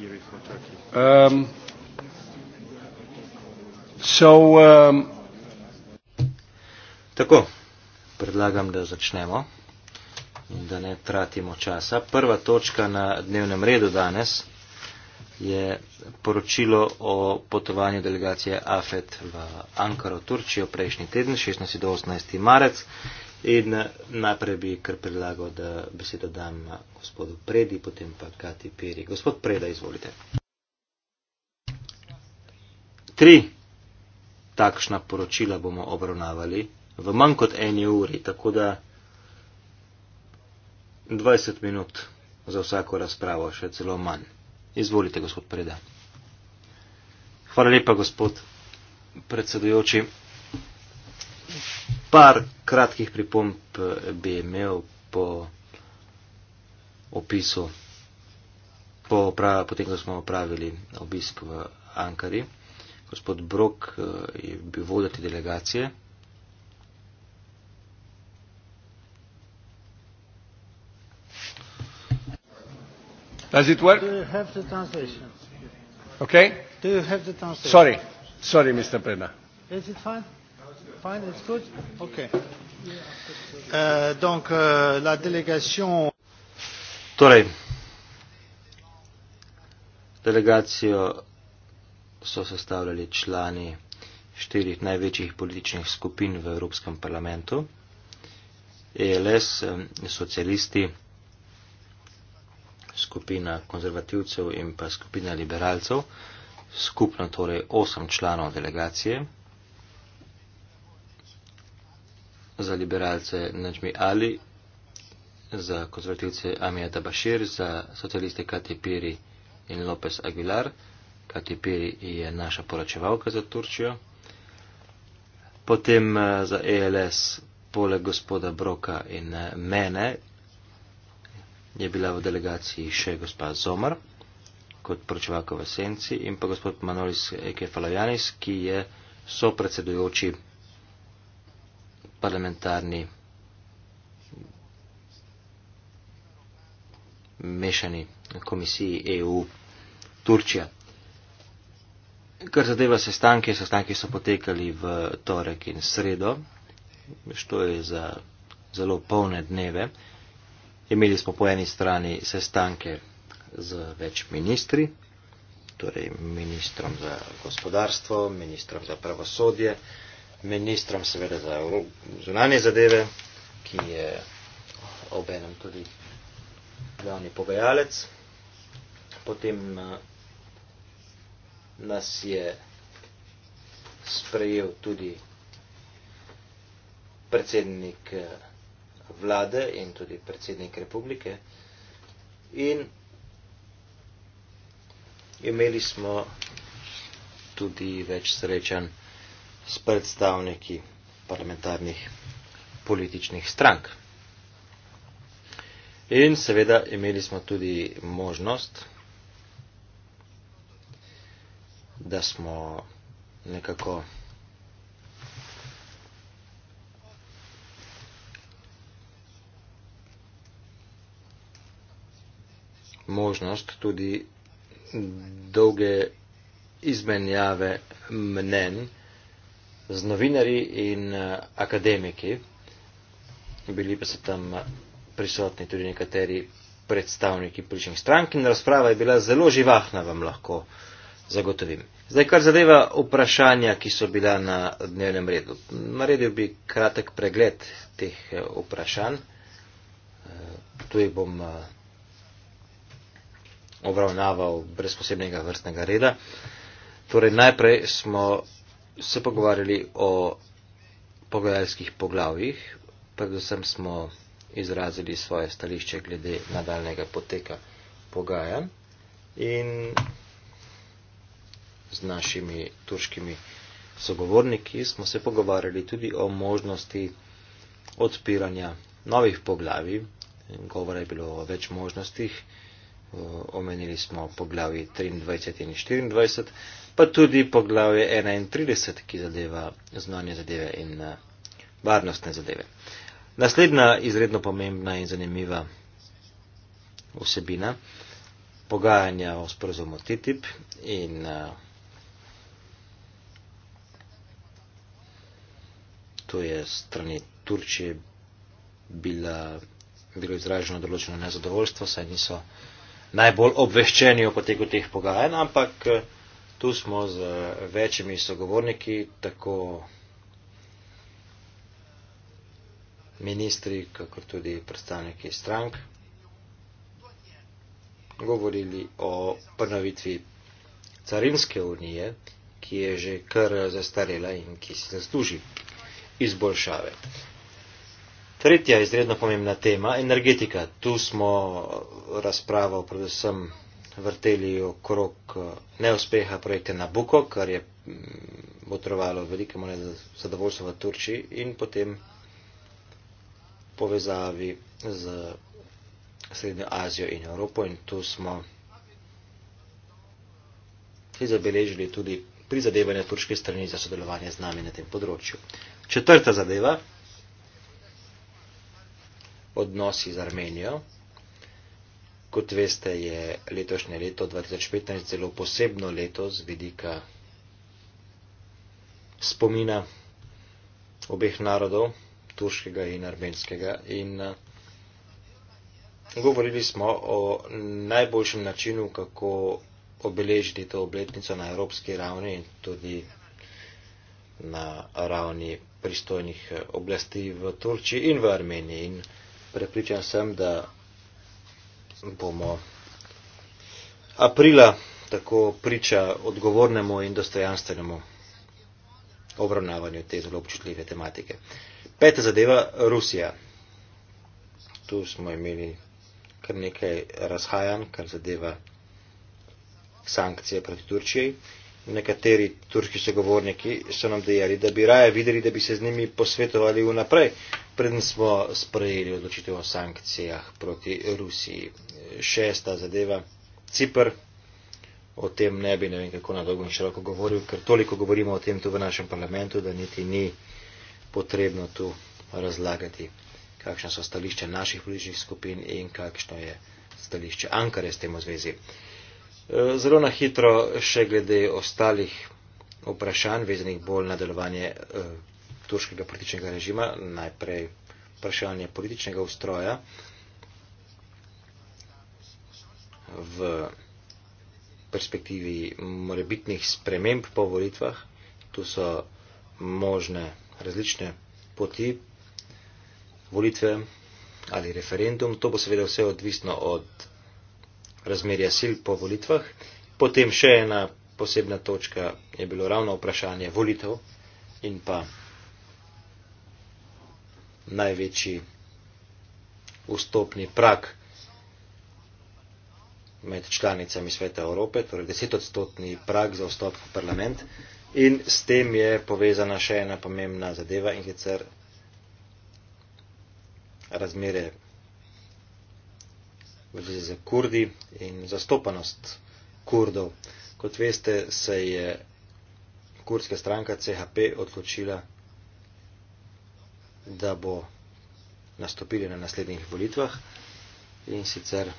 theory for Turkey. Um, so, um, Tako, predlagam, da začnemo in da ne tratimo časa. Prva točka na dnevnem redu danes je poročilo o potovanju delegacije AFET v Ankaro, Turčijo, prejšnji teden, 16. do 18. marec. In eh, najprej bi kar predlagal, da besedo dam eh, gospodu Predi, potem pa Kati Peri. Gospod Preda, izvolite. Tri takšna poročila bomo obravnavali v manj kot eni uri, tako da 20 minut za vsako razpravo, še celo manj. Izvolite, gospod Preda. Hvala lepa, gospod predsedujoči par kratkih pripomb eh, bi imel po opisu, po, potem ko smo opravili obisk v Ankari. Gospod Brok eh, je bil voditelj delegacije. Does it work? Do you have the translation? Okay. Do you have the translation? Sorry, sorry, Mr. Prena. Is it fine? fine, it's good. Okay. Uh, donc, uh, la délégation. Torej, delegacijo so sestavljali člani štirih največjih političnih skupin v Evropskem parlamentu, ELS, um, socialisti, skupina konzervativcev in pa skupina liberalcev, skupno torej osem članov delegacije. za liberalce Najmi Ali, za konzervativce Amijata Bashir, za socialiste Kati Piri in Lopez Aguilar. Kati Piri je naša poročevalka za Turčijo. Potem eh, za ELS, poleg gospoda Broka in eh, mene, je bila v delegaciji še gospa Zomar kot poročevalka v Senci in pa gospod Manolis Ekefalajanis, ki je sopredsedujoči predsedujoči parlamentarni mešani komisiji EU Turčija. Kar zadeva sestanke, sestanke so potekali v torek in sredo, što je za zelo polne dneve. Imeli smo po eni strani sestanke z več ministri, torej ministrom za gospodarstvo, ministrom za pravosodje, ministrom seveda za zunanje zadeve, ki je obenem tudi glavni pogajalec. Potem eh, nas je sprejel tudi predsednik eh, vlade in tudi predsednik republike in imeli smo tudi več srečanj s predstavniki parlamentarnih političnih strank. In seveda imeli smo tudi možnost, da smo nekako možnost tudi dolge izmenjave mnenj, z novinari in eh, akademiki. Bili pa so tam eh, prisotni tudi nekateri predstavniki političnih strank in razprava je bila zelo živahna, vam lahko zagotovim. Zdaj, kar zadeva vprašanja, ki so bila na dnevnem redu. Naredil bi kratek pregled teh eh, vprašanj. Tu jih bom obravnaval brez posebnega vrstnega reda. Torej, najprej smo se pogovarjali o pogajalskih poglavjih, predvsem smo izrazili svoje stališče glede nadaljnega poteka pogajanj in z našimi turškimi sogovorniki smo se pogovarjali tudi o možnosti odpiranja novih poglavij. Govora je bilo o več možnostih. Eh, omenili smo poglavje 23 in 24, pa tudi poglavje 31, ki zadeva znanje zadeve in eh, varnostne zadeve. Naslednja izredno pomembna in zanimiva vsebina pogajanja o sporozumu TTIP in eh, to je strani Turčije bila, bilo izraženo določeno nezadovoljstvo, saj niso najbolj obveščeni o poteku teh pogajanj, ampak eh, tu smo z eh, večjimi sogovorniki, tako ministri, kakor tudi predstavniki strank, govorili o prnovitvi carinske unije, ki je že kar zastarela in ki si zasluži izboljšave. Tretja izredno pomembna tema, energetika. Tu smo razpravo predvsem vrteli okrog eh, neuspeha projekta Nabuko, kar je mm, botrovalo velikemu nezadovoljstvu v Turčiji in potem povezavi z Srednjo Azijo in Evropo in tu smo si zabeležili tudi prizadevanje turške strani za sodelovanje z nami na tem področju. Četrta zadeva odnosi z Armenijo. Kot veste, je letošnje leto 2015 zelo posebno leto z vidika spomina obeh narodov, turškega in armenskega. In eh, govorili smo o najboljšem načinu, kako obeležiti to obletnico na evropski ravni in tudi na ravni pristojnih eh, oblasti v Turčiji in v Armeniji. In prepričan sem, da bomo aprila tako priča odgovornemu in dostojanstvenemu obravnavanju te zelo občutljive tematike. Peta zadeva, Rusija. Tu smo imeli kar nekaj razhajanj, kar zadeva sankcije proti Turčiji nekateri turški sogovorniki so nam dejali, da bi raje videli, da bi se z njimi posvetovali vnaprej, preden smo sprejeli odločitev o sankcijah proti Rusiji. Šesta zadeva, Cipr, o tem ne bi ne vem kako na dolgo in široko govoril, ker toliko govorimo o tem tu v našem parlamentu, da niti ni potrebno tu razlagati, kakšno so stališče naših političnih skupin in kakšno je stališče Ankare s tem v zvezi. Zelo na hitro še glede ostalih vprašanj, vezanih bolj na delovanje eh, turškega političnega režima, najprej vprašanje političnega ustroja v perspektivi morebitnih sprememb po volitvah. Tu so možne različne poti volitve ali referendum. To bo seveda vse odvisno od razmerja sil po volitvah. Potem še ena posebna točka je bilo ravno vprašanje volitev in pa največji vstopni prak med članicami Sveta Evrope, torej desetodstotni prak za vstop v parlament. In s tem je povezana še ena pomembna zadeva in sicer razmere v zvezi z kurdi in zastopanost kurdov. Kot veste, se je kurdska stranka CHP odločila, da bo nastopili na naslednjih volitvah in sicer,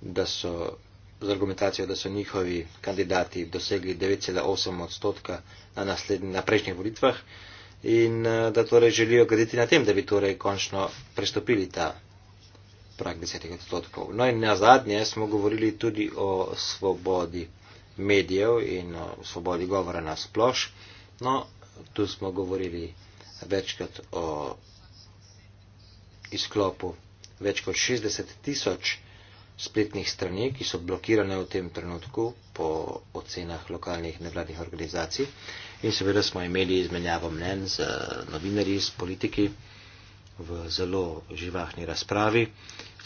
da so z argumentacijo, da so njihovi kandidati dosegli 9,8 odstotka na, na prejšnjih volitvah, in uh, da torej želijo graditi na tem, da bi torej končno prestopili ta prag 10 odstotkov. No in na zadnje smo govorili tudi o svobodi medijev in o svobodi govora na sploš. No, tu smo govorili večkrat o izklopu več kot 60 tisoč spletnih strani, ki so blokirane v tem trenutku po ocenah lokalnih nevladnih organizacij. In seveda smo imeli izmenjavo mnen z novinarji, z politiki v zelo živahni razpravi.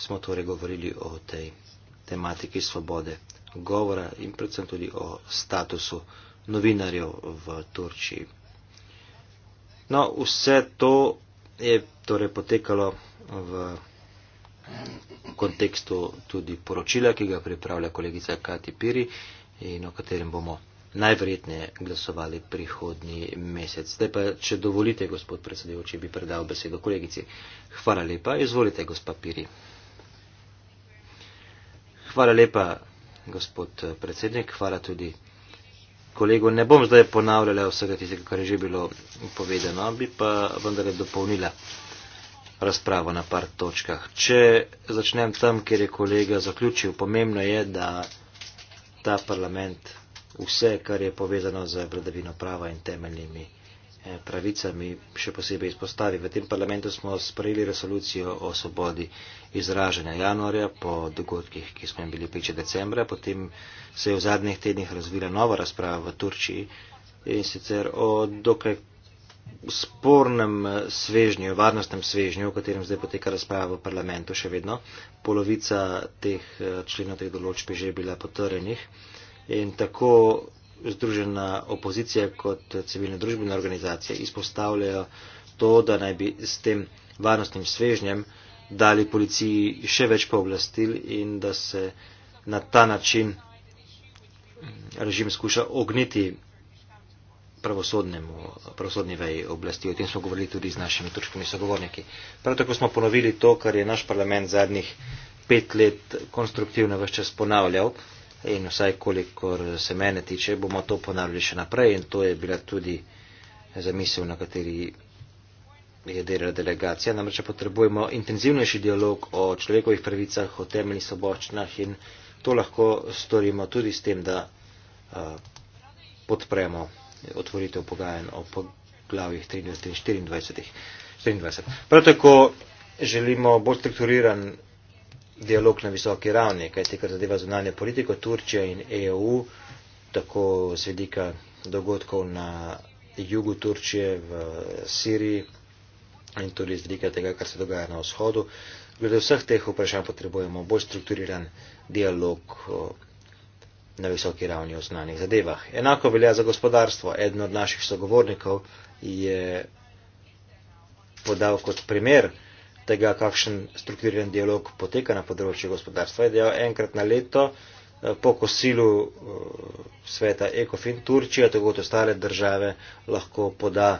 Smo torej govorili o tej tematiki svobode govora in predvsem tudi o statusu novinarjev v Turčiji. No, vse to je torej potekalo v kontekstu tudi poročila, ki ga pripravlja kolegica Kati Piri in o katerem bomo najverjetneje glasovali prihodni mesec. Zdaj pa, če dovolite, gospod predsedujoči, bi predal besedo kolegici. Hvala lepa, izvolite, gospa Piri. Hvala lepa, gospod predsednik, hvala tudi kolegu. Ne bom zdaj ponavljala vsega tistega, kar je že bilo povedano, bi pa vendar dopolnila razpravo na par točkah. Če začnem tam, kjer je kolega zaključil, pomembno je, da ta parlament vse, kar je povezano z vladavino prava in temeljnimi eh, pravicami, še posebej izpostavi. V tem parlamentu smo sprejeli resolucijo o svobodi izražanja januarja po dogodkih, ki smo jim bili priče decembra. Potem se je v zadnjih tednih razvila nova razprava v Turčiji in sicer o dokaj spornem eh, svežnju, varnostnem svežnju, o katerem zdaj poteka razprava v parlamentu še vedno. Polovica teh eh, členov, teh določb je že bila potrjenih in tako združena opozicija kot civilne družbene organizacije izpostavljajo to, da naj bi s tem varnostnim svežnjem dali policiji še več pooblastil in da se na ta način režim skuša ogniti pravosodnemu, pravosodni veji oblasti. O tem smo govorili tudi z našimi turškimi sogovorniki. Prav tako smo ponovili to, kar je naš parlament zadnjih pet let konstruktivno vse čas ponavljal in vsaj kolikor se mene tiče, bomo to ponavljali še naprej in to je bila tudi zamisel, na kateri je delala delegacija. Namreč potrebujemo intenzivnejši dialog o človekovih pravicah, o temeljnih soboščinah in to lahko storimo tudi s tem, da a, podpremo otvoritev pogajanj o poglavjih 23 in 24. 24. Prav tako želimo bolj strukturiran dialog na visoki ravni, kajti kar zadeva zunanje politiko Turčije in EU, tako z vidika dogodkov na jugu Turčije, v Siriji in tudi z vidika tega, kar se dogaja na vzhodu. Glede vseh teh vprašanj potrebujemo bolj strukturiran dialog na visoki ravni o znanih zadevah. Enako velja za gospodarstvo. Eden od naših sogovornikov je podal kot primer, tega, kakšen strukturiran dialog poteka na področju gospodarstva. Je dejal enkrat na leto eh, po kosilu eh, sveta ECOFIN Turčija, tako kot ostale države, lahko poda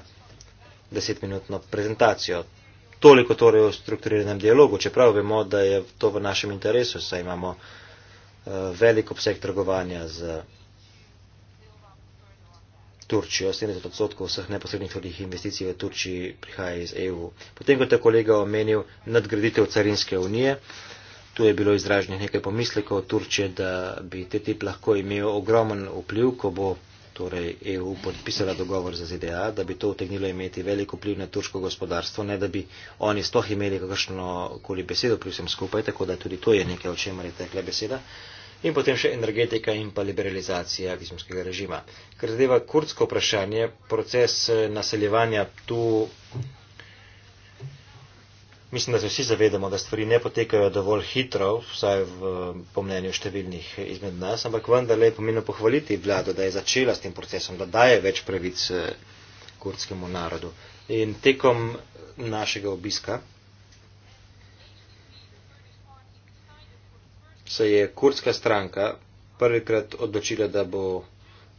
desetminutno prezentacijo. Toliko torej o strukturiranem dialogu, čeprav vemo, da je to v našem interesu, saj imamo eh, velik obseg trgovanja z Turčijo, 70 odstotkov vseh neposrednih tudih investicij v Turčiji prihaja iz EU. Potem, kot je kolega omenil, nadgraditev carinske unije, tu je bilo izraženih nekaj pomislekov Turčije, da bi TTIP lahko imel ogromen vpliv, ko bo torej EU podpisala dogovor za ZDA, da bi to utegnilo imeti velik vpliv na turško gospodarstvo, ne da bi oni sploh imeli kakršno koli besedo pri vsem skupaj, tako da tudi to je nekaj, o čemer je tekla beseda. Uh, in potem še energetika in pa liberalizacija vizumskega režima. Ker zadeva kurdsko vprašanje, proces eh, naseljevanja tu, mislim, da se vsi zavedamo, da stvari ne potekajo dovolj hitro, vsaj v pomnenju številnih izmed nas, ampak vendarle je pomeno pohvaliti vlado, da je začela s tem procesom, da daje več pravic eh, kurdskemu narodu. In tekom našega obiska, se je kurdska stranka prvikrat odločila, da bo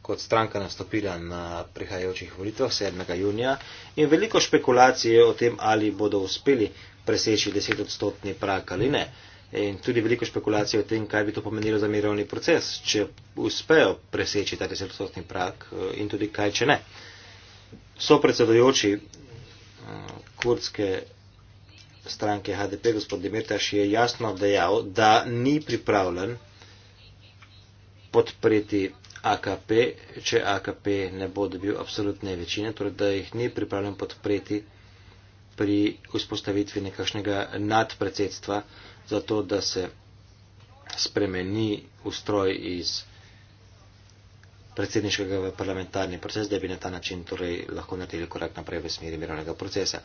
kot stranka nastopila na prihajajočih volitvah 7. junija in veliko špekulacije o tem, ali bodo uspeli preseči 10 odstotni prak ali ne. In tudi veliko špekulacije o tem, kaj bi to pomenilo za mirovni proces, če uspejo preseči ta 10 odstotni prak eh, in tudi kaj, če ne. So predsedojoči eh, kurdske stranke HDP, gospod Demirtaš, je jasno dejal, da ni pripravljen podpreti AKP, če AKP ne bo dobil absolutne večine, torej da jih ni pripravljen podpreti pri vzpostavitvi nekakšnega nadpredsedstva, zato da se spremeni ustroj iz predsedniškega v parlamentarni proces, da bi na ta način torej lahko naredili korak naprej v smeri mirovnega procesa.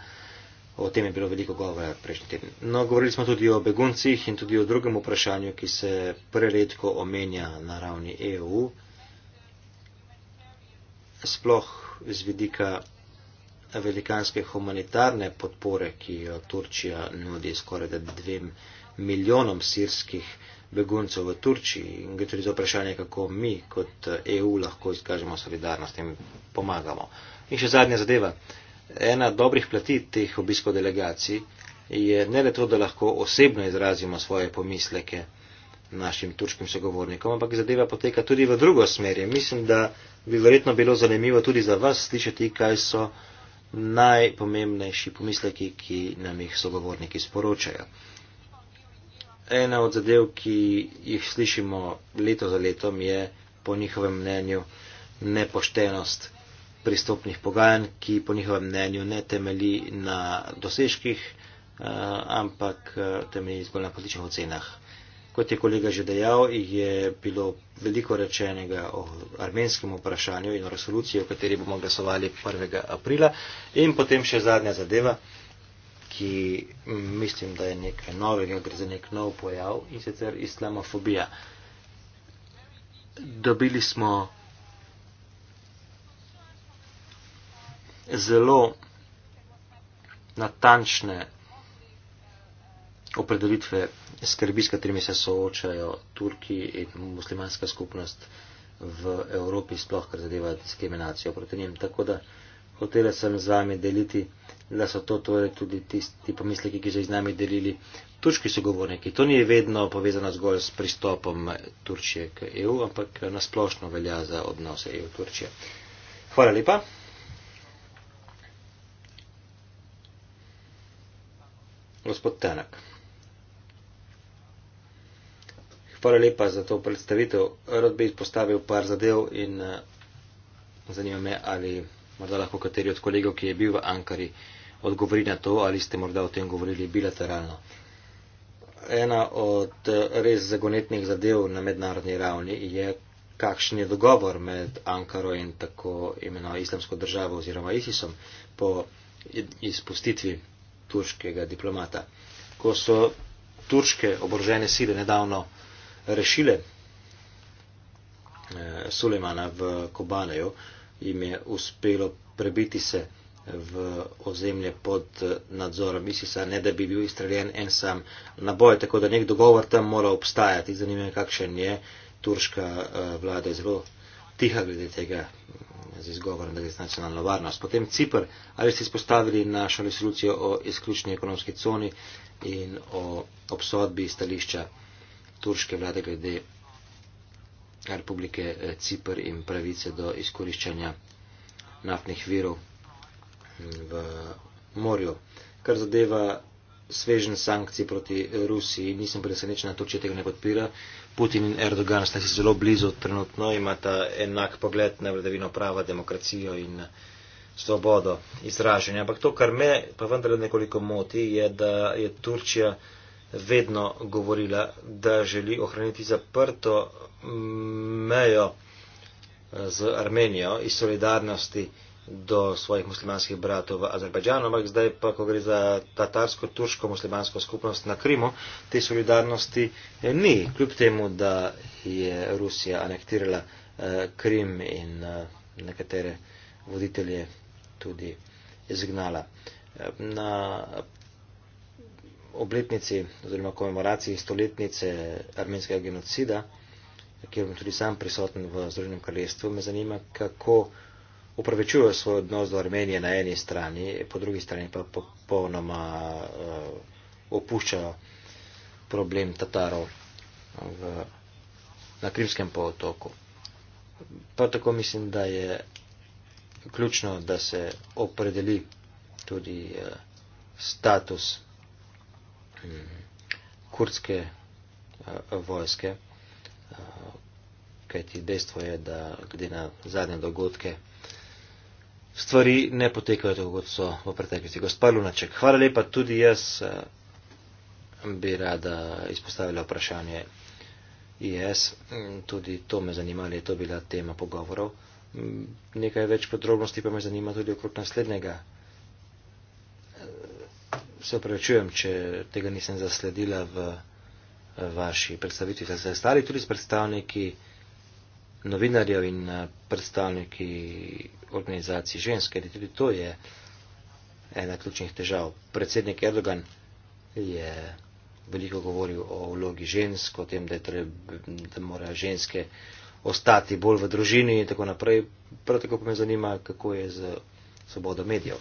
O tem je bilo veliko govora prejšnji teden. No, govorili smo tudi o beguncih in tudi o drugem vprašanju, ki se preredko omenja na ravni EU, sploh z vidika velikanske humanitarne podpore, ki jo Turčija nudi skoraj da dvem milijonom sirskih beguncev v Turčiji. In gre tudi za vprašanje, kako mi kot EU lahko izkažemo solidarnost in pomagamo. In še zadnja zadeva ena dobrih plati teh obiskov delegacij je ne le to, da lahko osebno izrazimo svoje pomisleke našim turškim sogovornikom, ampak zadeva poteka tudi v drugo smer. Mislim, da bi verjetno bilo zanimivo tudi za vas slišati, kaj so najpomembnejši pomisleki, ki nam jih sogovorniki sporočajo. Ena od zadev, ki jih slišimo leto za letom, je po njihovem mnenju nepoštenost pristopnih pogajanj, ki po njihovem mnenju ne temeli na dosežkih, eh, ampak eh, temeli zgolj na političnih ocenah. Kot je kolega že dejal, je bilo veliko rečenega o armenskem vprašanju in o resoluciji, o kateri bomo glasovali 1. aprila. In potem še zadnja zadeva, ki mislim, da je nekaj novega, gre za nek nov pojav in sicer islamofobija. Dobili smo zelo natančne opredelitve skrbi, s katerimi se soočajo Turki in muslimanska skupnost v Evropi, sploh kar zadeva diskriminacijo proti njim. Tako da hotela sem z vami deliti, da so to torej tudi tisti pomisleki, ki so z nami delili turški sogovorniki. To ni vedno povezano zgolj s pristopom Turčije k EU, ampak nasplošno velja za odnose EU-Turčije. Hvala lepa. gospod Tenak. Hvala lepa za to predstavitev. Rad bi izpostavil par zadev in eh, zanima me, ali morda lahko kateri od kolegov, ki je bil v Ankari, odgovori na to, ali ste morda o tem govorili bilateralno. Ena od eh, res zagonetnih zadev na mednarodni ravni je, kakšen je dogovor med Ankaro in tako imenovano islamsko državo oziroma ISIS-om po izpustitvi turškega diplomata. Ko so turške oborožene sile nedavno rešile eh, Sulejmana v Kobaneju, jim je uspelo prebiti se v ozemlje pod eh, nadzorom ISIS-a, ne da bi bil izstreljen en sam naboj, tako da nek dogovor tam mora obstajati. Zanima me, kakšen je turška eh, vlada, je zelo tiha glede tega z izgovorom, da gre za nacionalno varnost. Potem Cipr, ali ste izpostavili našo resolucijo o izključni ekonomski coni in o obsodbi stališča turške vlade glede Republike eh, Cipr in pravice do izkoriščanja naftnih virov mm, v morju. Kar zadeva svežen sankcij proti Rusiji. Nisem presenečen, da Turčija tega ne podpira. Putin in Erdogan sta si zelo blizu trenutno, imata enak pogled na vladavino prava, demokracijo in svobodo izražanja. Ampak to, kar me pa vendarle nekoliko moti, je, da je Turčija vedno govorila, da želi ohraniti zaprto mejo eh, z Armenijo iz solidarnosti do svojih muslimanskih bratov v Azerbajdžanu, ampak zdaj pa, ko gre za tatarsko, turško, muslimansko skupnost na Krimu, te solidarnosti eh, ni, kljub temu, da je Rusija anektirala eh, Krim in eh, nekatere voditelje tudi izgnala. Eh, na obletnici oziroma komemoraciji stoletnice armenskega genocida, kjer bom tudi sam prisoten v Združenem kraljestvu, me zanima, kako upravičujejo svoj odnos do Armenije na eni strani, po drugi strani pa popolnoma uh, opuščajo problem Tatarov v, na Krimskem polotoku. Prav tako mislim, da je ključno, da se opredeli tudi uh, status um, kurdske uh, vojske, uh, kajti dejstvo je, da glede na zadnje dogodke, stvari ne potekajo tako, kot so v preteklosti. Gospod Lunaček, hvala lepa, tudi jaz eh, bi rada izpostavila vprašanje IS. Tudi to me zanima, ali je to bila tema pogovorov. Nekaj več podrobnosti pa me zanima tudi okrog naslednjega. Eh, se upravičujem, če tega nisem zasledila v eh, vaši predstavitvi. Ste se stali tudi s predstavniki? novinarjev in eh, predstavniki organizacij ženske, ker tudi to je ena ključnih težav. Predsednik Erdogan je veliko govoril o vlogi žensk, o tem, da, da morajo ženske ostati bolj v družini in tako naprej. Prav tako pa me zanima, kako je z svobodo medijev.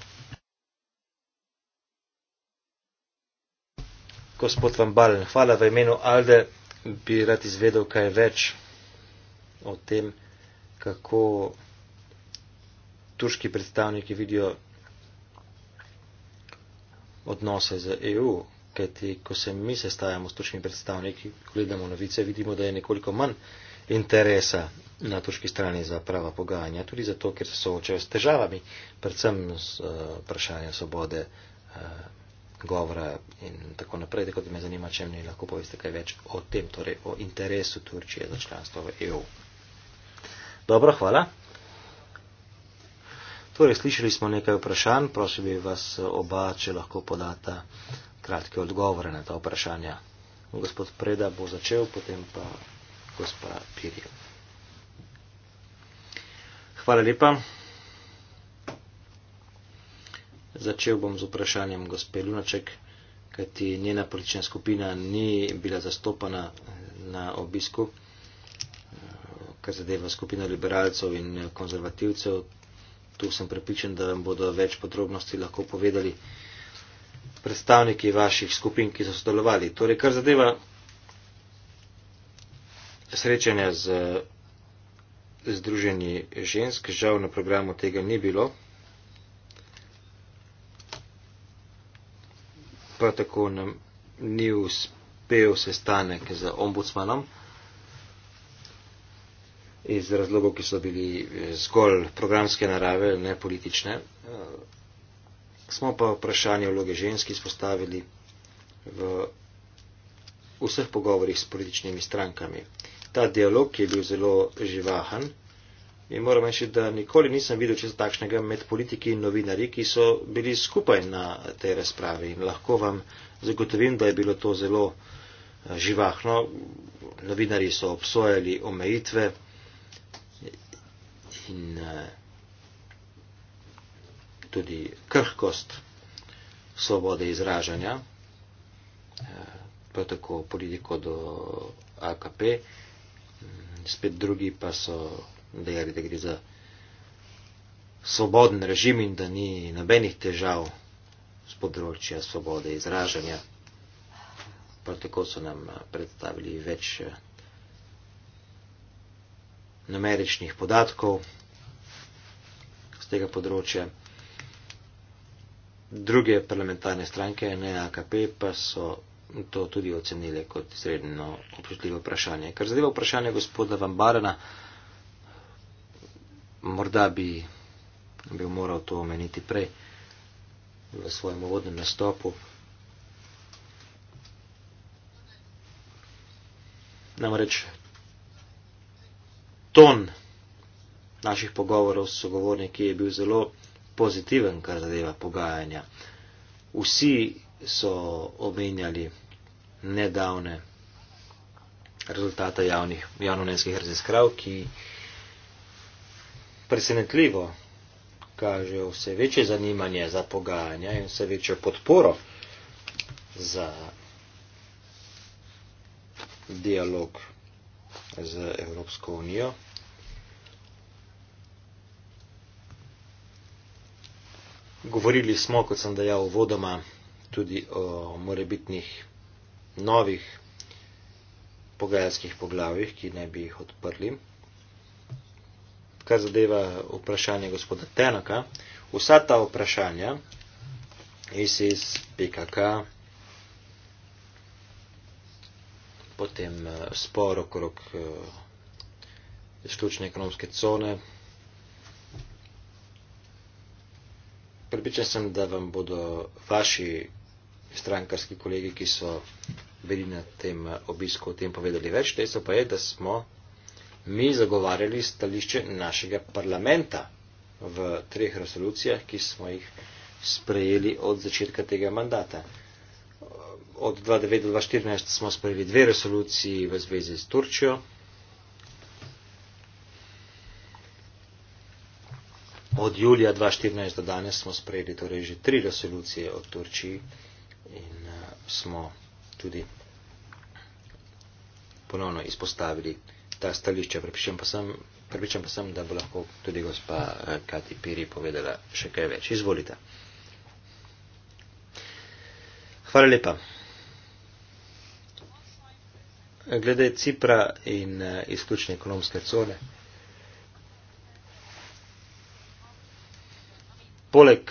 Gospod Van Balen, hvala v imenu Alde, bi rad izvedel kaj več o tem, kako turški predstavniki vidijo odnose z EU, kajti ko se mi sestajamo s turškimi predstavniki, gledamo novice, vidimo, da je nekoliko manj interesa na turški strani za prava pogajanja, tudi zato, ker se soočajo s težavami, predvsem z uh, vprašanjem svobode uh, govora in tako naprej, tako da me zanima, če mi lahko poveste kaj več o tem, torej o interesu Turčije za članstvo v EU. Dobro, hvala. Torej, slišali smo nekaj vprašanj, prosim bi vas oba, če lahko podata kratke odgovore na ta vprašanja. Gospod Preda bo začel, potem pa gospa Pirje. Hvala lepa. Začel bom z vprašanjem gospe Lunaček, kajti njena politična skupina ni bila zastopana na obisku kar zadeva skupino liberalcev in eh, konzervativcev. Tu sem prepričan, da vam bodo več podrobnosti lahko povedali predstavniki vaših skupin, ki so sodelovali. Torej, kar zadeva srečanja z združenji žensk, žal na programu tega ni bilo. Prav tako nam ni uspel sestanek z ombudsmanom iz razlogov, ki so bili eh, zgolj programske narave, ne politične. Eh, smo pa vprašanje vloge ženski spostavili v vseh pogovorih s političnimi strankami. Ta dialog je bil zelo živahan in moram reči, da nikoli nisem videl česa takšnega med politiki in novinarji, ki so bili skupaj na tej razpravi in lahko vam zagotovim, da je bilo to zelo eh, živahno. Novinarji so obsojali omejitve in eh, tudi krhkost svobode izražanja, eh, pa tako politiko do AKP, mm, spet drugi pa so dejali, da gre za svoboden režim in da ni nobenih težav z področja svobode izražanja. Prav tako so nam eh, predstavili več numeričnih podatkov tega področja. Druge parlamentarne stranke, NAKP, pa so to tudi ocenile kot izredno občutljivo vprašanje. Kar zadeva vprašanje gospoda Van Barena, morda bi bil moral to omeniti prej v svojem uvodnem nastopu. Namreč ton naših pogovorov s sogovorniki je bil zelo pozitiven, kar zadeva pogajanja. Vsi so omenjali nedavne rezultate javnovnenskih raziskav, ki presenetljivo kažejo vse večje zanimanje za pogajanja in vse večjo podporo za dialog z Evropsko unijo. Govorili smo, kot sem dejal vodoma, tudi o morebitnih novih pogajalskih poglavjih, ki naj bi jih odprli. Kar zadeva vprašanje gospoda Tenoka, vsa ta vprašanja ISIS, PKK, potem eh, spor okrog eh, izključne ekonomske cone, pripričan sem, da vam bodo vaši strankarski kolegi, ki so bili na tem eh, obisku, o tem povedali več. Dejstvo pa je, da smo mi zagovarjali stališče našega parlamenta v treh resolucijah, ki smo jih sprejeli od začetka tega mandata. Od 2009 do 2014 smo sprejeli dve resoluciji v zvezi z Turčjo, od julija 2014 do danes smo sprejeli torej že tri resolucije o Turčiji in eh, smo tudi ponovno izpostavili ta stališča. Prepričam pa sem, prepričam pa sem da bo lahko tudi gospa eh, Kati Piri povedala še kaj več. Izvolite. Hvala lepa. Glede Cipra in eh, izključne ekonomske cone. Poleg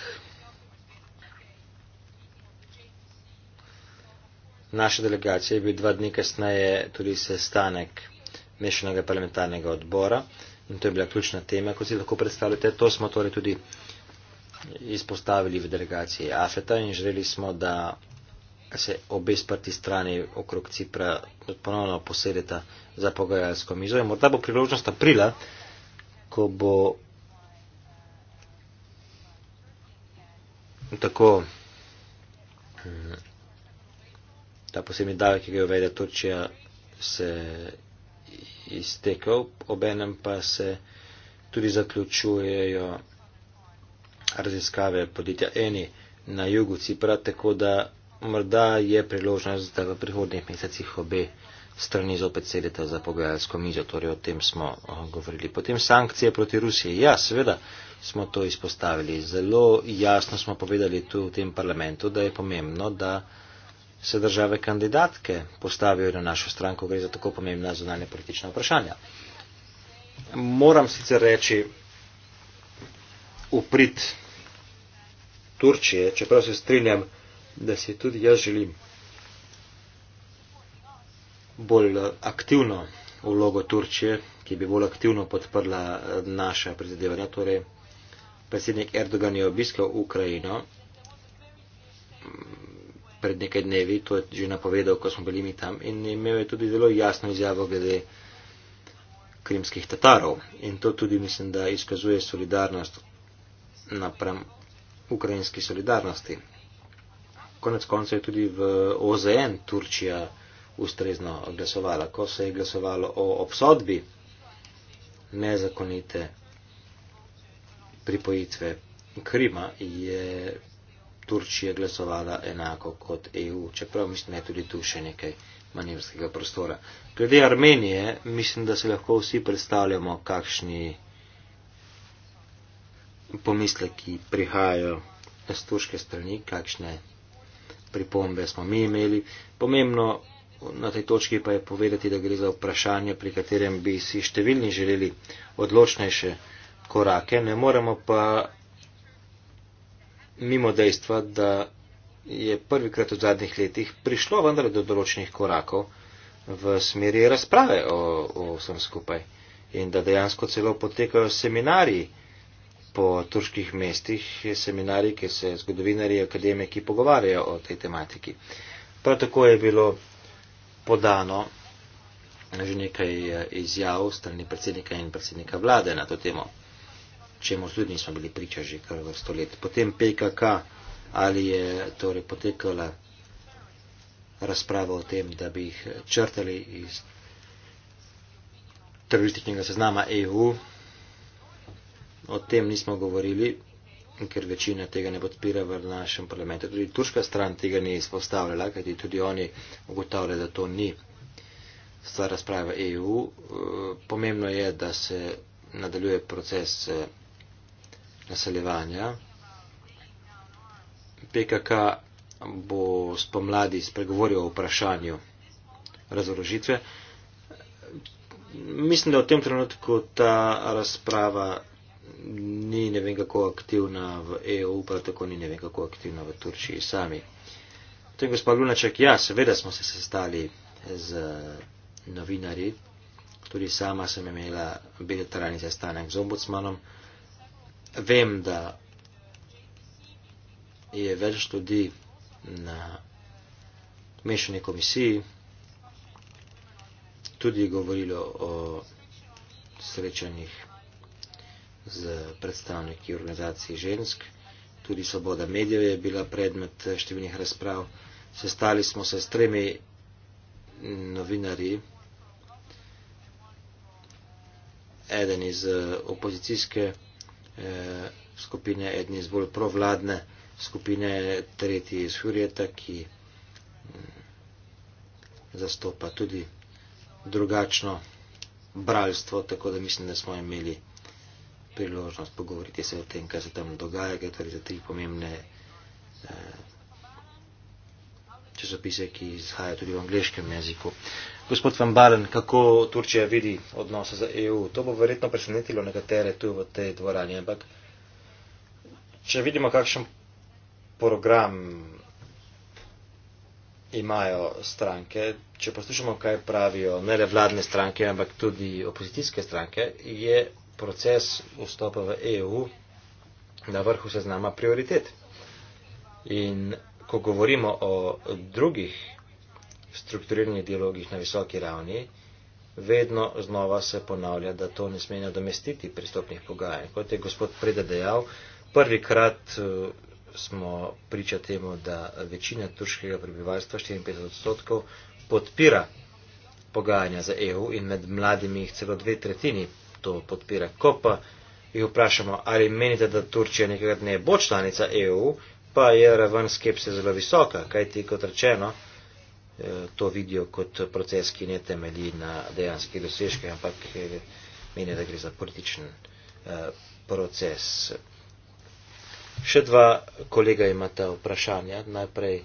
naše delegacije je bil dva dni kasneje tudi sestanek mešanega parlamentarnega odbora in to je bila ključna tema, kot si lahko predstavljate. To smo torej tudi izpostavili v delegaciji AFETA in želeli smo, da se obe sprti strani okrog Cipra ponovno posedeta za pogajalsko mizo. In morda bo priložnost aprila, ko bo tako mm, ta posebni davek, ki ga je uvedla Turčija, se iztekel, obenem pa se tudi zaključujejo raziskave podjetja Eni na jugu Cipra, tako da morda je priložnost, da v prihodnih mesecih obe strani zopet sedeta za pogajalsko mizo, torej o tem smo eh, govorili. Potem sankcije proti Rusiji. Ja, seveda smo to izpostavili. Zelo jasno smo povedali tu v tem parlamentu, da je pomembno, da se države kandidatke postavijo na našo stran, ko gre za tako pomembna zunanje politična vprašanja. Moram sicer reči, uprit Turčije, čeprav se strinjam, da si tudi jaz želim bolj aktivno vlogo Turčije, ki bi bolj aktivno podprla naše prizadevanja, torej predsednik Erdogan je obiskal Ukrajino pred nekaj dnevi, to je že napovedal, ko smo bili mi tam, in imel je tudi zelo jasno izjavo glede krimskih tatarov. In to tudi mislim, da izkazuje solidarnost napram ukrajinski solidarnosti. Konec konca je tudi v OZN Turčija ustrezno glasovala, ko se je glasovalo o obsodbi nezakonite pripojitve Krima je Turčija glasovala enako kot EU, čeprav mislim, da je tudi tu še nekaj manevrskega prostora. Glede Armenije, mislim, da se lahko vsi predstavljamo, kakšni pomisleki prihajajo z turške strani, kakšne pripombe smo mi imeli. Pomembno na tej točki pa je povedati, da gre za vprašanje, pri katerem bi si številni želeli odločnejše korake, ne moremo pa mimo dejstva, da je prvikrat v zadnjih letih prišlo vendar do določenih korakov v smeri razprave o, o vsem skupaj in da dejansko celo potekajo seminariji po turških mestih, seminariji, kjer se zgodovinari, akademiki pogovarjajo o tej tematiki. Prav tako je bilo podano že nekaj eh, izjav strani predsednika in predsednika vlade na to temo čemu tudi nismo bili priča že kar vrsto let. Potem PKK, ali je torej potekala razprava o tem, da bi jih črtali iz terorističnega seznama EU, o tem nismo govorili, ker večina tega ne podpira v našem parlamentu. Tudi turška stran tega ni izpostavljala, kajti tudi oni ugotavljajo, da to ni stvar razprave EU. Eh, pomembno je, da se nadaljuje proces eh, naseljevanja. PKK bo spomladi spregovoril o vprašanju razorožitve. Mislim, da v tem trenutku ta razprava ni ne vem kako aktivna v EU, pa tako ni ne vem kako aktivna v Turčiji sami. Potem gospod Lunaček, ja, seveda smo se sestali z novinarji, tudi sama sem imela bilateralni sestanek z ombudsmanom vem, da je več ljudi na mešani komisiji tudi govorilo o srečanjih z predstavniki organizacij žensk, tudi svoboda medijev je bila predmet številnih razprav. Sestali smo se s tremi novinarji, eden iz eh, opozicijske Eh, skupine, edni iz bolj provladne skupine, tretji iz Hurjeta, ki mm, zastopa tudi drugačno bralstvo, tako da mislim, da smo imeli priložnost pogovoriti se o tem, kaj se tam dogaja, kaj torej za tri pomembne. Eh, časopise, ki izhajajo tudi v angliškem jeziku. Gospod Van Balen, kako Turčija vidi odnose z EU? To bo verjetno presenetilo nekatere tu v tej dvorani, ampak če vidimo, kakšen program imajo stranke, če poslušamo, kaj pravijo ne le vladne stranke, ampak tudi opozicijske stranke, je proces vstopa v EU na vrhu seznama prioritet. In ko govorimo o drugih strukturiranih dialogih na visoki ravni, vedno znova se ponavlja, da to ne smenja domestiti pristopnih pogajanj. Kot je gospod Preda dejal, prvikrat eh, smo priča temu, da večina turškega prebivalstva, 54 odstotkov, podpira pogajanja za EU in med mladimi jih celo dve tretjini to podpira. Ko pa jih vprašamo, ali menite, da Turčija nekega dne bo članica EU, pa je raven skepse zelo visoka, kajti kot rečeno, eh, to vidijo kot proces, ki ne temelji na dejanskih dosežkih, ampak eh, meni, da gre za političen eh, proces. Še dva kolega imata vprašanja. Najprej.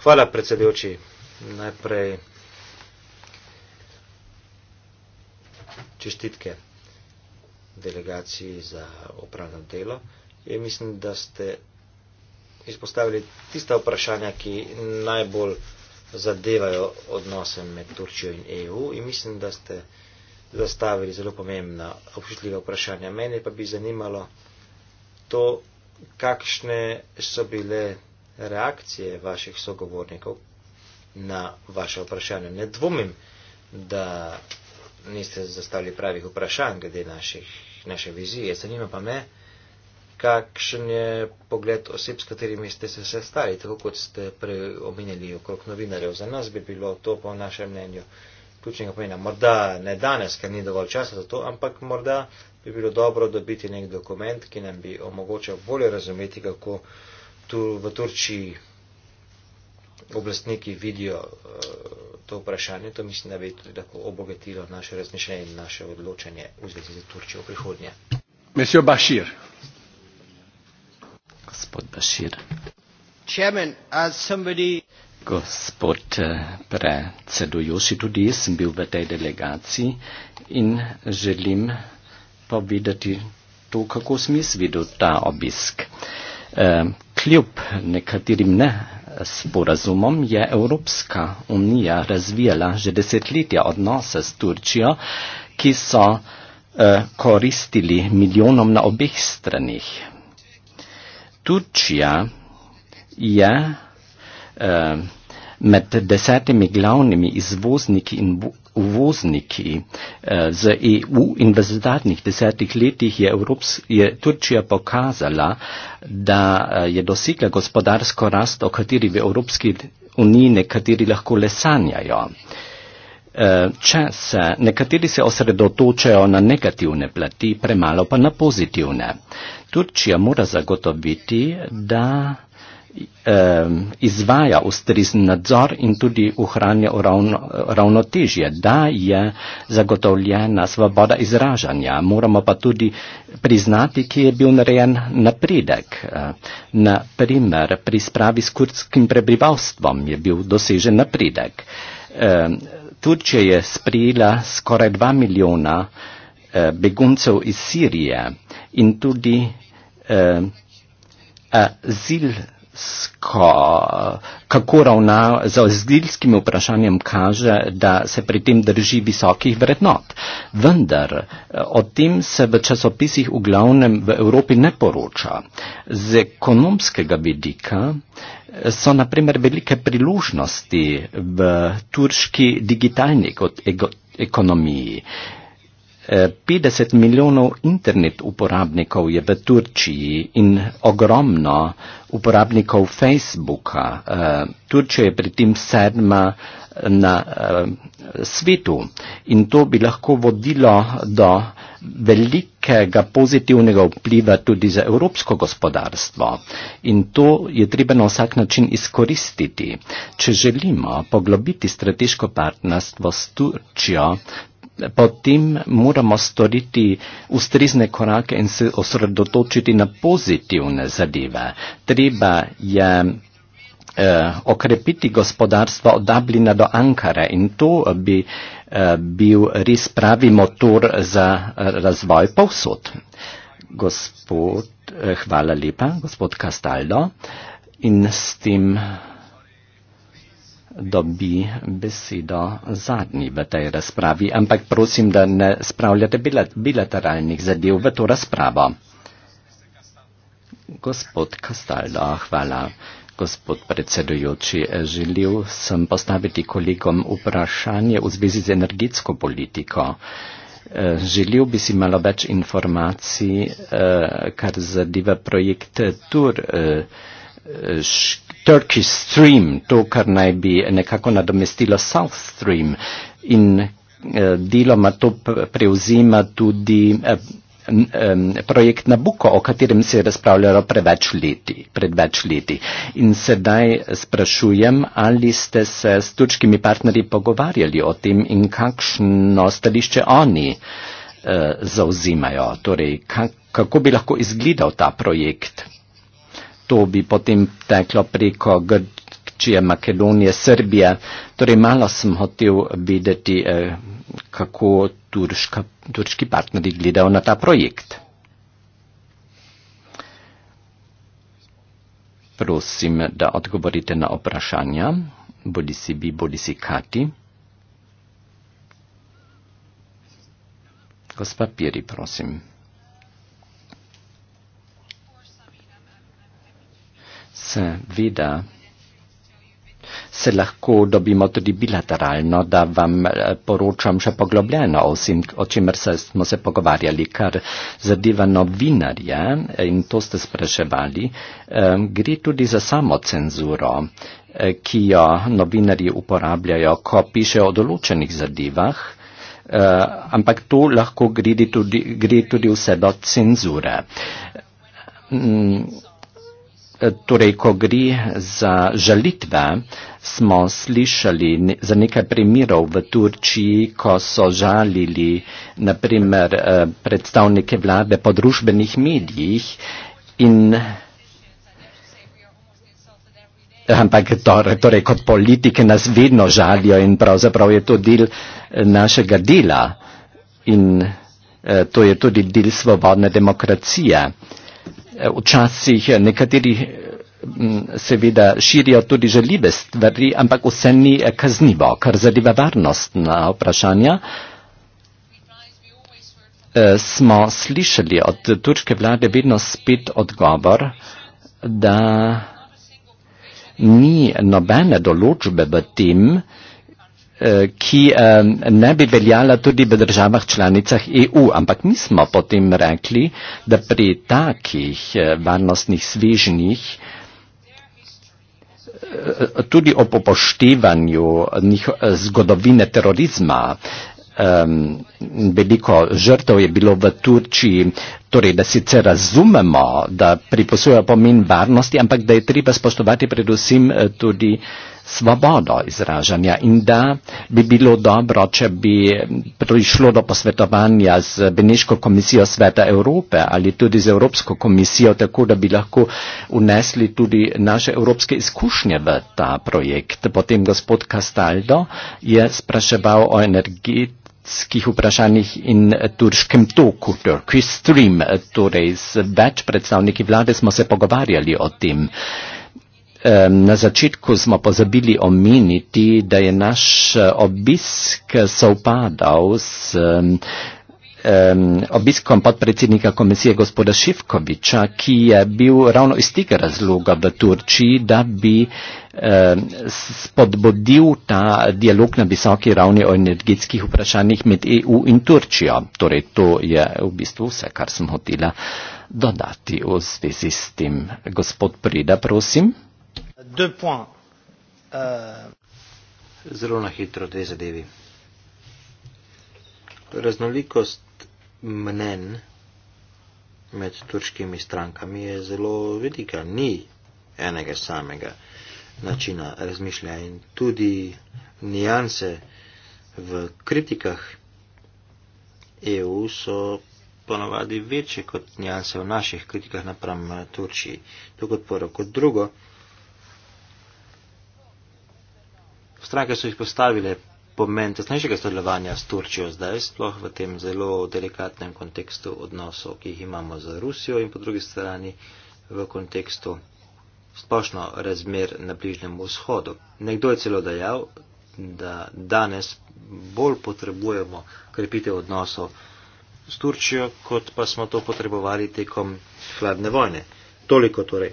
Hvala, predsedujoči. Najprej. čestitke delegaciji za upravno delo. Je, mislim, da ste izpostavili tista vprašanja, ki najbolj zadevajo odnose med Turčijo in EU in mislim, da ste zastavili zelo pomembna občutljiva vprašanja. Mene pa bi zanimalo to, kakšne so bile reakcije vaših sogovornikov na vaše vprašanje. Ne dvomim, da niste zastavili pravih vprašanj glede naših, naše vizije. Zanima pa me, kakšen je pogled oseb, s katerimi ste se sestali, tako kot ste prej omenjali okrog novinarjev. Za nas bi bilo to po našem mnenju ključnega pomena. Morda ne danes, ker ni dovolj časa za to, ampak morda bi bilo dobro dobiti nek dokument, ki nam bi omogočal bolje razumeti, kako tu v Turčiji oblastniki vidijo uh, to vprašanje, to mislim, da bi tudi tako obogatilo naše razmišljanje in naše odločanje v zvezi z Turčijo v prihodnje. Monsieur Bashir. Gospod Bashir. Chairman, as somebody... Gospod eh, predsedujoči, tudi jaz sem bil v tej delegaciji in želim povedati to, kako sem jaz videl ta obisk. Eh, kljub nekaterim ne sporazumom je Evropska unija razvijala že desetletja odnose s Turčijo, ki so eh, koristili milijonom na obeh stranih. Turčija je eh, med desetimi glavnimi izvozniki in uvozniki eh, z EU in v zadnjih desetih letih je, Evrops, je Turčija pokazala, da eh, je dosegla gospodarsko rast, o kateri v Evropski uniji nekateri lahko le sanjajo. Eh, če se nekateri se osredotočajo na negativne plati, premalo pa na pozitivne. Turčija mora zagotoviti, da Ehm, izvaja ustrezen nadzor in tudi uhranja ravnotežje, da je zagotovljena svoboda izražanja. Moramo pa tudi priznati, ki je bil narejen napredek. Ehm, Naprimer, pri spravi s kurdskim prebivalstvom je bil dosežen napredek. Ehm, Turčija je sprijela skoraj dva milijona beguncev iz Sirije in tudi azil kako ravna z ozdilskim vprašanjem kaže, da se pri tem drži visokih vrednot. Vendar o tem se v časopisih v glavnem v Evropi ne poroča. Z ekonomskega vidika so naprimer velike priložnosti v turški digitalni ekonomiji. 50 milijonov internet uporabnikov je v Turčiji in ogromno uporabnikov Facebooka. Eh, Turčija je pri tem sedma na eh, svetu in to bi lahko vodilo do velikega pozitivnega vpliva tudi za evropsko gospodarstvo. In to je treba na vsak način izkoristiti. Če želimo poglobiti strateško partnerstvo s Turčijo, potem moramo storiti ustrezne korake in se osredotočiti na pozitivne zadeve. Treba je eh, okrepiti gospodarstvo od Dublina do Ankare in to eh, bi eh, bil res pravi motor za eh, razvoj povsod. Gospod, eh, hvala lepa, gospod Castaldo. In s tem dobi besedo zadnji v tej razpravi, ampak prosim, da ne spravljate bilateralnih zadev v to razpravo. Gospod Kastaldo, hvala. Gospod predsedujoči, želel sem postaviti kolegom vprašanje v zvezi z energetsko politiko. Želel bi si malo več informacij, eh, kar zadeva projekt Tur eh, Turkish Stream, to, kar naj bi nekako nadomestilo South Stream in eh, deloma to prevzima tudi eh, projekt Nabuko, o katerem se je razpravljalo preveč leti, pred več leti. In sedaj sprašujem, ali ste se s turškimi partnerji pogovarjali o tem in kakšno stališče oni eh, zauzimajo, torej kak, kako bi lahko izgledal ta projekt to bi potem teklo preko Grčije, Makedonije, Srbije. Torej malo sem hotel videti, eh, kako turška, turški partneri gledajo na ta projekt. Prosim, da odgovorite na vprašanja, bodi si vi, bodi si Kati. Gospa Piri, prosim. Seveda se lahko dobimo tudi bilateralno, da vam eh, poročam še poglobljeno o vsem, o čemer smo se pogovarjali, kar zadeva novinarje eh, in to ste spraševali, eh, gre tudi za samocenzuro, ki jo novinarji uporabljajo, ko piše o določenih zadevah, ampak to lahko gre tudi, gre tudi vse do cenzure. Mm, torej, ko gre za žalitve, smo slišali za nekaj primerov v Turčiji, ko so žalili naprimer eh, predstavnike vlade po družbenih medijih in ampak torej, torej kot politike nas vedno žalijo in pravzaprav je to del eh, našega dela in eh, to je tudi del svobodne demokracije. Eh, včasih eh, nekateri eh, seveda širijo tudi želibe stvari, ampak vse ni kaznivo, kar zadeva varnost na vprašanja. Smo slišali od turške vlade vedno spet odgovor, da ni nobene določbe v tem, Eh, ki ne bi veljala tudi v državah članicah EU, ampak mi smo potem rekli, da pri takih eh, varnostnih svežnjih eh, tudi ob upoštevanju zgodovine terorizma, Um, veliko žrtev je bilo v Turčiji, torej da sicer razumemo, da pripisujejo pomen varnosti, ampak da je treba spoštovati predvsem tudi uh, svobodo izražanja in da bi bilo dobro, če bi prišlo do posvetovanja z Beneško komisijo Sveta Evrope ali tudi z Evropsko komisijo, tako da bi lahko unesli tudi naše evropske izkušnje v ta projekt. Potem gospod Castaldo je spraševal o energeti vprašanjih in turškem toku, Turkish Stream, torej z več predstavniki vlade smo se pogovarjali o tem. Na začetku smo pozabili omeniti, da je naš eh, obisk sovpadal s um, obiskom podpredsednika komisije gospoda Šivkoviča, ki je bil ravno iz tega razloga v Turčiji, da bi um, spodbudil ta dialog na visoki ravni o energetskih vprašanjih med EU in Turčijo. Torej, to je v bistvu vse, kar sem hotela dodati v zvezi s tem. Gospod Preda, prosim deux points. Euh... Zelo na hitro dve zadevi. Raznolikost mnen med turškimi strankami je zelo velika. Ni enega samega načina razmišljanja in tudi nijanse v kritikah EU so ponavadi večje kot nijanse v naših kritikah napram Turčiji. To kot prvo. Kot drugo, stranke so jih postavile pomen tesnejšega sodelovanja s Turčijo zdaj, sploh v tem zelo delikatnem kontekstu odnosov, ki jih imamo z Rusijo in po drugi strani v kontekstu splošno razmer na Bližnjem vzhodu. Nekdo je celo dejal, da danes bolj potrebujemo krepite odnosov s Turčijo, kot pa smo to potrebovali tekom hladne vojne. Toliko torej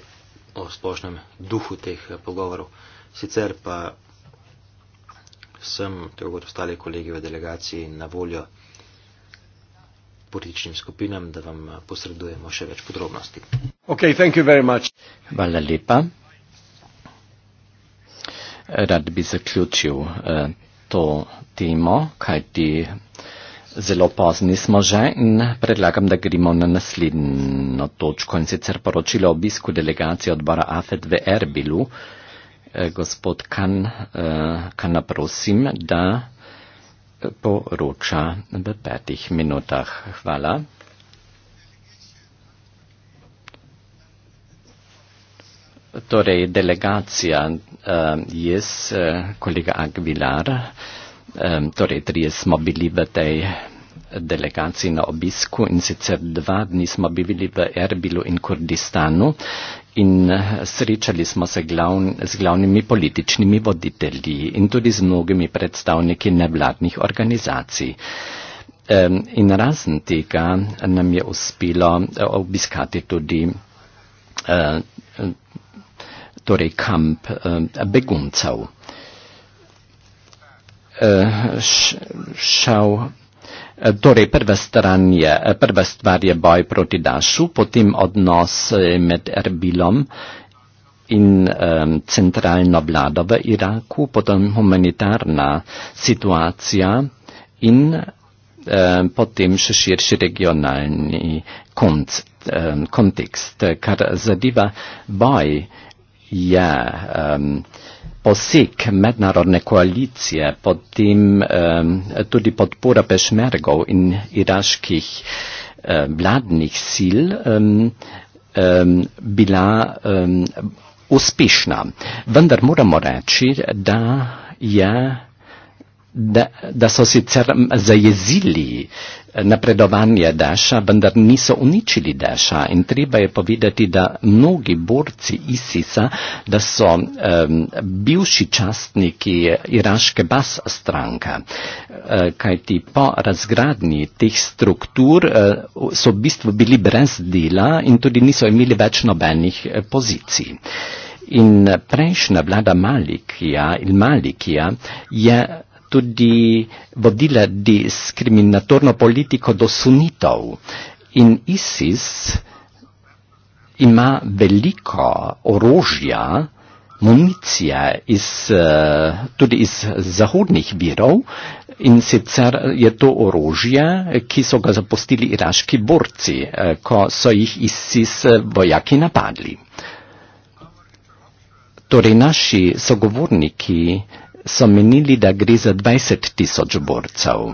o splošnem duhu teh pogovorov. Sicer pa vsem, tako kot ostali kolegi v delegaciji, na voljo političnim skupinam, da vam posredujemo še več podrobnosti. Okay, thank you very much. Hvala lepa. Rad bi zaključil eh, to temo, kajti zelo pozni smo že in predlagam, da gremo na naslednjo točko in sicer poročilo obisku delegacije odbora AFED v Erbilu. Eh, gospod Kan, eh, kan prosim, da poroča v petih minutah. Hvala. Torej, delegacija je uh, uh, eh, kolega Aguilar, um, torej trije smo bili v tej delegaciji na obisku in sicer dva dni smo bili v Erbilu in Kurdistanu in eh, srečali smo se glavn, z glavnimi političnimi voditelji in tudi z mnogimi predstavniki nevladnih organizacij. In razen tega nam je uspelo eh, obiskati tudi eh, torej kamp beguncev. Šel Eh, torej, prva stran je, eh, prva stvar je boj proti Dašu, potem odnos eh, med Erbilom in um, centralno vlado v Iraku, potem humanitarna situacija in um, potem še širši regionalni konc, um, kontekst. Kar zadeva boj je. Um, poseg mednarodne koalicije, potem um, tudi podpora pešmergov in iraških um, vladnih sil um, um, bila um, uspešna. Vendar moramo reči, da je da, da so sicer zajezili napredovanje Daša, vendar niso uničili Daša in treba je povedati, da mnogi borci ISIS-a, da so um, bivši častniki iraške bas stranka, uh, e, kajti po razgradnji teh struktur uh, so v bistvu bili brez dela in tudi niso imeli več nobenih uh, pozicij. In prejšnja vlada Malikija, Malikija je tudi vodila diskriminatorno politiko do sunitov. In ISIS ima veliko orožja, municije iz, eh, tudi iz zahodnih virov in sicer je to orožje, ki so ga zapustili iraški borci, eh, ko so jih ISIS eh, vojaki napadli. Torej naši sogovorniki so menili, da gre za 20 tisoč borcev.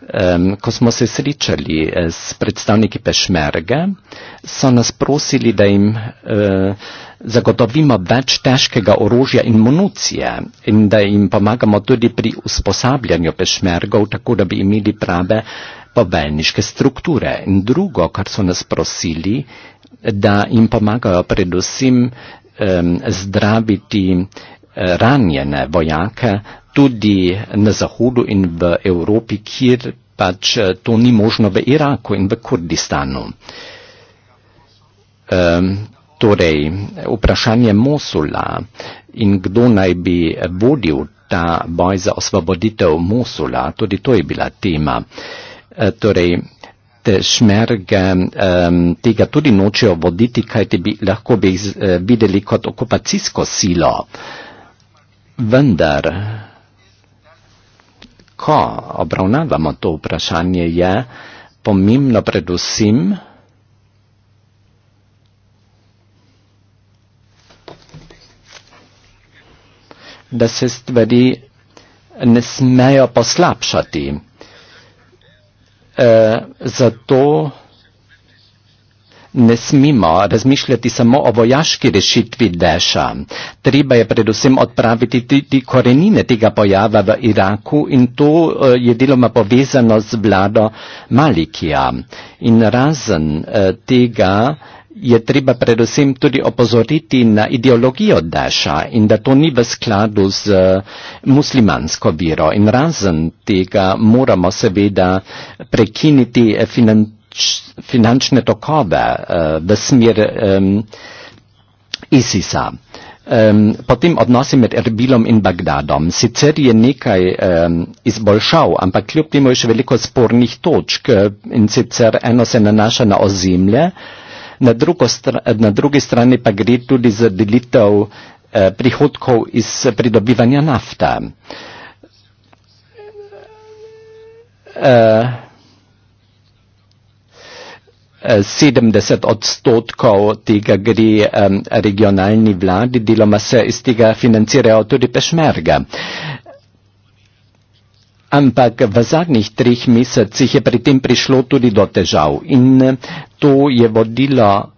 Um, ko smo se srečali eh, s predstavniki Pešmerge, so nas prosili, da jim uh, zagotovimo več težkega orožja in municije in da jim pomagamo tudi pri usposabljanju Pešmergov, tako da bi imeli prave pobeljniške strukture. In drugo, kar so nas prosili, da jim pomagajo predvsem um, zdraviti ranjene vojake tudi na Zahodu in v Evropi, kjer pač eh, to ni možno v Iraku in v Kurdistanu. Um, torej, vprašanje Mosula in kdo naj bi vodil ta boj za osvoboditev Mosula, tudi to je bila tema. E, torej, te šmerge um, tega tudi nočejo voditi, kajti bi, lahko bi jih eh, videli kot okupacijsko silo vendar, ko obravnavamo to vprašanje, je pomembno predvsem, da se stvari ne smejo poslabšati. E, zato, ne smemo razmišljati samo o vojaški rešitvi Deša. Treba je predvsem odpraviti tudi korenine tega pojava v Iraku in to eh, je deloma povezano z vlado Malikija. In razen eh, tega je treba predvsem tudi opozoriti na ideologijo Deša in da to ni v skladu z eh, muslimansko viro. In razen tega moramo seveda prekiniti financiranje finančne tokove eh, v smer ISISA. Potem odnosi med Erbilom in Bagdadom. Sicer je nekaj um, izboljšal, ampak kljub temu je še veliko spornih točk in sicer eno se nanaša na ozemlje, na, na drugi strani pa gre tudi za delitev eh, prihodkov iz pridobivanja nafta. Uh, eh, 70 eh, odstotkov tega gre um, regionalni vladi, deloma se iz tega financirajo tudi pešmerge. Ampak v zadnjih treh mesecih je pri tem prišlo tudi do težav in to je vodilo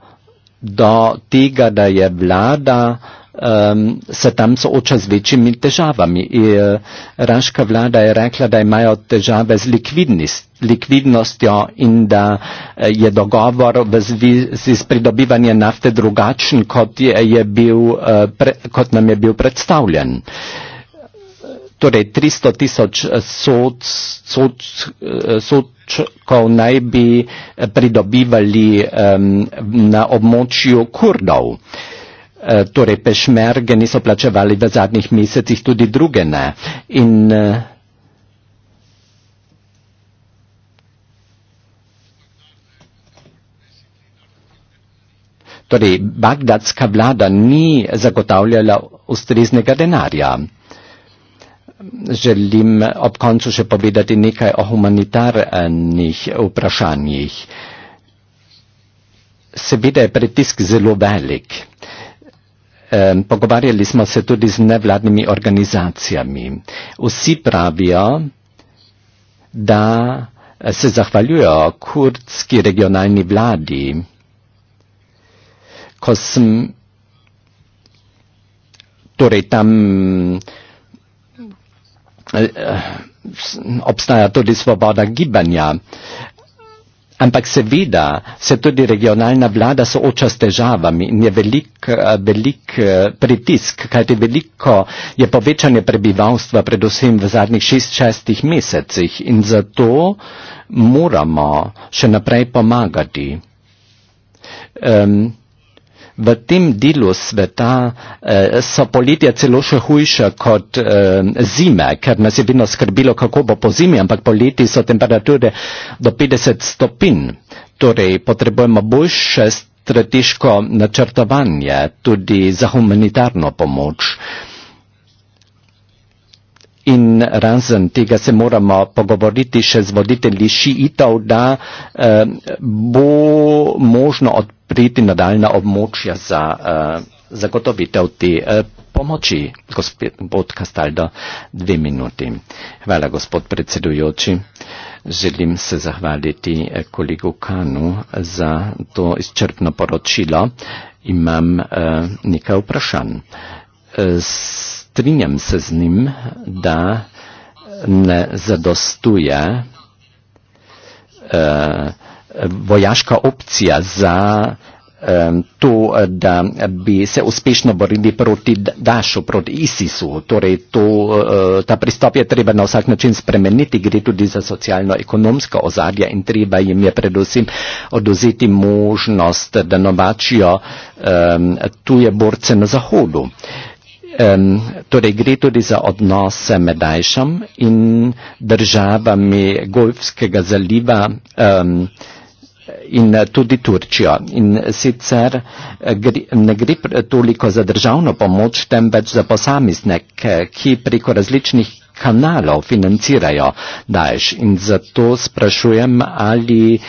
do tega, da je vlada um, se tam sooča z večjimi težavami. I, uh, eh, Raška vlada je rekla, da imajo težave z likvidnost likvidnostjo in da eh, je dogovor v zvezi s pridobivanjem nafte drugačen, kot, je, je bil, eh, pre, kot nam je bil predstavljen. Torej, 300 tisoč sočkov soč, naj bi pridobivali um, na območju Kurdov. Uh, Eh, torej pešmerge niso plačevali v zadnjih mesecih, tudi druge ne. In eh, Torej, bagdadska vlada ni zagotavljala ustreznega denarja. Želim ob koncu še povedati nekaj o humanitarnih vprašanjih. Seveda je pritisk zelo velik pogovarjali smo se tudi z nevladnimi organizacijami. Vsi pravijo, da se zahvaljujo kurdski regionalni vladi. Ko sem torej tam eh, obstaja tudi svoboda gibanja. Ampak seveda se tudi regionalna vlada sooča s težavami in je velik, eh, velik eh, pritisk, kajti veliko je povečanje prebivalstva, predvsem v zadnjih šest, šestih mesecih in zato moramo še naprej pomagati. Um, v tem delu sveta eh, so poletja celo še hujša kot eh, zime, ker nas je vedno skrbilo, kako bo po zimi, ampak poleti so temperature do 50 stopinj. Torej potrebujemo boljše strateško načrtovanje tudi za humanitarno pomoč. Eh, In razen tega se moramo pogovoriti še z voditelji šiitov, da eh, bo možno odpriti nadaljna območja za eh, zagotovitev te eh, pomoči. Gospod Kastaldo, dve minuti. Hvala, gospod predsedujoči. Želim se zahvaliti eh, kolegu Kanu za to izčrpno poročilo. Imam eh, nekaj vprašanj. Eh, strinjam se z njim, da ne zadostuje eh, vojaška opcija za eh, to, da bi se uspešno borili proti Dašu, proti ISIS-u. Torej, to, eh, ta pristop je treba na vsak način spremeniti, gre tudi za socialno-ekonomsko ozadje in treba jim je predvsem oduzeti možnost, da novačijo eh, tuje borce na Zahodu. Eh, Um, torej gre tudi za odnose med Dajšom in državami Golfskega zaliva um, in tudi Turčijo. In sicer eh, gre, ne gre toliko za državno pomoč, temveč za posameznike, ki preko različnih kanalov financirajo. Daješ. In zato sprašujem, ali e,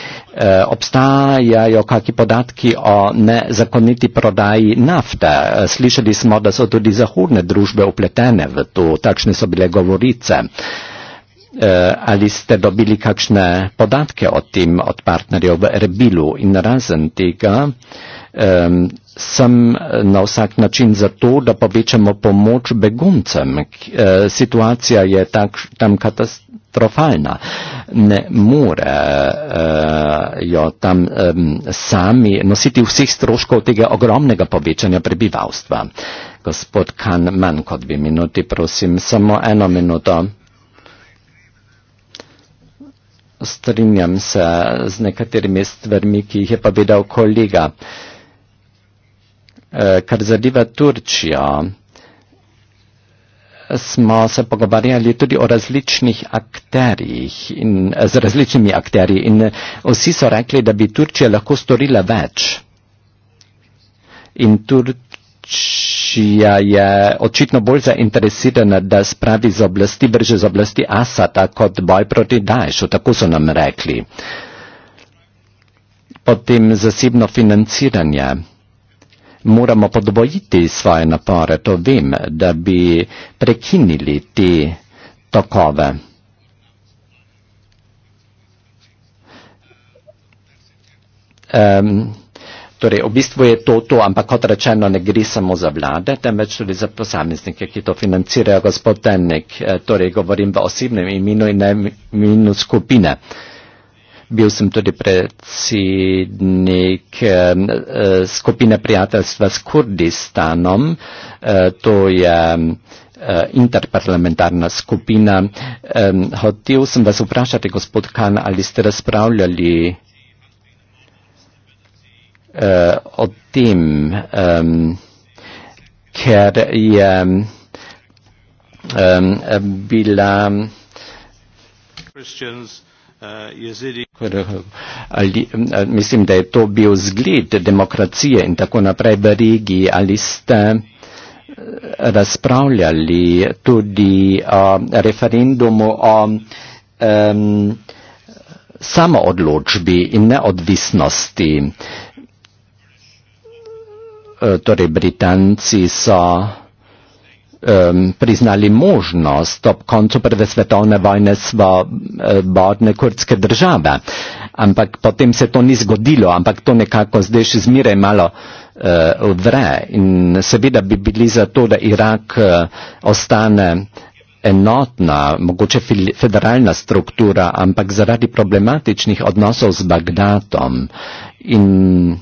obstajajo kakšni podatki o nezakoniti prodaji nafte. Eh, slišali smo, da so tudi zahodne družbe upletene v to, takšne so bile govorice. E, ali ste dobili kakšne podatke o tem od partnerjev v Erbilu in razen tega? E, um, sem eh, na vsak način za to, da povečamo pomoč beguncem. Eh, situacija je tak, tam katastrofalna. Ne more uh, jo tam um, sami nositi vseh stroškov tega ogromnega povečanja prebivalstva. Gospod Kan, manj kot dve minuti, prosim, samo eno minuto. Strinjam se z nekaterimi stvarmi, ki jih je povedal kolega. Uh, Eh, kar zadeva Turčijo, smo se pogovarjali tudi o različnih akterjih in eh, z različnimi akterji in eh, vsi so rekli, da bi Turčija lahko storila več. In Turčija je očitno bolj zainteresirana, da spravi z oblasti, brže z oblasti Asata kot boj proti Daješu, tako so nam rekli. Potem zasebno financiranje moramo podvojiti svoje napore, to vem, da bi prekinili te tokove. Um, torej, v bistvu je to to, ampak kot rečeno, ne gre samo za vlade, temveč tudi za posameznike, ki to financirajo, gospod Tennik, eh, torej govorim v osebnem imenu in imenu skupine. Uh, Bil sem tudi predsednik eh, skupine prijateljstva s Kurdistanom, eh, to je eh, interparlamentarna skupina. Hotel sem vas vprašati, gospod Khan, ali ste razpravljali o tem, ker je bila. Christians. Eh, eh, mislim, da je to bil zgled demokracije in tako naprej v regiji. Ali ste eh, razpravljali tudi o referendumu o um, samoodločbi in neodvisnosti? Torej, Britanci so um, priznali možnost ob koncu Prve svetovne vojne svobodne eh, kurdske države. Ampak potem se to ni zgodilo, ampak to nekako zdaj še zmeraj malo uh, eh, vre. In seveda bi bili za to, da Irak uh, ostane enotna, mogoče federalna struktura, ampak zaradi problematičnih odnosov z Bagdatom in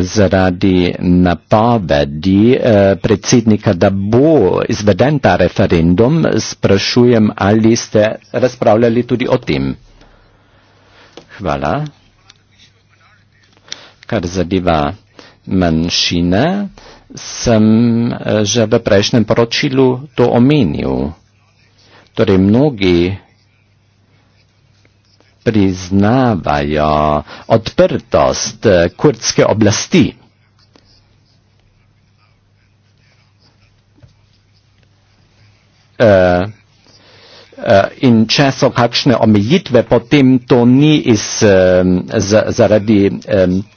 zaradi napovedi eh, predsednika, da bo izveden ta referendum, sprašujem, ali ste razpravljali tudi o tem. Hvala. Kar zadeva manjšine, sem eh, že v prejšnjem poročilu to omenil. Torej, mnogi priznavajo odprtost eh, kurdske oblasti. Eh, eh, in če so kakšne omejitve, potem to ni iz, z, zaradi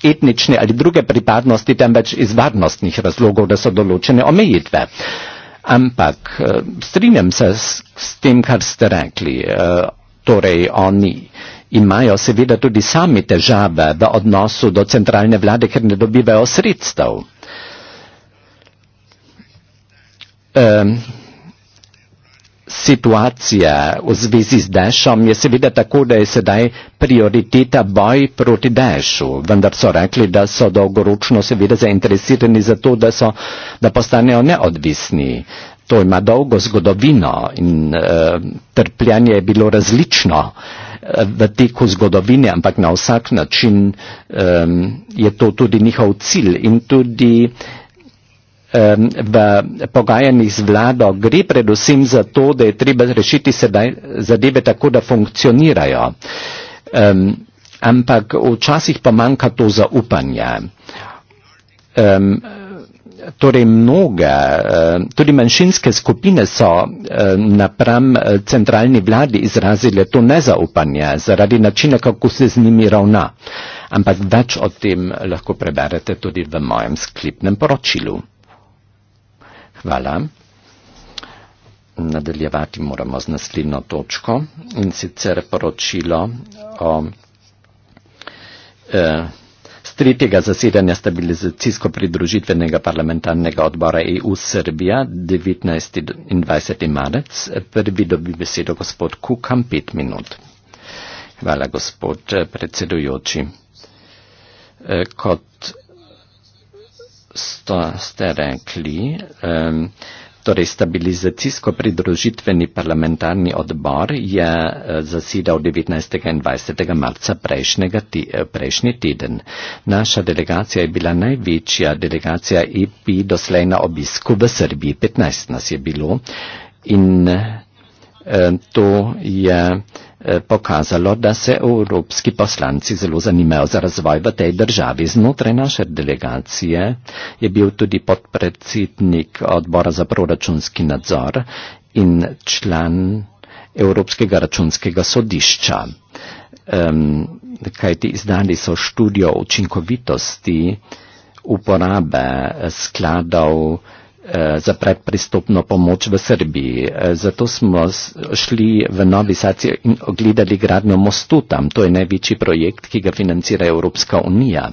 etnične ali druge pripadnosti, temveč iz varnostnih razlogov, da so določene omejitve. Ampak strinjam se s, s tem, kar ste rekli, torej oni imajo seveda tudi sami težave v odnosu do centralne vlade, ker ne dobivajo sredstev. Um, situacija v zvezi z dešom je seveda tako, da je sedaj prioriteta boj proti dešu, vendar so rekli, da so dolgoročno seveda zainteresirani za to, da, so, da postanejo neodvisni. To ima dolgo zgodovino in uh, trpljanje je bilo različno. Uh, v teku zgodovine, ampak na vsak način um, je to tudi njihov cilj. In tudi um, v pogajanjih z vlado gre predvsem za to, da je treba rešiti sedaj zadeve tako, da funkcionirajo. Um, ampak včasih pa manjka to zaupanje. Um, torej mnoga, eh, tudi manjšinske skupine so eh, napram eh, centralni vladi izrazile to nezaupanje zaradi načina, kako se z njimi ravna. Ampak več o tem lahko preberete tudi v mojem sklipnem poročilu. Hvala. Nadaljevati moramo z naslednjo točko in sicer poročilo o. Eh, tretjega zasedanja stabilizacijsko pridružitvenega parlamentarnega odbora EU Srbija 19. in 20. marec. Prvi dobi besedo gospod Kukam, pet minut. Hvala, gospod predsedujoči. Eh, kot ste rekli, Torej, stabilizacijsko pridružitveni parlamentarni odbor je eh, zasedal 19. in 20. marca ti, eh, prejšnji teden. Naša delegacija je bila največja delegacija EP doslej na obisku v Srbiji. 15 nas je bilo in eh, to je. Eh, pokazalo, da se evropski poslanci zelo zanimajo za razvoj v tej državi. Znotraj naše delegacije je bil tudi podpredsednik odbora za proračunski nadzor in član Evropskega računskega sodišča. Um, kaj ti izdali so študijo učinkovitosti uporabe skladov, Eh, za predpristopno pomoč v Srbiji. Eh, zato smo šli v Novi Sad in ogledali gradno mostu tam. To je največji projekt, ki ga financira Evropska unija.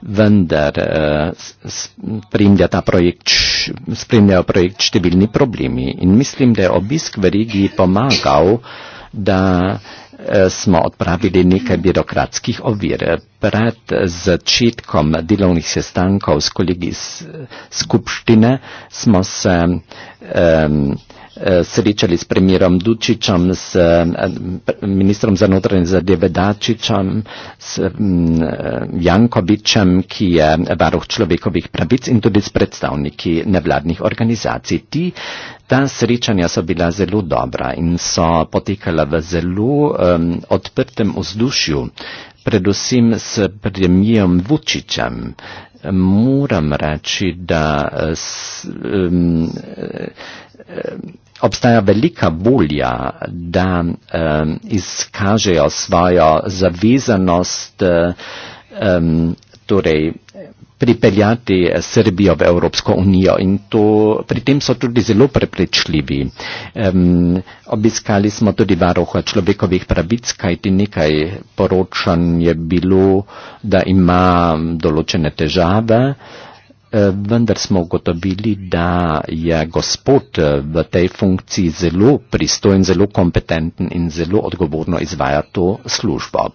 Vendar eh, spremlja ta projekt, spremljajo projekt številni problemi in mislim, da je obisk v regiji pomagal, da Eh, smo odpravili nekaj birokratskih ovir. Pred začetkom delovnih sestankov s kolegi skupštine smo se um, Eh, srečali s premjerom Dučićem, s eh, ministrom za notranje zadeve Dačićem, s mm, eh, Jankovićem, ki je varuh človekovih pravic in tudi s predstavniki nevladnih organizacij. Ti, ta srečanja so bila zelo dobra in so potekala v zelo um, odprtem vzdušju, predvsem s premjerom Vučićem moram reči, da s, um, um, obstaja velika volja, da um, izkažejo svojo zavezanost um, torej, pripeljati eh, Srbijo v Evropsko unijo in to, pri tem so tudi zelo prepričljivi. Um, obiskali smo tudi varoha človekovih pravic, kajti nekaj poročanj je bilo, da ima določene težave, eh, vendar smo ugotovili, da je gospod eh, v tej funkciji zelo pristojen, zelo kompetenten in zelo odgovorno izvaja to službo.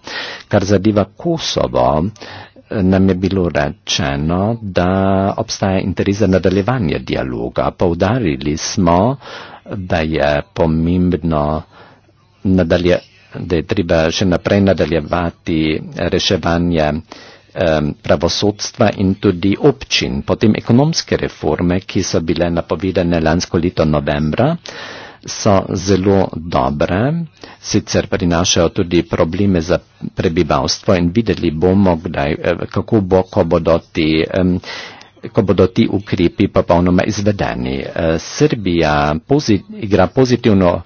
Kar zadeva Kosovo, nam je bilo rečeno, da obstaja interes za nadaljevanje dialoga. Poudarili smo, da je pomembno, nadalje, da je treba še naprej nadaljevati reševanje pravosodstva in tudi občin, potem ekonomske reforme, ki so bile napovedane lansko leto novembra so zelo dobre, sicer prinašajo tudi probleme za prebivalstvo in videli bomo, kdaj, eh, kako bo, ko bodo ti ko bodo ti ukrepi popolnoma izvedeni. Eh, Srbija pozit, igra pozitivno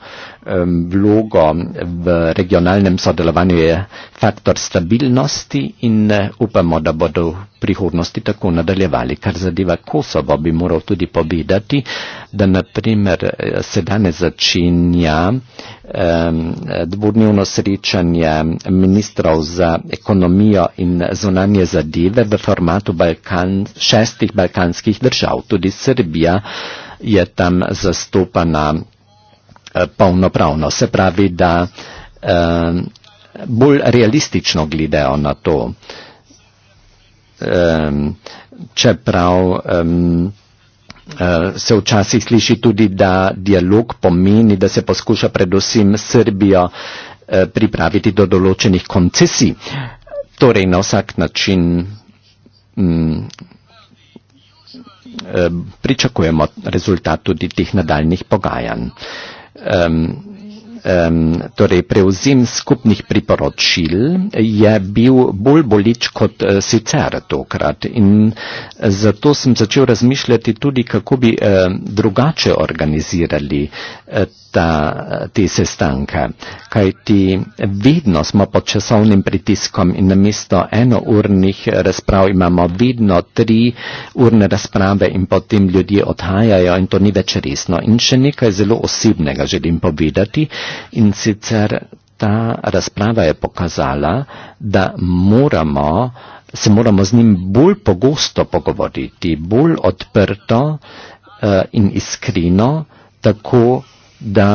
vlogo v regionalnem sodelovanju je faktor stabilnosti in e, upamo, da bodo v prihodnosti tako nadaljevali. Kar zadeva Kosovo, bi moral tudi povedati, da naprimer e, se danes začenja dvodnevno srečanje ministrov za ekonomijo in zunanje zadeve v formatu Balkan, šestih balkanskih držav. Tudi Srbija je tam zastopana Eh, polnopravno. Se pravi, da eh, bolj realistično gledajo na to. Eh, čeprav eh, se včasih sliši tudi, da dialog pomeni, da se poskuša predvsem Srbijo eh, pripraviti do določenih koncesij. Torej, na vsak način. Mm, eh, pričakujemo rezultat tudi teh nadaljnih pogajanj um, um, torej prevzem skupnih priporočil je bil bolj bolič kot uh, sicer tokrat in zato sem začel razmišljati tudi, kako bi uh, drugače organizirali uh, ta, te sestanke, kajti vedno smo pod časovnim pritiskom in namesto enournih razprav imamo vedno tri urne razprave in potem ljudje odhajajo in to ni več resno. In še nekaj zelo osebnega želim povedati. Uh, In sicer ta razprava je pokazala, da moramo, se moramo z njim bolj pogosto pogovoriti, bolj odprto uh, in iskrino, tako da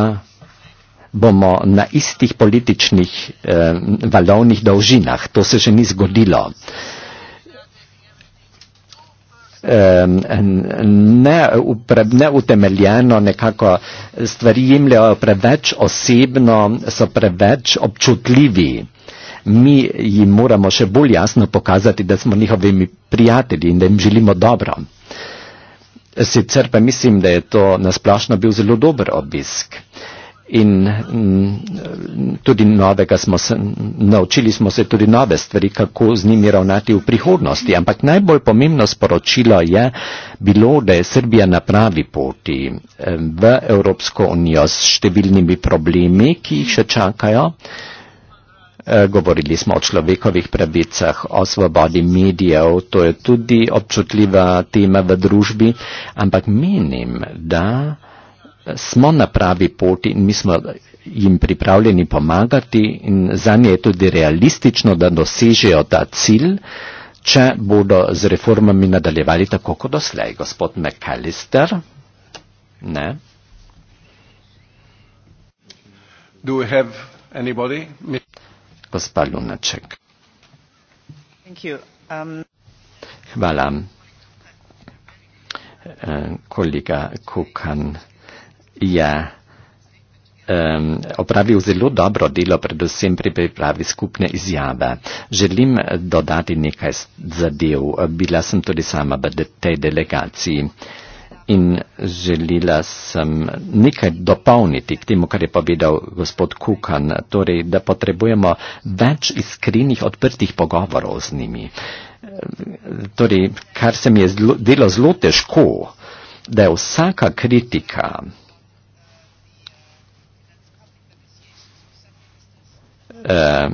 bomo na istih političnih eh, valovnih dolžinah. To se še ni zgodilo. Eh, neutemeljeno nekako stvari jemljajo preveč osebno, so preveč občutljivi. Mi jim moramo še bolj jasno pokazati, da smo njihovimi prijatelji in da jim želimo dobro. Sicer pa mislim, da je to nasplošno bil zelo dober obisk. Uh, in mm, tudi novega smo se, naučili smo se tudi nove stvari, kako z njimi ravnati v prihodnosti. Ampak najbolj pomembno sporočilo je bilo, da je Srbija na pravi poti eh, v Evropsko unijo s številnimi problemi, ki jih še čakajo. Eh, govorili smo o človekovih pravicah, o svobodi medijev, to je tudi občutljiva tema v družbi, ampak menim, da smo na pravi poti in mi smo jim pripravljeni pomagati in za nje je tudi realistično, da dosežejo ta cilj, če bodo z reformami nadaljevali tako kot doslej. Gospod McAllister? Ne. Do we have anybody? Gospa Lunaček. Thank you. Um... Hvala. Uh, kolega Kukan. Uh, je um, opravil zelo dobro delo, predvsem pri pripravi skupne izjave. Želim dodati nekaj zadev. Bila sem tudi sama v tej delegaciji in želila sem nekaj dopolniti k temu, kar je povedal gospod Kukan, torej, da potrebujemo več iskrenih, odprtih pogovorov z njimi. Torej, kar se mi je zlo, delo zelo težko, da je vsaka kritika Eh,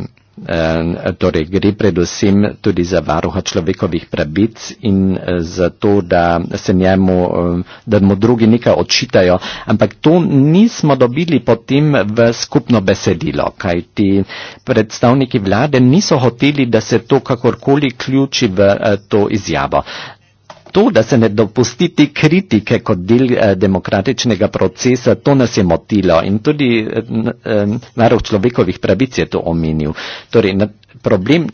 eh, torej gre predvsem tudi za varuha človekovih pravic in eh, za to, da se njemu, da mu drugi nekaj očitajo, ampak to nismo dobili potem v skupno besedilo, kaj ti predstavniki vlade niso hoteli, da se to kakorkoli ključi v to izjavo. To, da se ne dopustiti kritike kot del eh, demokratičnega procesa, to nas je motilo in tudi eh, eh, narod človekovih pravic je to omenil. Torej, problem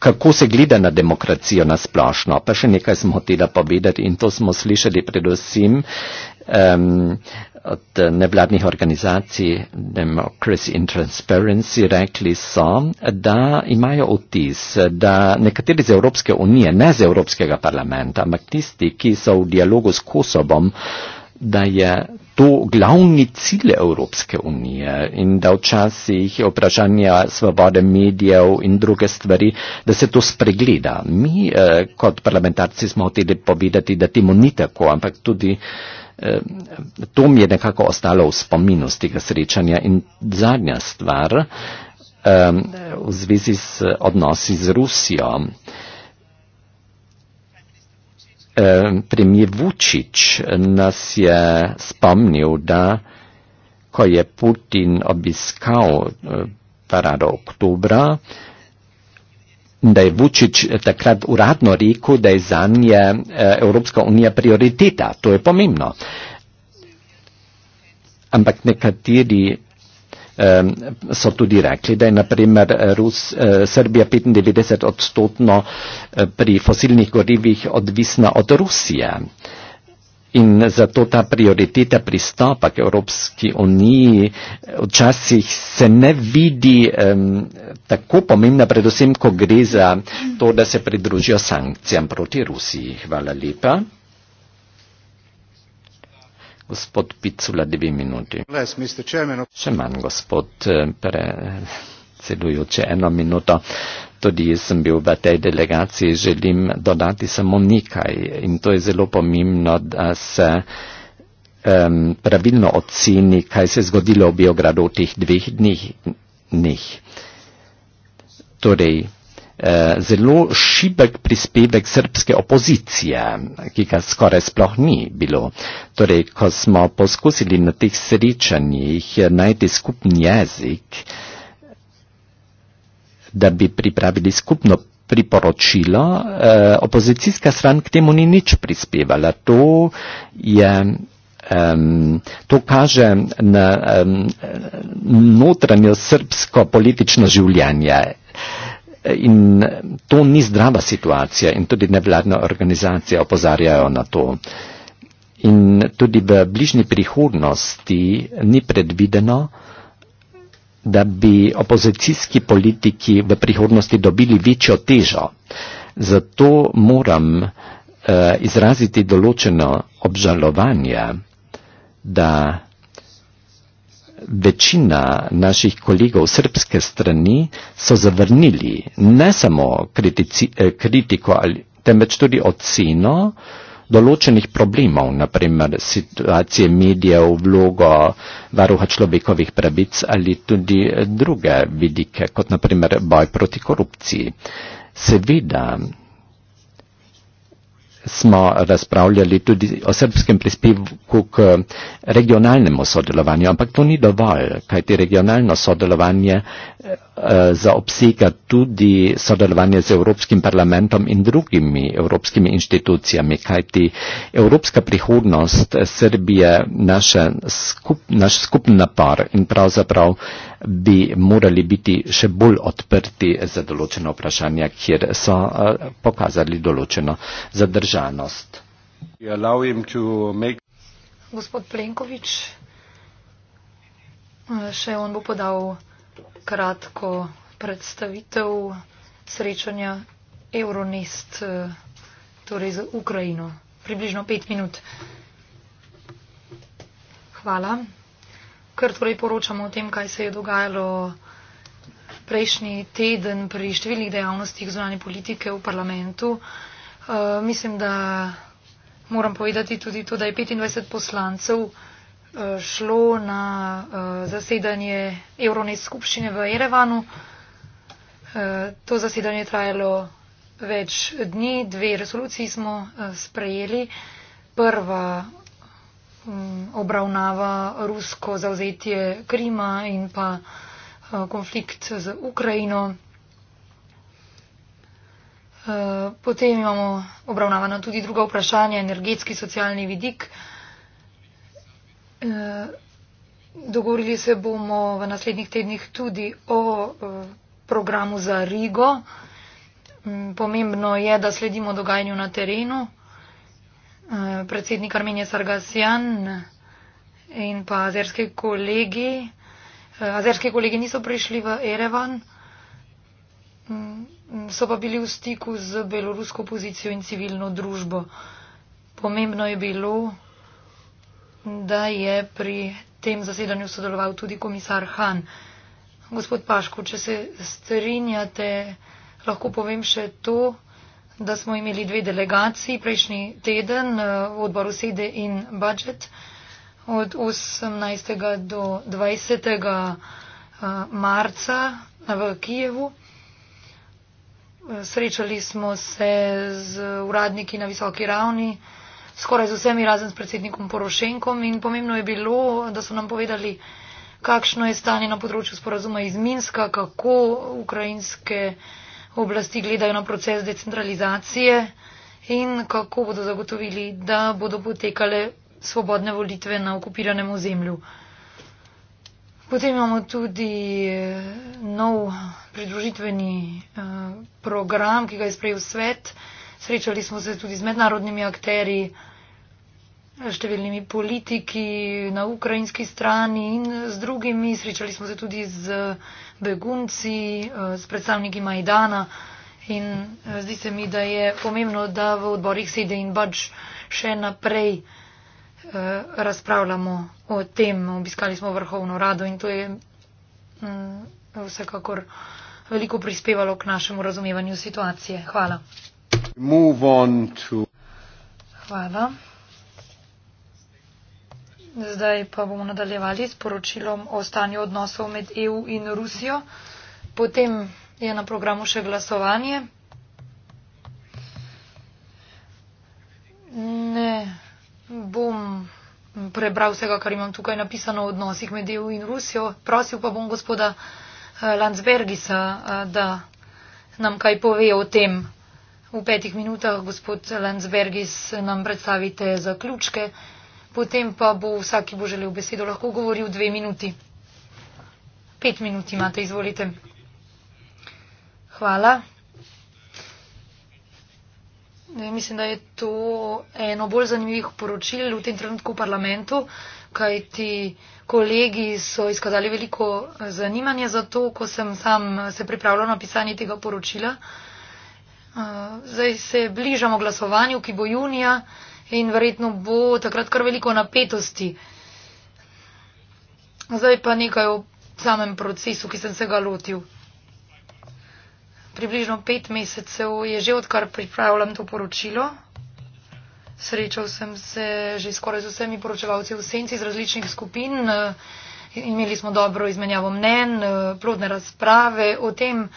kako se gleda na demokracijo na splošno. Pa še nekaj smo hotela povedati in to smo slišali predvsem um, od nevladnih organizacij Democracy in Transparency. Rekli so, da imajo vtis, da nekateri z Evropske unije, ne z Evropskega parlamenta, ampak tisti, ki so v dialogu s Kosovom, uh, da je to glavni cilj Evropske unije in da včasih vprašanje svobode medijev in druge stvari, da se to spregleda. Mi eh, kot parlamentarci smo hoteli povedati, da temu ni tako, ampak tudi eh, to mi je nekako ostalo v spominu z tega srečanja. In zadnja stvar eh, v zvezi z odnosi z Rusijo. Eh, premijer Vučić nas je spomnil, da ko je Putin obiskal e, parado oktobra, da je Vučić takrat uradno rekel, da je za nje e, Evropska unija prioriteta. To je pomembno. Ampak nekateri Ehm, so tudi rekli, da je naprimer eh, Rus, eh, Srbija 95 odstotno eh, pri fosilnih gorivih odvisna od Rusije. In zato ta prioriteta pristopa k Evropski uniji včasih se ne vidi um, tako pomembna, predvsem, ko gre za to, da se pridružijo sankcijam proti Rusiji. Hvala lepa. Gospod Picula, dve minuti. Še manj, gospod eh, predsedujoče, eno minuto. Tudi jaz sem bil v tej delegaciji, želim dodati samo nekaj in to je zelo pomembno, da se um, pravilno oceni, kaj se je zgodilo v Biogradu v teh dveh dneh. Torej, Eh, zelo šibek prispevek srpske opozicije, ki ga skoraj sploh ni bilo. Torej, ko smo poskusili na teh srečanjih najti skupni jezik, da bi pripravili skupno priporočilo, eh, opozicijska stran k temu ni nič prispevala. To, je, eh, to kaže na eh, notranjo srpsko politično življenje in eh, to ni zdrava situacija in tudi nevladne organizacije opozarjajo na to. In tudi v bližnji prihodnosti ni predvideno, da bi opozicijski politiki v prihodnosti dobili večjo težo. Zato moram uh, izraziti določeno obžalovanje, da večina naših kolegov srpske strani so zavrnili ne samo kritici, eh, kritiko, ali, temveč tudi oceno določenih problemov, naprimer situacije medijev, vlogo varuha človekovih pravic ali tudi eh, druge vidike, kot naprimer boj proti korupciji. Seveda, smo razpravljali tudi o srpskem prispevku k eh, regionalnemu sodelovanju, ampak to ni dovolj, kajti regionalno sodelovanje eh, Eh, zaobsega tudi sodelovanje z Evropskim parlamentom in drugimi evropskimi inštitucijami, kajti evropska prihodnost Srbije naše skup, naš skupni napar in pravzaprav bi morali biti še bolj odprti za določeno vprašanje, kjer so eh, pokazali določeno zadržanost. Make... Gospod Plenković, eh, še on bo podal kratko predstavitev srečanja Euronest eh, torej z Ukrajino. Približno pet minut. Hvala. Ker torej poročamo o tem, kaj se je dogajalo prejšnji teden pri številnih dejavnostih zunanje politike v parlamentu. Uh, mislim, da moram povedati tudi to, da je 25 poslancev šlo na eh, zasedanje Evrone skupščine v Erevanu. Eh, to zasedanje je trajalo več dni, dve resoluciji smo eh, sprejeli. Prva mm, obravnava rusko zauzetje Krima in pa konflikt z Ukrajino. Potem imamo obravnavano tudi druga vprašanja, energetski, socialni vidik. Eh, dogovorili se bomo v naslednjih tednih tudi o eh, programu za Rigo. Mm, pomembno je, da sledimo dogajanju na terenu. Eh, predsednik Armenije Sargasjan in pa azerski kolegi. Azerski kolegi niso prišli v Erevan, mm, so pa bili v stiku z belorusko opozicijo in civilno družbo. Pomembno je bilo, da je pri tem zasedanju sodeloval tudi komisar Han. Gospod Paško, če se strinjate, lahko povem še to, da smo imeli dve delegaciji prejšnji teden eh, v odboru sede in budžet od 18. do 20. Eh, marca eh, v Kijevu. Srečali smo se z uradniki na visoki ravni, skoraj z vsemi razen s predsednikom Porošenkom in pomembno je bilo, da so nam povedali, kakšno je stanje na področju sporazuma iz Minska, kako ukrajinske oblasti gledajo na proces decentralizacije in kako bodo zagotovili, da bodo potekale svobodne volitve na okupiranem ozemlju. Potem imamo tudi eh, nov pridružitveni eh, program, ki ga je sprejel svet. Srečali smo se tudi z mednarodnimi akteri številnimi politiki na ukrajinski strani in z drugimi. Srečali smo se tudi z begunci, eh, s predstavniki Majdana in eh, zdi se mi, da je pomembno, da v odborih sede in pač še naprej eh, razpravljamo o tem. Obiskali smo vrhovno rado in to je mm, vsekakor veliko prispevalo k našemu razumevanju situacije. Hvala. Hvala. Zdaj pa bomo nadaljevali s poročilom o stanju odnosov med EU in Rusijo. Potem je na programu še glasovanje. Ne bom prebral vsega, kar imam tukaj napisano o odnosih med EU in Rusijo. Prosil pa bom gospoda eh, Landsbergisa, eh, da nam kaj pove o tem. V petih minutah, gospod Landsbergis, nam predstavite zaključke potem pa bo vsak, ki bo želel besedo, lahko govoril dve minuti. Pet minut imate, izvolite. Hvala. Ne, mislim, da je to eno bolj zanimivih poročil v tem trenutku v parlamentu, kaj ti kolegi so izkazali veliko eh, zanimanja za to, ko sem sam eh, se pripravljal na pisanje tega poročila. Eh, zdaj se bližamo glasovanju, ki bo junija in verjetno bo takrat kar veliko napetosti. Zdaj pa nekaj o samem procesu, ki sem se ga lotil. Približno pet mesecev je že odkar pripravljam to poročilo. Srečal sem se že skoraj z vsemi poročevalci v senci iz različnih skupin. Imeli smo dobro izmenjavo mnen, plodne razprave o tem,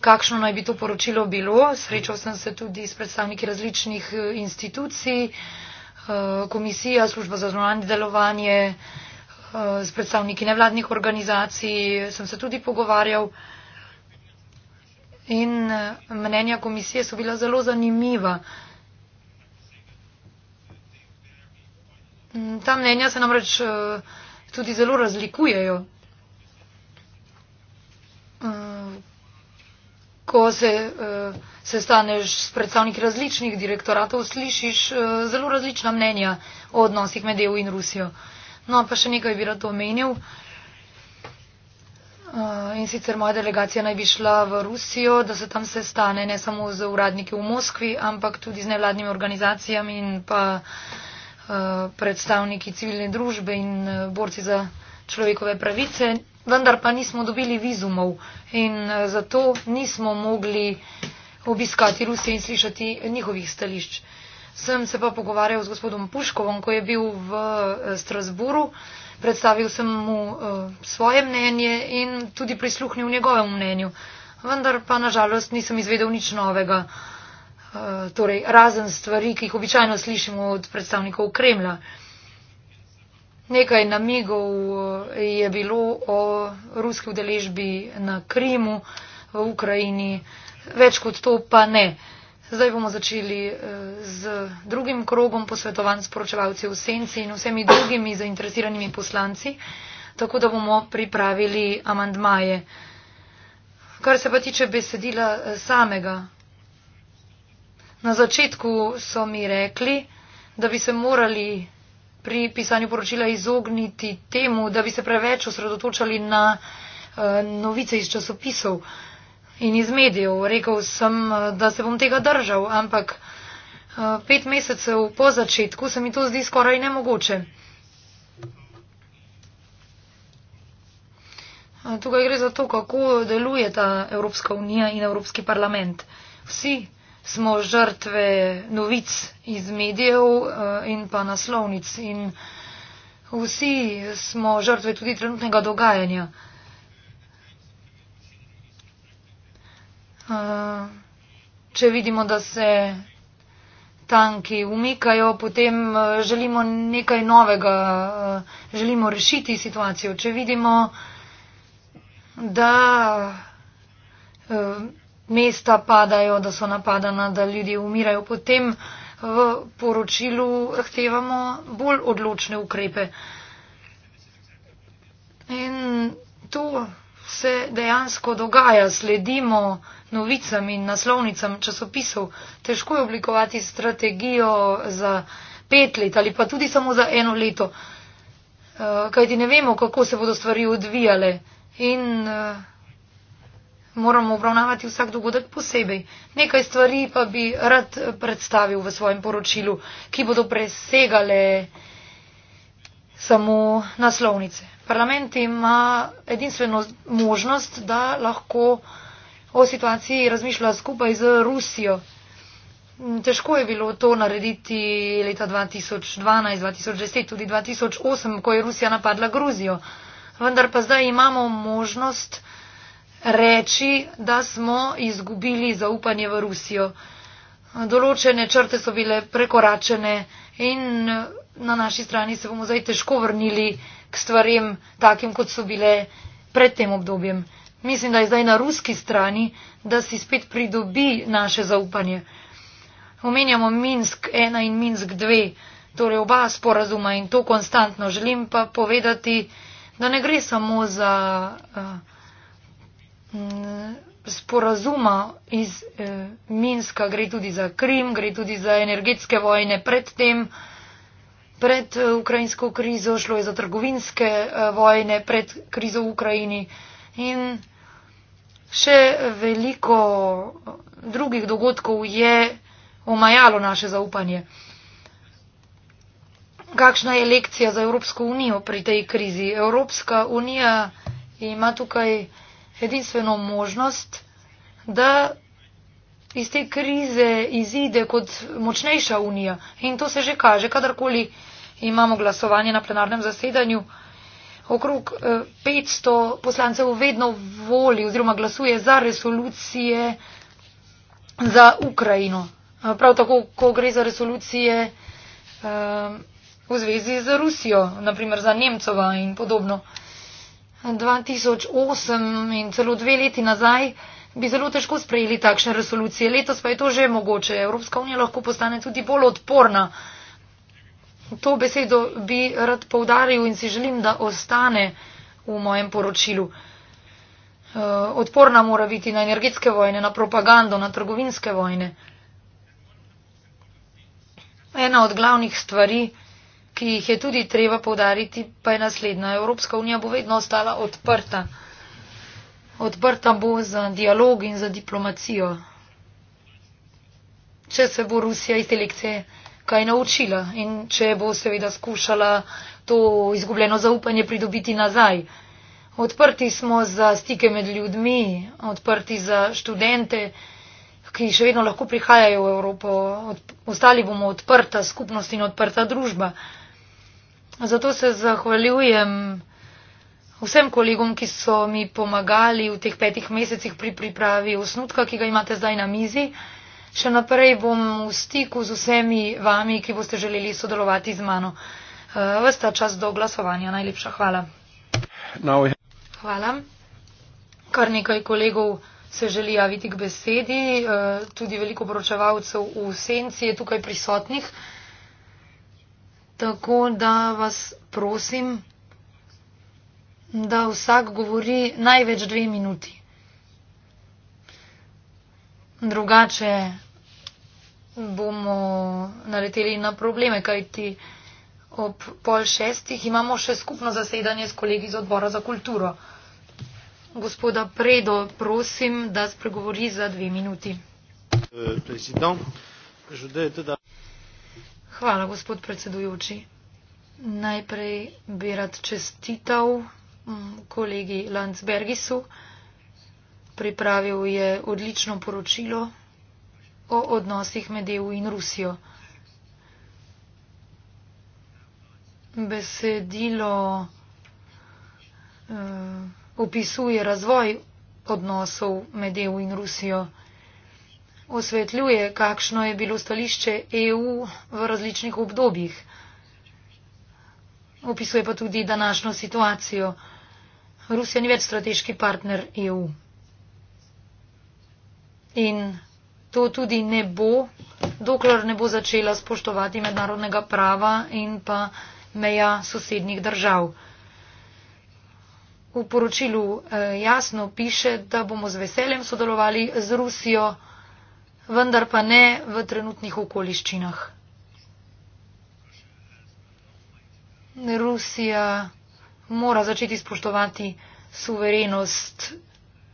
kakšno naj bi to poročilo bilo. Srečal sem se tudi s predstavniki različnih eh, institucij, eh, komisija, služba za zunanje delovanje, eh, s predstavniki nevladnih organizacij, sem se tudi pogovarjal. In mnenja komisije so bila zelo zanimiva. Mm, ta mnenja se namreč tudi zelo razlikujejo. ko se uh, sestaneš s predstavniki različnih direktoratov, slišiš uh, zelo različna mnenja o odnosih med EU in Rusijo. No, pa še nekaj bi rad omenil. Uh, in sicer moja delegacija naj bi šla v Rusijo, da se tam sestane ne samo z uradniki v Moskvi, ampak tudi z nevladnimi organizacijami in pa uh, predstavniki civilne družbe in uh, borci za človekove pravice vendar pa nismo dobili vizumov in eh, zato nismo mogli obiskati Rusije in slišati njihovih stališč. Sem se pa pogovarjal z gospodom Puškovom, ko je bil v eh, Strasburu, predstavil sem mu eh, svoje mnenje in tudi prisluhnil njegovemu mnenju. Vendar pa nažalost nisem izvedel nič novega, torej razen stvari, ki jih običajno slišimo od predstavnikov Kremlja. Nekaj namigov eh, je bilo o ruski udeležbi na Krimu, v Ukrajini, več kot to pa ne. Zdaj bomo začeli eh, z drugim krogom posvetovanj s poročevalci v Senci in vsemi drugimi zainteresiranimi poslanci, tako da bomo pripravili amandmaje. Kar se pa tiče besedila eh, samega. Na začetku so mi rekli, da bi se morali pri pisanju poročila izogniti temu, da bi se preveč osredotočali na eh, novice iz časopisov in iz medijev. Rekel sem, eh, da se bom tega držal, ampak eh, pet mesecev po začetku se mi to zdi skoraj nemogoče. Tukaj gre za to, kako deluje ta Evropska unija in Evropski parlament. Vsi smo žrtve novic iz medijev eh, in pa naslovnic in vsi smo žrtve tudi trenutnega dogajanja. Eh, če vidimo, da se tanki umikajo, potem eh, želimo nekaj novega, želimo rešiti situacijo. Če vidimo, da mesta padajo, da so napadana, da ljudje umirajo, potem eh, v poročilu zahtevamo bolj odločne ukrepe. In to se dejansko dogaja, sledimo novicam in naslovnicam časopisov. Težko je oblikovati strategijo za pet let ali pa tudi samo za eno leto, eh, kajti ne vemo, kako se bodo stvari odvijale. In uh, moramo obravnavati vsak dogodek posebej. Nekaj stvari pa bi rad predstavil v svojem poročilu, ki bodo presegale samo naslovnice. Parlament ima edinstveno možnost, da lahko o situaciji razmišlja skupaj z Rusijo. Težko je bilo to narediti leta 2012, 2010, tudi 2008, ko je Rusija napadla Gruzijo. Vendar pa zdaj imamo možnost, reči, da smo izgubili zaupanje v Rusijo. Določene črte so bile prekoračene in na naši strani se bomo zdaj težko vrnili k stvarem takim, kot so bile pred tem obdobjem. Mislim, da je zdaj na ruski strani, da si spet pridobi naše zaupanje. Omenjamo Minsk 1 in Minsk 2, torej oba sporazuma in to konstantno. Želim pa povedati, da ne gre samo za. Uh, sporazuma iz eh, Minska, gre tudi za Krim, gre tudi za energetske vojne pred tem, pred eh, ukrajinsko krizo, šlo je za trgovinske eh, vojne pred krizo v Ukrajini in še veliko drugih dogodkov je omajalo naše zaupanje. Kakšna je lekcija za Evropsko unijo pri tej krizi? Evropska unija ima tukaj edinstveno možnost, da iz te krize izide kot močnejša unija. In to se že kaže, kadarkoli imamo glasovanje na plenarnem zasedanju. Okrog 500 eh, poslancev vedno voli oziroma glasuje za resolucije za Ukrajino. Eh, prav tako, ko gre za resolucije eh, v zvezi z Rusijo, naprimer za Nemcova in podobno. 2008 in celo dve leti nazaj bi zelo težko sprejeli takšne resolucije. Letos pa je to že mogoče. Evropska unija lahko postane tudi bolj odporna. To besedo bi rad povdaril in si želim, da ostane v mojem poročilu. Eh, odporna mora biti na energetske vojne, na propagando, na trgovinske vojne. Ena od glavnih stvari, ki jih je tudi treba povdariti, pa je naslednja. Evropska unija bo vedno ostala odprta. Odprta bo za dialog in za diplomacijo. Če se bo Rusija iz te lekcije kaj naučila in če bo seveda skušala to izgubljeno zaupanje pridobiti nazaj. Odprti smo za stike med ljudmi, odprti za študente, ki še vedno lahko prihajajo v Evropo. Ostali bomo odprta skupnost in odprta družba. Zato se zahvaljujem vsem kolegom, ki so mi pomagali v teh petih mesecih pri pripravi osnutka, ki ga imate zdaj na mizi. Še naprej bom v stiku z vsemi vami, ki boste želeli sodelovati z mano. Eh, Vesta čas do glasovanja. Najlepša hvala. Hvala. Kar nekaj kolegov se želi javiti k besedi. Eh, tudi veliko poročevalcev v senci je tukaj prisotnih. Tako da vas prosim, da vsak govori največ dve minuti. Drugače bomo naleteli na probleme, kajti ob pol šestih imamo še skupno zasedanje s kolegi iz odbora za kulturo. Gospoda Predo, prosim, da spregovori za dve minuti. Uh, Hvala, gospod predsedujoči. Najprej bi rad čestital mm, kolegi Landsbergisu. Pripravil je odlično poročilo o odnosih med EU in Rusijo. Besedilo uh, opisuje razvoj odnosov med EU in Rusijo osvetljuje, kakšno je bilo stališče EU v različnih obdobjih. Opisuje pa tudi današnjo situacijo. Rusija ni več strateški partner EU. In to tudi ne bo, dokler ne bo začela spoštovati mednarodnega prava in pa meja sosednjih držav. V poročilu eh, jasno piše, da bomo z veseljem sodelovali z Rusijo vendar pa ne v trenutnih okoliščinah. Rusija mora začeti spoštovati suverenost,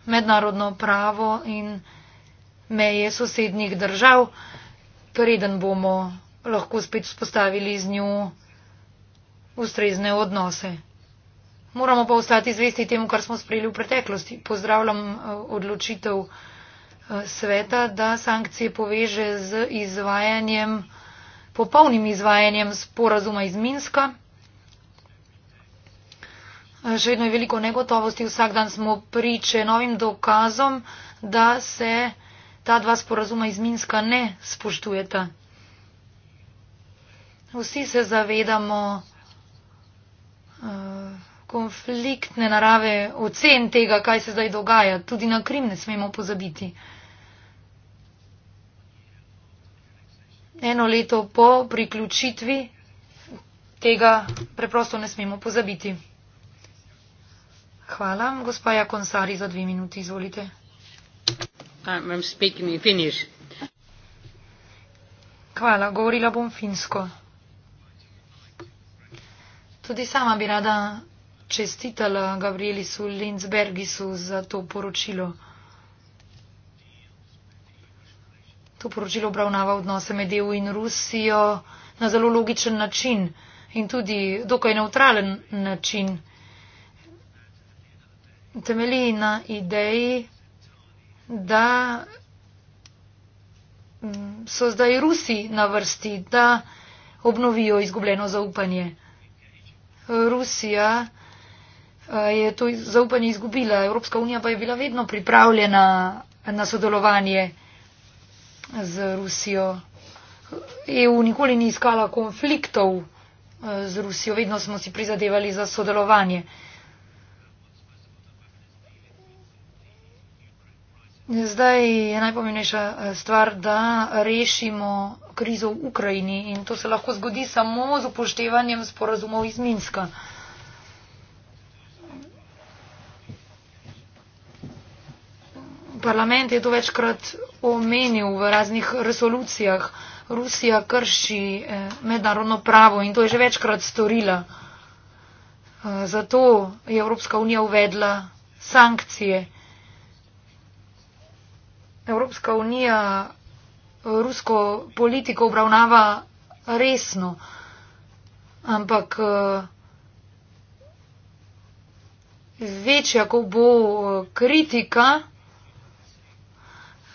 mednarodno pravo in meje sosednjih držav, preden bomo lahko spet vzpostavili z njo ustrezne odnose. Moramo pa ostati zvesti temu, kar smo sprejeli v preteklosti. Pozdravljam eh, odločitev sveta, da sankcije poveže z izvajanjem, popolnim izvajanjem sporazuma iz Minska. Še vedno je veliko negotovosti, vsak dan smo priče novim dokazom, da se ta dva sporazuma iz Minska ne spoštujeta. Vsi se zavedamo eh, konfliktne narave ocen tega, kaj se zdaj dogaja. Tudi na Krim ne smemo pozabiti. eno leto po priključitvi, tega preprosto ne smemo pozabiti. Hvala. Gospa Konsari, za dve minuti izvolite. Hvala, govorila bom finsko. Tudi sama bi rada čestitala Gabrielisu Lindsbergisu za to poročilo. to poročilo obravnava odnose med EU in Rusijo na zelo logičen način in tudi dokaj neutralen način. Temelji na ideji, da mm, so zdaj Rusi na vrsti, da obnovijo izgubljeno zaupanje. Rusija je to zaupanje izgubila, Evropska unija pa je bila vedno pripravljena na sodelovanje z Rusijo. EU nikoli ni iskala konfliktov e, z Rusijo, vedno smo si prizadevali za sodelovanje. Zdaj je najpomembnejša e, stvar, da rešimo krizo v Ukrajini in to se lahko zgodi samo z upoštevanjem sporazumov iz Minska. parlament je to večkrat omenil v raznih resolucijah. Rusija krši eh, mednarodno pravo in to je že večkrat storila. Eh, zato je Evropska unija uvedla sankcije. Evropska unija eh, rusko politiko obravnava resno, ampak večja, ko bo kritika,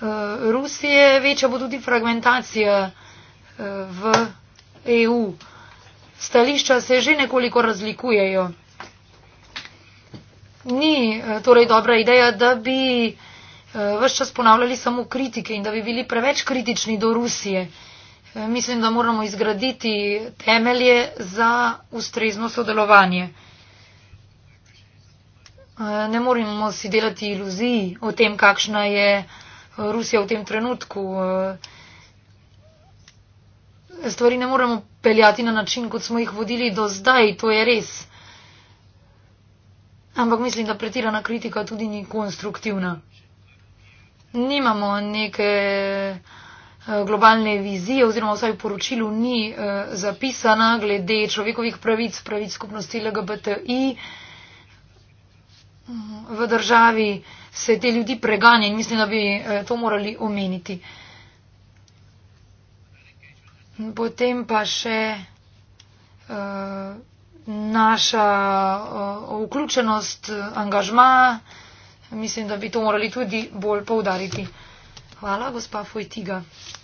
Eh, Rusije, večja bo tudi fragmentacija eh, v EU. Stališča se že nekoliko razlikujejo. Ni eh, torej dobra ideja, da bi vse čas ponavljali samo kritike in da bi bili preveč kritični do Rusije. Mislim, da moramo izgraditi temelje za ustrezno sodelovanje. Ne moramo si delati iluzij o tem, kakšna je Rusija v tem trenutku. Eh, stvari ne moremo peljati na način, kot smo jih vodili do zdaj, to je res. Ampak mislim, da pretirana kritika tudi ni konstruktivna. Nimamo neke eh, globalne vizije oziroma vsaj v poročilu ni eh, zapisana glede človekovih pravic, pravic skupnosti LGBTI v državi se te ljudi preganja in mislim, da bi eh, to morali omeniti. Potem pa še uh, naša uh, vključenost, angažma, mislim, da bi to morali tudi bolj poudariti. Hvala, gospa Fojtiga.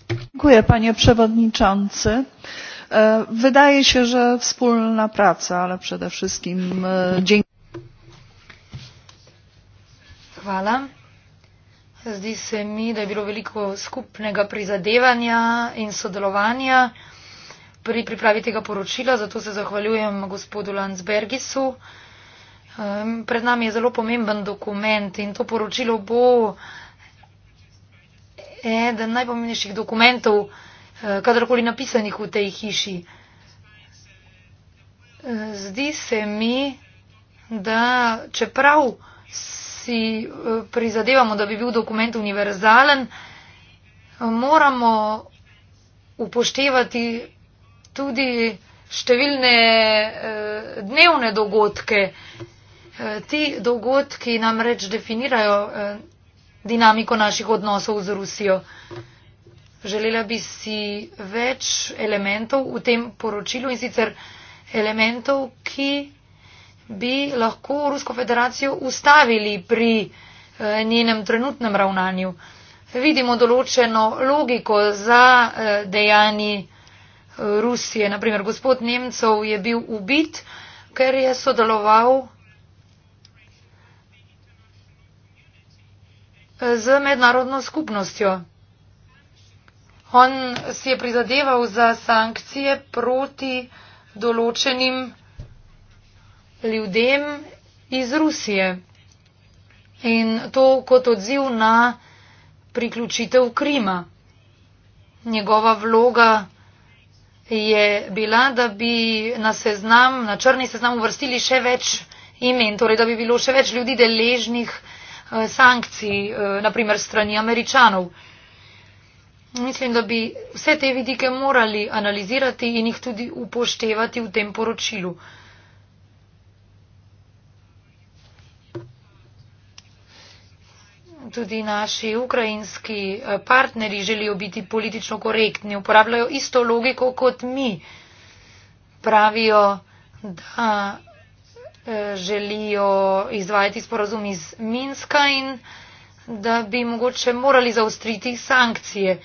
Dziękuję panie przewodniczący. E, wydaje się, że wspólna praca, ale przede wszystkim e, dziękuję. Hvala. Zdi se mi, da je bilo veliko skupnega prizadevanja in sodelovanja pri pripravi tega poročila, zato se zahvaljujem gospodu Landsbergisu. Pred nami je zelo pomemben dokument in to poročilo bo eden najpomembnejših dokumentov, e, kadarkoli napisanih v tej hiši. E, zdi se mi, da čeprav si eh, prizadevamo, da bi bil dokument univerzalen, eh, moramo upoštevati tudi številne eh, dnevne dogodke. Ti dogodki namreč definirajo dinamiko naših odnosov z Rusijo. Želela bi si več elementov v tem poročilu in sicer elementov, ki bi lahko Rusko federacijo ustavili pri eh, njenem trenutnem ravnanju. Vidimo določeno logiko za eh, dejanji eh, Rusije. Naprimer, gospod Nemcov je bil ubit, ker je sodeloval z mednarodno skupnostjo. On si je prizadeval za sankcije proti določenim ljudem iz Rusije. In to kot odziv na priključitev Krima. Njegova vloga je bila, da bi na seznam, na črni seznam uvrstili še več imen, torej da bi bilo še več ljudi deležnih eh, sankcij, eh, naprimer strani američanov. Mislim, da bi vse te vidike morali analizirati in jih tudi upoštevati v tem poročilu. tudi naši ukrajinski eh, partneri želijo biti politično korektni, uporabljajo isto logiko kot mi. Pravijo, da eh, želijo izvajati sporazum iz Minska in da bi mogoče morali zaostriti sankcije.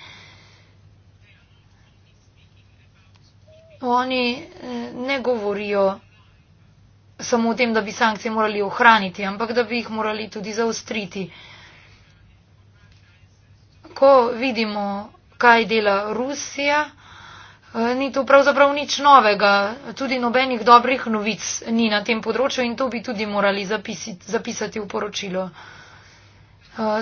Oni eh, ne govorijo samo o tem, da bi sankcije morali ohraniti, ampak da bi jih morali tudi zaostriti ko vidimo, kaj dela Rusija, eh, ni to pravzaprav nič novega, tudi nobenih dobrih novic ni na tem področju in to bi tudi morali zapisiti, zapisati v poročilo. Eh,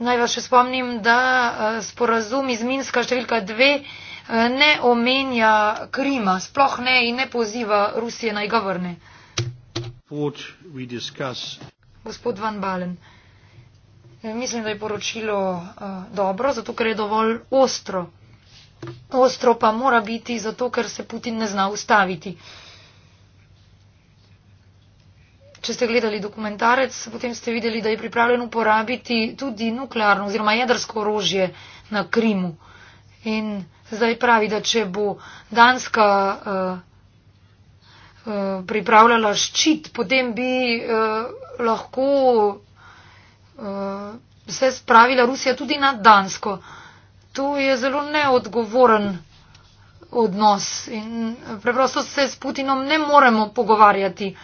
naj vas še spomnim, da eh, sporazum iz Minska številka dve ne omenja Krima, sploh ne in ne poziva Rusije naj ga vrne. Gospod Van Balen. Mislim, da je poročilo uh, dobro, zato ker je dovolj ostro. Ostro pa mora biti, zato ker se Putin ne zna ustaviti. Če ste gledali dokumentarec, potem ste videli, da je pripravljen uporabiti tudi nuklearno oziroma jedrsko orožje na Krimu. In zdaj pravi, da če bo Danska uh, uh, pripravljala ščit, potem bi uh, lahko uh, se spravila Rusija tudi na Dansko. Tu je zelo neodgovoren odnos in preprosto se s Putinom ne moremo pogovarjati.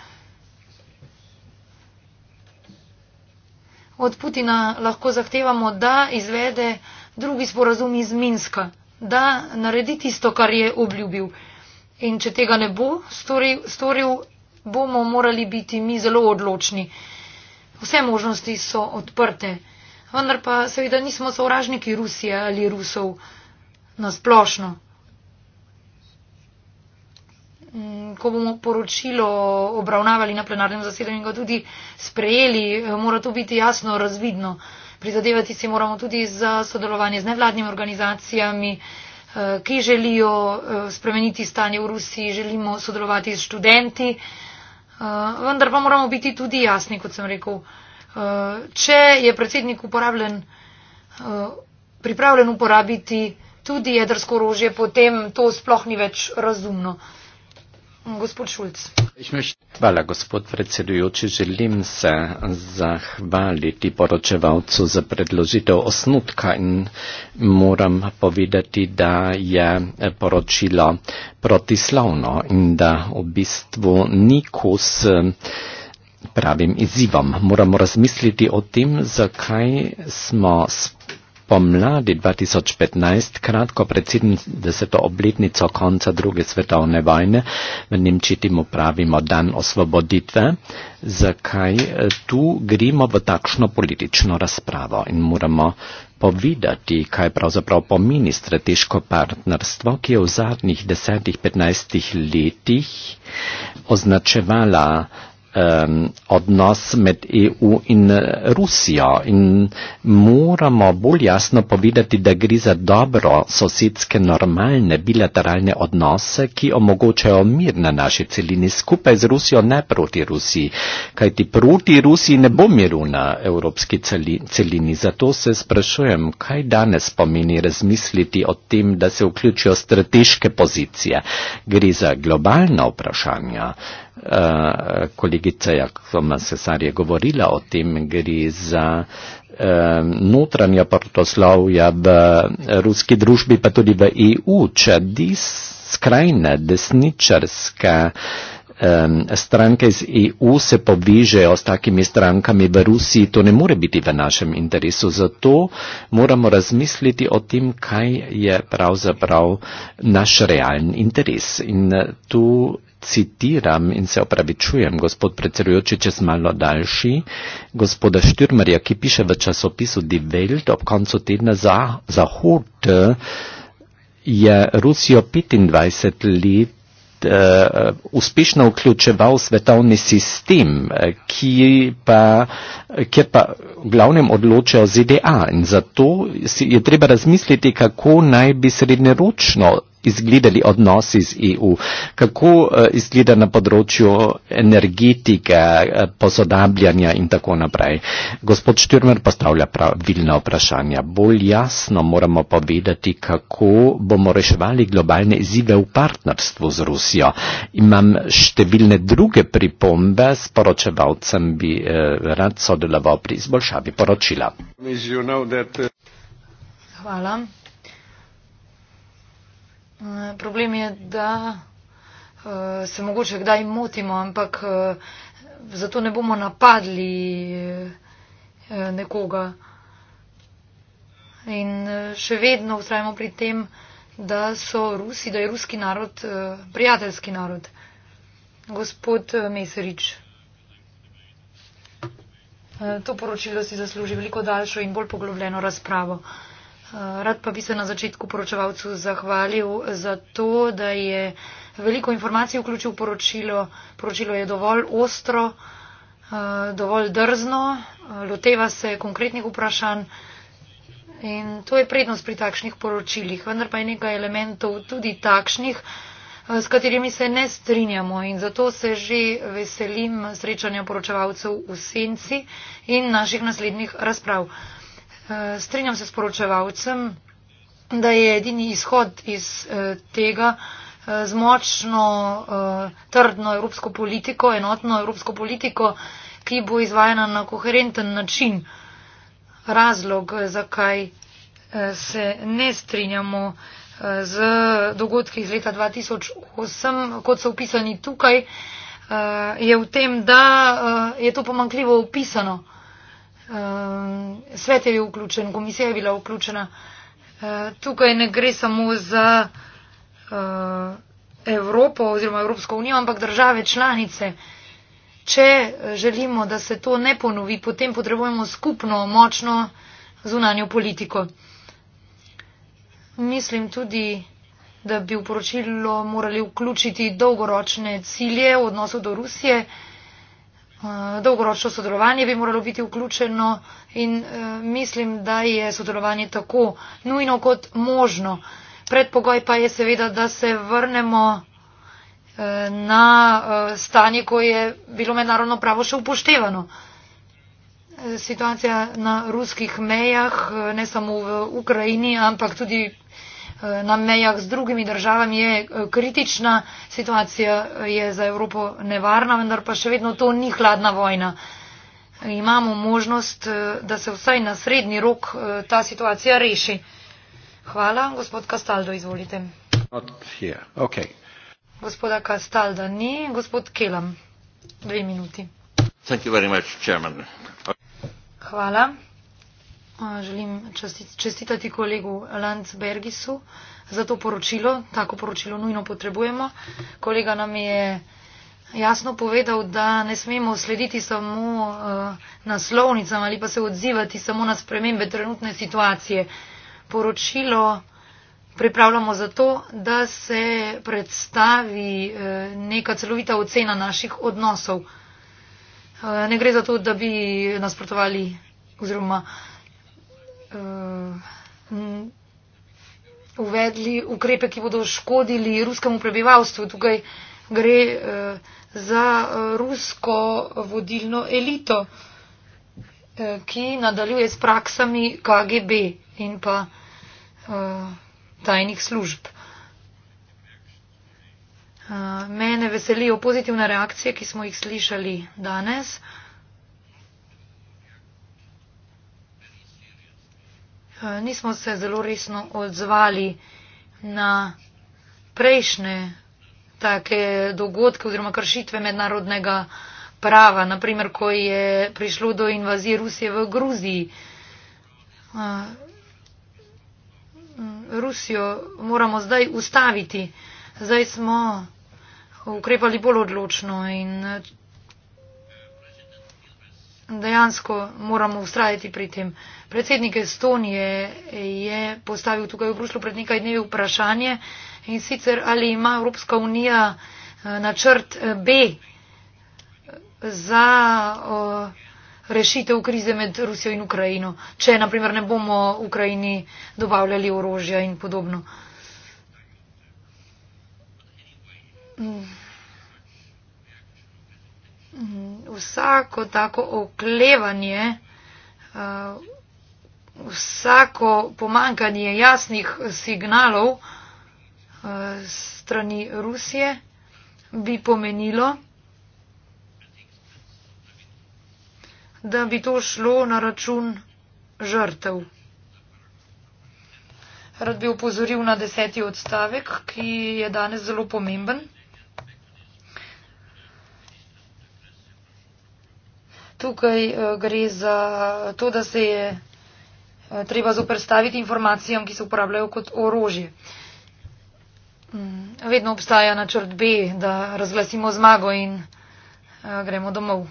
Od Putina lahko zahtevamo, da izvede drugi sporazum iz Minska, da naredi tisto, kar je obljubil. In če tega ne bo storil, storil bomo morali biti mi zelo odločni. Uh, vse možnosti so odprte. Vendar pa seveda nismo sovražniki Rusije ali Rusov nasplošno. Mm, ko bomo poročilo obravnavali na plenarnem zasedanju in ga tudi sprejeli, eh, mora to biti jasno razvidno. Prizadevati si moramo tudi za sodelovanje z nevladnimi organizacijami, eh, ki želijo eh, spremeniti stanje v Rusiji, želimo sodelovati s študenti. Eh, vendar pa moramo biti tudi jasni, kot sem rekel. Eh, če je predsednik uporabljen, eh, pripravljen uporabiti tudi jedrsko orožje, potem to sploh ni več razumno. Hvala, gospod predsedujoči. Želim se zahvaliti poročevalcu za predložitev osnutka in moram povedati, da je poročilo protislavno in da v bistvu ni kos eh, pravim izzivom. Moramo razmisliti o tem, zakaj smo sprejeli Pomladi 2015, kratko pred 70. obletnico konca druge svetovne vojne, v Nemčiji temu pravimo dan osvoboditve, zakaj eh, tu gremo v takšno politično razpravo in moramo povedati, kaj pravzaprav pomeni strateško partnerstvo, ki je v zadnjih 10-15 letih označevala um, odnos med EU in eh, Rusijo. In moramo bolj jasno povedati, da gre za dobro sosedske normalne bilateralne odnose, ki omogočajo mir na naši celini skupaj z Rusijo, ne proti Rusiji. Kajti proti Rusiji ne bo miru na evropski celini. Zato se sprašujem, kaj danes pomeni razmisliti o tem, da se vključijo strateške pozicije. Gre za globalna vprašanja. Eh, kolegica Jakoma Sesar je govorila o tem, gre za eh, notranja protoslavja v ruski družbi, pa tudi v EU. Če dis, skrajne desničarske um, stranke iz EU se povežejo s takimi strankami v Rusiji, to ne more biti v našem interesu. Zato moramo razmisliti o tem, kaj je pravzaprav naš realen interes. In tu citiram in se opravičujem, gospod predsedujoči, če sem malo daljši, gospoda Šturmerja, ki piše v časopisu Die Welt ob koncu tedna za Zahod, je Rusijo 25 let Uh, uspešno vključeval svetovni sistem, ki pa, kjer pa v glavnem odločajo ZDA. In zato je treba razmisliti, kako naj bi srednjeročno izgledali odnosi z EU, kako eh, izgleda na področju energetike, eh, posodabljanja in tako naprej. Gospod Štürmer postavlja pravilna vprašanja. Bolj jasno moramo povedati, kako bomo reševali globalne izzive v partnerstvu z Rusijo. Imam številne druge pripombe, s poročevalcem bi eh, rad sodeloval pri izboljšavi poročila. Hvala. Eh, problem je, da eh, se mogoče kdaj motimo, ampak eh, zato ne bomo napadli nekoga. In še vedno ustrajamo pri tem, da so Rusi, da je ruski narod prijateljski narod. Gospod Meserič, to poročilo si zasluži veliko daljšo in bolj poglobljeno razpravo. Rad pa bi se na začetku poročevalcu zahvalil za to, da je veliko informacij vključil v poročilo. Poročilo je dovolj ostro, eh, dovolj drzno, eh, loteva se konkretnih vprašanj in to je prednost pri takšnih poročilih. Vendar pa je nekaj elementov tudi takšnih, eh, s katerimi se ne strinjamo in zato se že veselim srečanja poročevalcev v senci in naših naslednjih razprav. Eh, Strenjam se s poročevalcem, da je edini izhod iz eh, tega eh, z močno, trdno evropsko politiko, enotno evropsko politiko, ki bo izvajana na koherenten način. Razlog, zakaj se ne strinjamo z dogodki iz leta 2008, kot so opisani tukaj, je v tem, da je to pomankljivo opisano. Eh, svet je bil vključen, komisija je bila vključena. Eh, tukaj ne gre samo za eh, Evropo oziroma Evropsko unijo, ampak države članice. Če želimo, da se to ne ponovi, potem potrebujemo skupno močno zunanjo politiko. Mislim tudi, da bi v poročilo morali vključiti dolgoročne cilje v odnosu do Rusije dolgoročno sodelovanje bi moralo biti vključeno in eh, mislim, da je sodelovanje tako nujno kot možno. Predpogoj pa je seveda, da se vrnemo eh, na eh, stanje, ko je bilo mednarodno pravo še upoštevano. Situacija na ruskih mejah, ne samo v Ukrajini, ampak tudi Eh, na mejah z drugimi državami je eh, kritična, situacija eh, je za Evropo nevarna, vendar pa še vedno to ni hladna vojna. Imamo možnost, da se vsaj na srednji rok ta situacija reši. Hvala, gospod Kastaldo, izvolite. Okay. Gospoda Kastalda ni, gospod Kelam, dve minuti. Much, okay. Hvala želim čestitati kolegu Landsbergisu za to poročilo. Tako poročilo nujno potrebujemo. Kolega nam je jasno povedal, da ne smemo slediti samo e, naslovnicam ali pa se odzivati samo na spremembe trenutne situacije. Poročilo pripravljamo zato, da se predstavi e, neka celovita ocena naših odnosov. E, ne gre za to, da bi nasprotovali oziroma Uh, uvedli ukrepe, ki bodo škodili ruskemu prebivalstvu. Tukaj gre uh, za uh, rusko vodilno elito, ki nadaljuje s praksami KGB in pa tajnih služb. Mene veselijo pozitivne reakcije, ki smo jih slišali danes. Eh, nismo se zelo resno odzvali na prejšnje take dogodke oziroma kršitve mednarodnega prava. Naprimer, ko je prišlo do invazije Rusije v Gruziji. Eh, Rusijo moramo zdaj ustaviti. Zdaj smo ukrepali bolj odločno in dejansko moramo ustrajati pri tem. Predsednik Estonije je postavil tukaj v Bruslu pred nekaj dnevi vprašanje in sicer ali ima Evropska unija eh, načrt eh, B eh, za rešitev krize med Rusijo in Ukrajino, če naprimer ne bomo Ukrajini dobavljali orožja in podobno. Mm. Mm, vsako tako oklevanje, uh, vsako pomankanje jasnih signalov uh, strani Rusije bi pomenilo, da bi to šlo na račun žrtev. Rad bi upozoril na deseti odstavek, ki je danes zelo pomemben. tukaj eh, gre za to, da se je eh, treba zoprstaviti informacijam, ki se uporabljajo kot orožje. Mm, vedno obstaja načrt B, da razglasimo zmago in eh, gremo domov.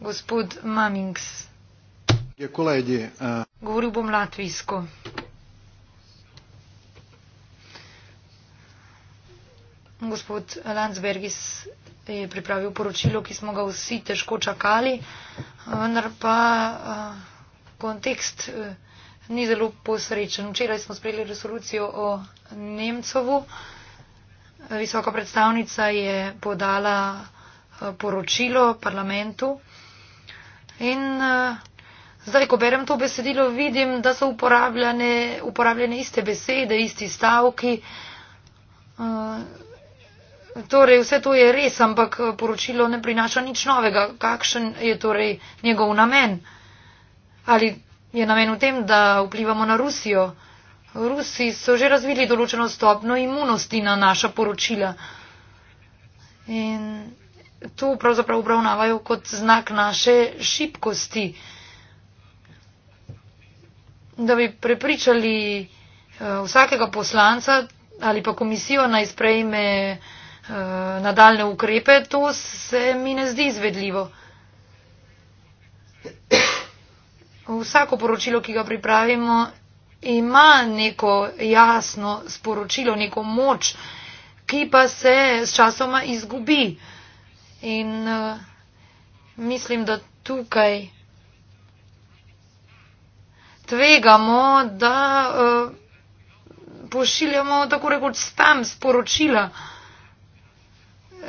Gospod Mamings. Je kolegi. Govoril bom latvijsko. Gospod Landsbergis, je pripravil poročilo, ki smo ga vsi težko čakali, vendar pa kontekst e, ni zelo posrečen. Včeraj smo sprejeli resolucijo o Nemcovu. Visoka predstavnica je podala e, poročilo parlamentu. In e, zdaj, ko berem to besedilo, vidim, da so uporabljene, uporabljene iste besede, isti stavki. Torej, vse to je res, ampak eh, poročilo ne prinaša nič novega. Kakšen je torej njegov namen? Ali je namen v tem, da vplivamo na Rusijo? Rusi so že razvili določeno stopno imunosti na naša poročila. In tu pravzaprav obravnavajo kot znak naše šibkosti. Da bi prepričali eh, vsakega poslanca ali pa komisijo naj sprejme Eh, nadaljne ukrepe, to se mi ne zdi izvedljivo. Vsako poročilo, ki ga pripravimo, ima neko jasno sporočilo, neko moč, ki pa se s časoma izgubi. In uh, mislim, da tukaj tvegamo, da uh, pošiljamo tako rekoč tam sporočila. Uh,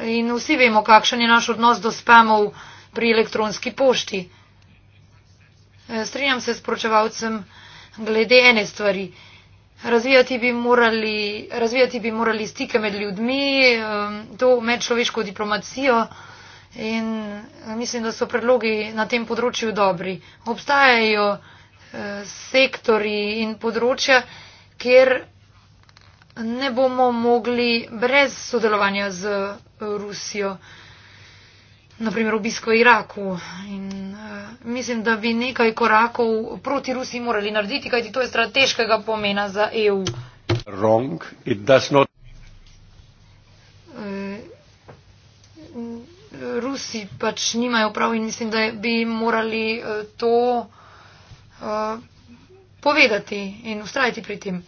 In vsi vemo, kakšen je naš odnos do spamov pri elektronski pošti. E, strinjam se s poročevalcem glede ene stvari. Razvijati bi, morali, razvijati bi morali stike med ljudmi, e, to medčloveško diplomacijo in e, mislim, da so predlogi na tem področju dobri. Obstajajo sektori in področja, kjer ne bomo mogli brez sodelovanja z Rusijo, naprimer obisko Iraku. In, uh, mislim, da bi nekaj korakov proti Rusiji morali narediti, kajti to je strateškega pomena za EU. Wrong. It does not. Eh, Rusi pač nimajo prav in mislim, da bi morali eh, to uh, povedati in ustrajati pri tem.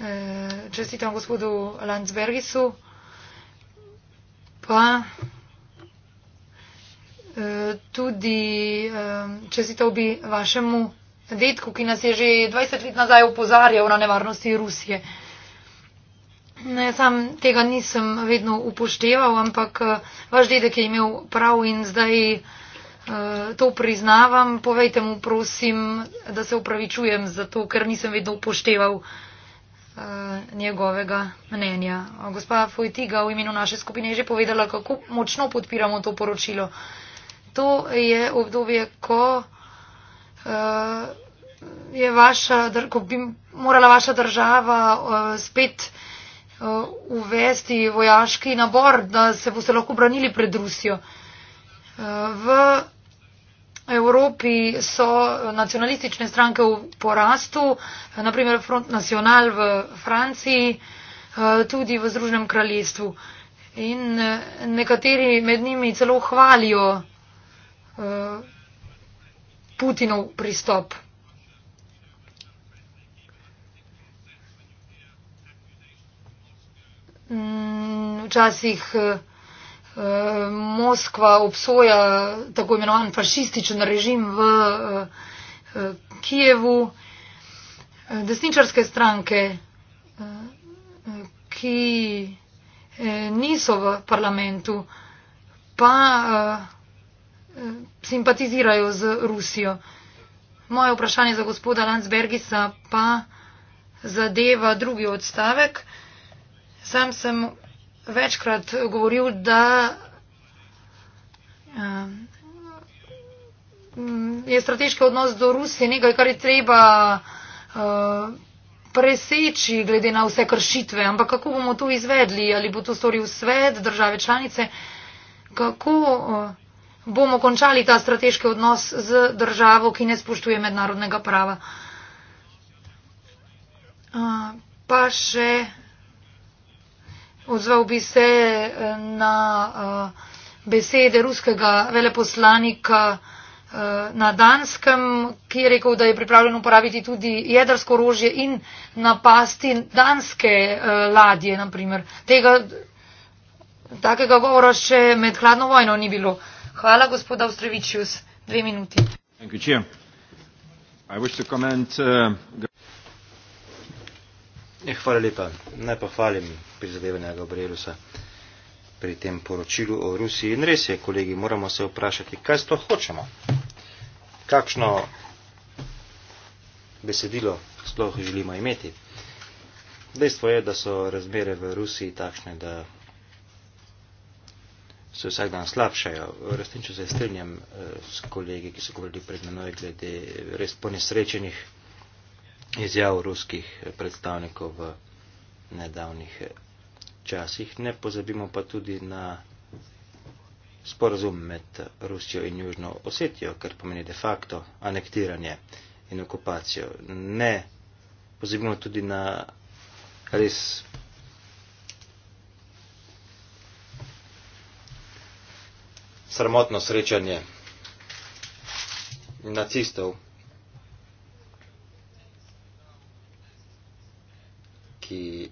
Eh, čestitam gospodu Landsbergisu. Pa eh, tudi eh, čestitam bi vašemu dedku, ki nas je že 20 let nazaj upozarjal na nevarnosti Rusije. Ne, sam tega nisem vedno upošteval, ampak vaš dedek je imel prav in zdaj. Eh, to priznavam. Povejte mu, prosim, da se upravičujem za to, ker nisem vedno upošteval eh, njegovega mnenja. Gospa Fojtiga v imenu naše skupine je že povedala, kako močno podpiramo to poročilo. To je obdobje, ko eh, je vaša, ko bi morala vaša država spet uvesti vojaški nabor, da se boste lahko branili pred Rusijo. V Evropi so nacionalistične stranke v porastu, naprimer Front National v Franciji, eh, tudi v Združenem kraljestvu. In eh, nekateri med njimi celo hvalijo eh, Putinov pristop. Mm, včasih mm, Eh, Moskva obsoja tako imenovan fašističen režim v eh, eh, Kijevu, desničarske stranke, ki niso v parlamentu, pa simpatizirajo z Rusijo. Moje vprašanje za gospoda Landsbergisa pa zadeva drugi odstavek. Sam sem večkrat govoril, da eh, je strateški odnos do Rusije nekaj, kar je treba eh, preseči glede na vse kršitve. Ampak kako bomo to izvedli? Ali bo to storil svet, države članice? Kako eh, bomo končali ta strateški odnos z državo, ki ne spoštuje mednarodnega prava? Pa še Odzval bi se eh, na eh, besede ruskega veleposlanika eh, na Danskem, ki je rekel, da je pripravljen uporabiti tudi jedrsko orožje in napasti danske ladje, naprimer. Tega, takega govora še med hladno vojno ni bilo. Hvala, gospod Avstrevičius. Dve minuti. Ja, hvala lepa. Naj pa hvalim prizadevanja Gabrielusa pri tem poročilu o Rusiji. In res je, kolegi, moramo se vprašati, kaj sploh hočemo. Kakšno besedilo sploh želimo imeti. Dejstvo je, da so razmere v Rusiji takšne, da se vsak dan slabšajo. Resnično se strinjam eh, s kolegi, ki so govorili pred menoj glede res ponesrečenih izjav ruskih predstavnikov v nedavnih časih. Ne pozabimo pa tudi na sporazum med Rusijo in Južno Osetijo, kar pomeni de facto anektiranje in okupacijo. Ne pozabimo tudi na res sramotno srečanje nacistov ki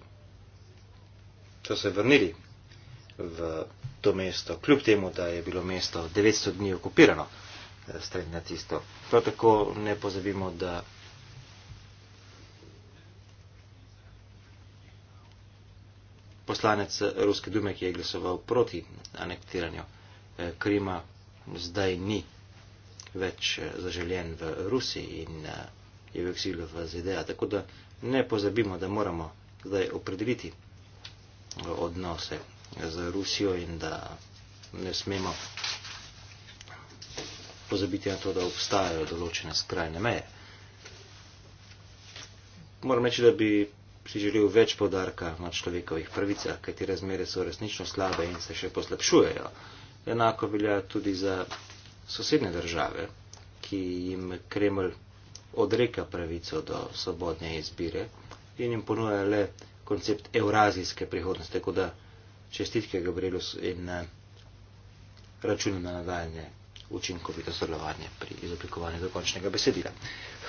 so se vrnili v to mesto, kljub temu, da je bilo mesto 900 dni okupirano eh, strani nacistov. Prav tako ne pozabimo, da poslanec Ruske dume, ki je glasoval proti anektiranju eh, Krima, zdaj ni več eh, zaželjen v Rusiji in je v eksilu v ZDA. Tako da ne pozabimo, da moramo zdaj opredeliti odnose z Rusijo in da ne smemo pozabiti na to, da obstajajo določene skrajne meje. Moram reči, da bi si želel več podarka na človekovih pravicah, kajti razmere so resnično slabe in se še poslabšujejo. Enako velja tudi za sosedne države, ki jim Kreml odreka pravico do svobodne izbire in jim ponujajo le koncept evrazijske prihodnosti. Tako da čestitke Gabrielus in eh, računam na nadaljne učinkovito sodelovanje pri izoblikovanju dokončnega besedila.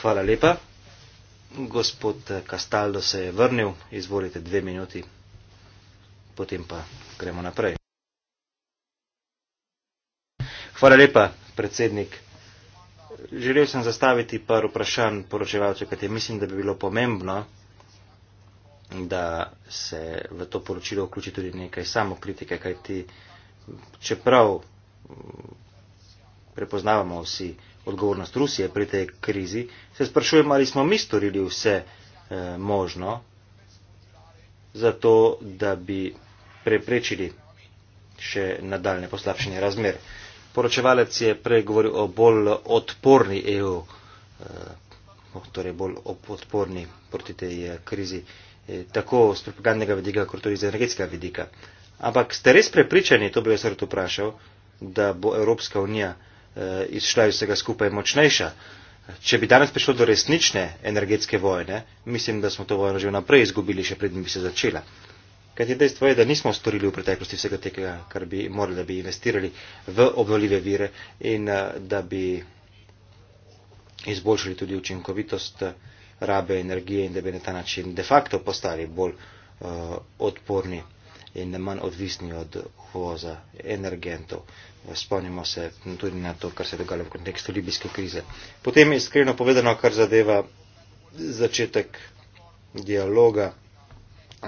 Hvala lepa. Gospod Kastaldo eh, se je vrnil, izvolite dve minuti, potem pa gremo naprej. Hvala lepa, predsednik. Želel sem zastaviti par vprašanj poročevalcev, kajte mislim, da bi bilo pomembno, da se v to poročilo vključi tudi nekaj samokritike, kajti čeprav mm, prepoznavamo vsi odgovornost Rusije pri tej krizi, se sprašujemo, ali smo mi storili vse eh, možno za to, da bi preprečili še nadaljne poslabšanje razmer. Poročevalec je prej govoril o bolj odporni EU, eh, torej bolj odporni proti tej eh, krizi. Eh, Eh, tako z propagandnega vidika, kot tudi z energetskega vidika. Ampak ste res prepričani, to bi vas rad vprašal, da bo Evropska unija eh, izšla iz vsega skupaj močnejša. Če bi danes prišlo do resnične energetske vojne, mislim, da smo to vojno že naprej izgubili, še predtem bi se začela. Kaj je dejstvo, da nismo storili v preteklosti vsega tega, kar bi morali, da bi investirali v obnovljive vire in eh, da bi izboljšali tudi učinkovitost uh, rabijo energije in da bi na ta način de facto postali bolj uh, odporni in manj odvisni od uvoza energentov. Spomnimo se tudi na to, kar se je dogajalo v kontekstu libijske krize. Potem je iskreno povedano, kar zadeva začetek dialoga.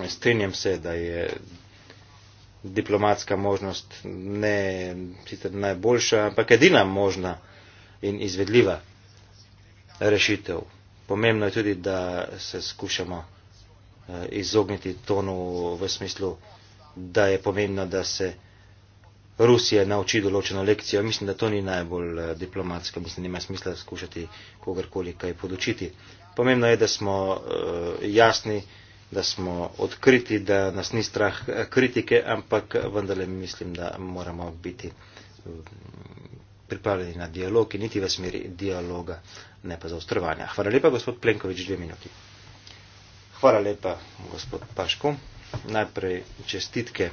Strenjam se, da je diplomatska možnost ne sicer najboljša, ampak edina možna in izvedljiva rešitev pomembno je tudi, da se skušamo eh, izogniti tonu v smislu, da je pomembno, da se Rusija nauči določeno lekcijo. Mislim, da to ni najbolj eh, diplomatsko, mislim, da nima smisla skušati kogarkoli kaj podučiti. Pomembno je, da smo eh, jasni, da smo odkriti, da nas ni strah kritike, ampak vendarle mislim, da moramo biti pripravljeni na dialog in niti v smeri dialoga, ne pa zaostrovanja. Hvala lepa, gospod Plenković, dve minuti. Hvala lepa, gospod Paško. Najprej čestitke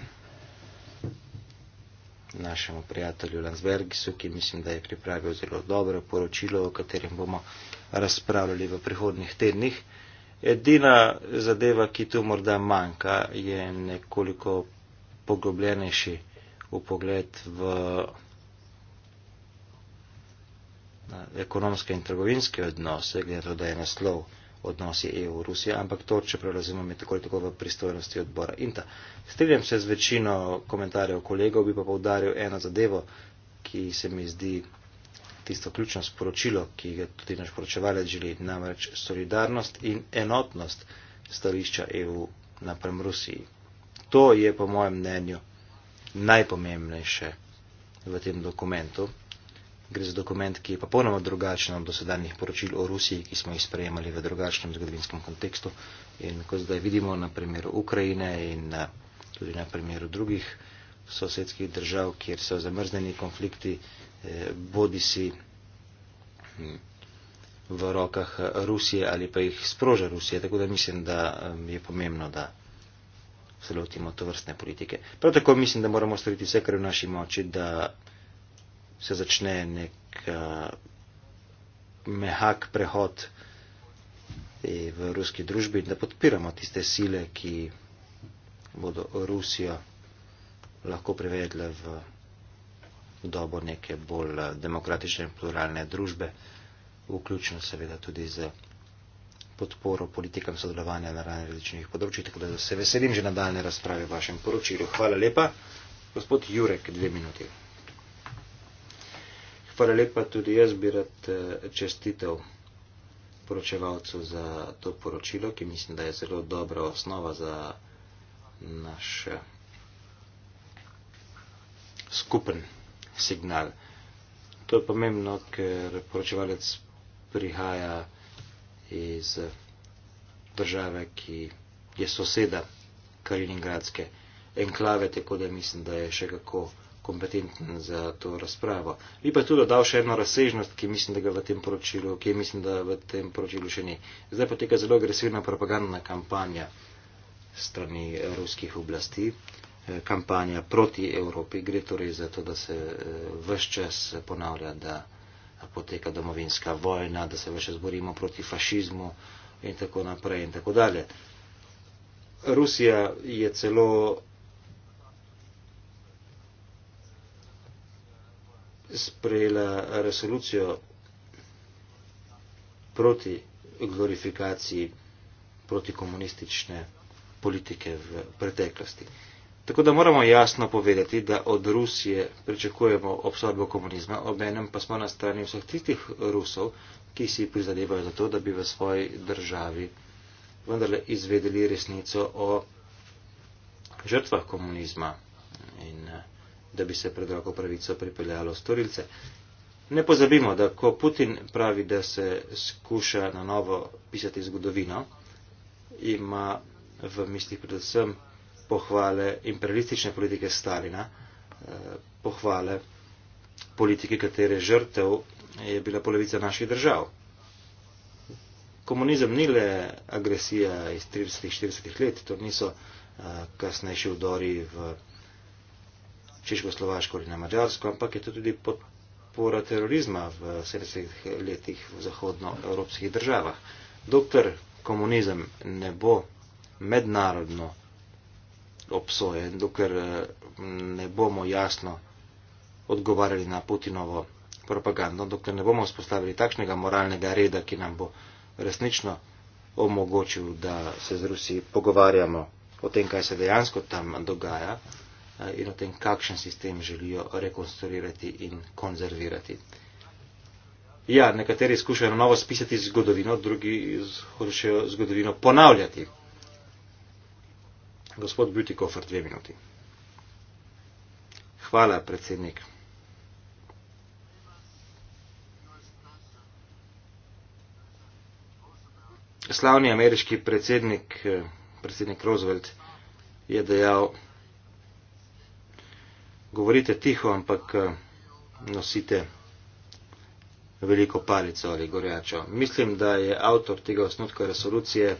našemu prijatelju Landsbergisu, ki mislim, da je pripravil zelo dobro poročilo, o katerem bomo razpravljali v prihodnih tednih. Edina zadeva, ki tu morda manjka, je nekoliko poglobljenejši v pogled v ekonomske in trgovinske odnose, glede to, da je naslov odnosi EU-Rusija, ampak to, če prerazumem, je tako in tako v pristojnosti odbora INTA. Strinjam se z večino komentarjev kolegov, bi pa povdaril eno zadevo, ki se mi zdi tisto ključno sporočilo, ki ga tudi naš poročevalec želi, namreč solidarnost in enotnost stališča EU naprem Rusiji. To je po mojem mnenju najpomembnejše v tem dokumentu. Gre za dokument, ki je popolnoma drugačen od dosedanjih poročil o Rusiji, ki smo jih sprejemali v drugačnem zgodovinskem kontekstu. In ko zdaj vidimo na primeru Ukrajine in na, eh, tudi na primeru drugih sosedskih držav, kjer so zamrzneni konflikti, eh, bodi si hm, v rokah eh, Rusije ali pa jih sproža Rusija. Tako da mislim, da hm, je pomembno, da se lotimo to vrstne politike. Prav tako mislim, da moramo storiti vse, kar je v naši moči, da se začne nek eh, mehak prehod eh, v ruski družbi, da podpiramo tiste sile, ki bodo Rusijo lahko privedle v dobo neke bolj eh, demokratične in pluralne družbe, vključno seveda tudi z podporo politikam sodelovanja na ravni različnih področjih, tako da se veselim že nadaljne razprave v vašem poročilu. Hvala lepa. Gospod Jurek, dve minuti. Hvala lepa, tudi jaz bi rad eh, čestitev poročevalcu za to poročilo, ki mislim, da je zelo dobra osnova za naš skupen signal. To je pomembno, ker poročevalec prihaja iz države, ki je soseda Kaliningradske enklave, tako da mislim, da je še kako kompetenten za to razpravo. Bi pa tudi dodal še eno razsežnost, ki mislim, da ga v tem poročilu, ki mislim, da v tem poročilu še ni. Zdaj poteka zelo agresivna propagandna kampanja strani ruskih oblasti, eh, kampanja proti Evropi. Gre torej za to, da se eh, vse čas ponavlja, da poteka domovinska vojna, da se vse čas borimo proti fašizmu in tako naprej in tako dalje. Rusija je celo sprejela resolucijo proti glorifikaciji protikomunistične politike v preteklosti. Tako da moramo jasno povedati, da od Rusije pričakujemo obsodbo komunizma, ob enem pa smo na strani vseh tistih Rusov, ki si prizadevajo za to, da bi v svoji državi vendarle izvedeli resnico o žrtvah komunizma. In, uh, da bi se pred roko pravico pripeljalo storilce. Ne pozabimo, da ko Putin pravi, da se skuša na novo pisati zgodovino, ima v mislih predvsem pohvale imperialistične politike Stalina, eh, pohvale politike, katere žrtev je bila polovica naših držav. Komunizem ni le agresija iz 30-40 let, to niso eh, kasnejši vdori v Češko-Slovaško ali na Mačarsko, ampak je to tudi podpora terorizma v 70-ih letih v zahodnoevropskih državah. Dokler komunizem ne bo mednarodno obsojen, dokler eh, ne bomo jasno odgovarjali na Putinovo propagando, dokler ne bomo vzpostavili takšnega moralnega reda, ki nam bo resnično omogočil, da se z Rusi pogovarjamo o tem, kaj se dejansko tam dogaja, Eh, in o tem, kakšen sistem želijo rekonstruirati in konzervirati. Ja, nekateri skušajo na novo spisati zgodovino, drugi hočejo zgodovino ponavljati. Gospod Butikofer, dve minuti. Hvala, predsednik. Slavni ameriški predsednik, eh, predsednik Roosevelt, je dejal, govorite tiho, ampak eh, nosite veliko palico ali gorjačo. Mislim, da je avtor tega osnutka resolucije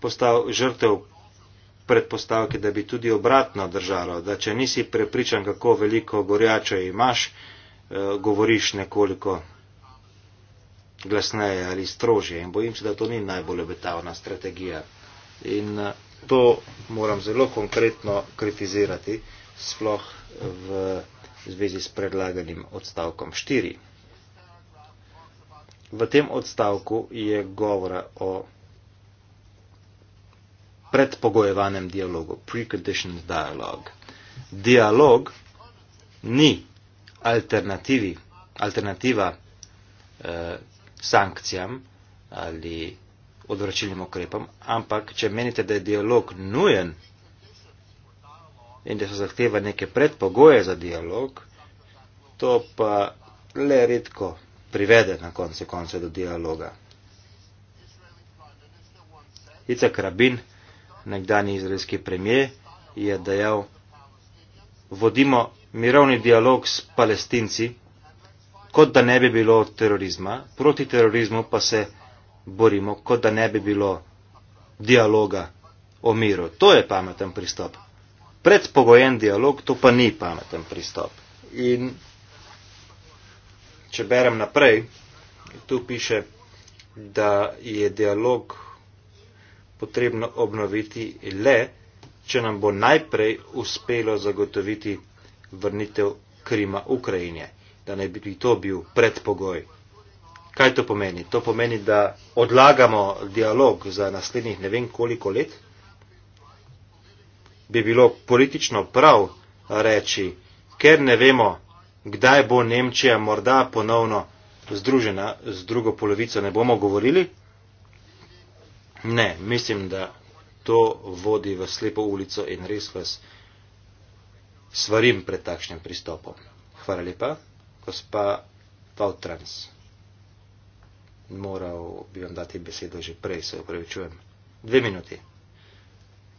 postal žrtev predpostavke, da bi tudi obratno držalo, da če nisi prepričan, kako veliko gorjačo imaš, eh, govoriš nekoliko glasneje ali strožje. In bojim se, da to ni najbolj obetavna strategija. In eh, to moram zelo konkretno kritizirati, sploh v zvezi s predlaganim odstavkom 4. V tem odstavku je govora o predpogojevanem dialogu, preconditioned dialogue. Dialog ni alternativi, alternativa eh, sankcijam ali odvračilnim okrepom, ampak če menite, da je dialog nujen in da se zahteva neke predpogoje za dialog, to pa le redko privede na koncu konca do dialoga. Icak Rabin, nekdani izraelski premijer, je dejal, vodimo mirovni dialog s palestinci, kot da ne bi bilo terorizma, proti terorizmu pa se borimo, kot da ne bi bilo dialoga o miru. To je pameten pristop. Predpogojen dialog, to pa ni pameten pristop. In če berem naprej, tu piše, da je dialog potrebno obnoviti le, če nam bo najprej uspelo zagotoviti vrnitev Krima Ukrajine, da ne bi to bil predpogoj Kaj to pomeni? To pomeni, da odlagamo dialog za naslednjih ne vem koliko let. Bi bilo politično prav reči, ker ne vemo, kdaj bo Nemčija morda ponovno združena z drugo polovico, ne bomo govorili? Ne, mislim, da to vodi v slepo ulico in res vas svarim pred takšnim pristopom. Hvala lepa, gospa Vautrans moral bi vam dati besedo že prej, se upravičujem. Dve minuti.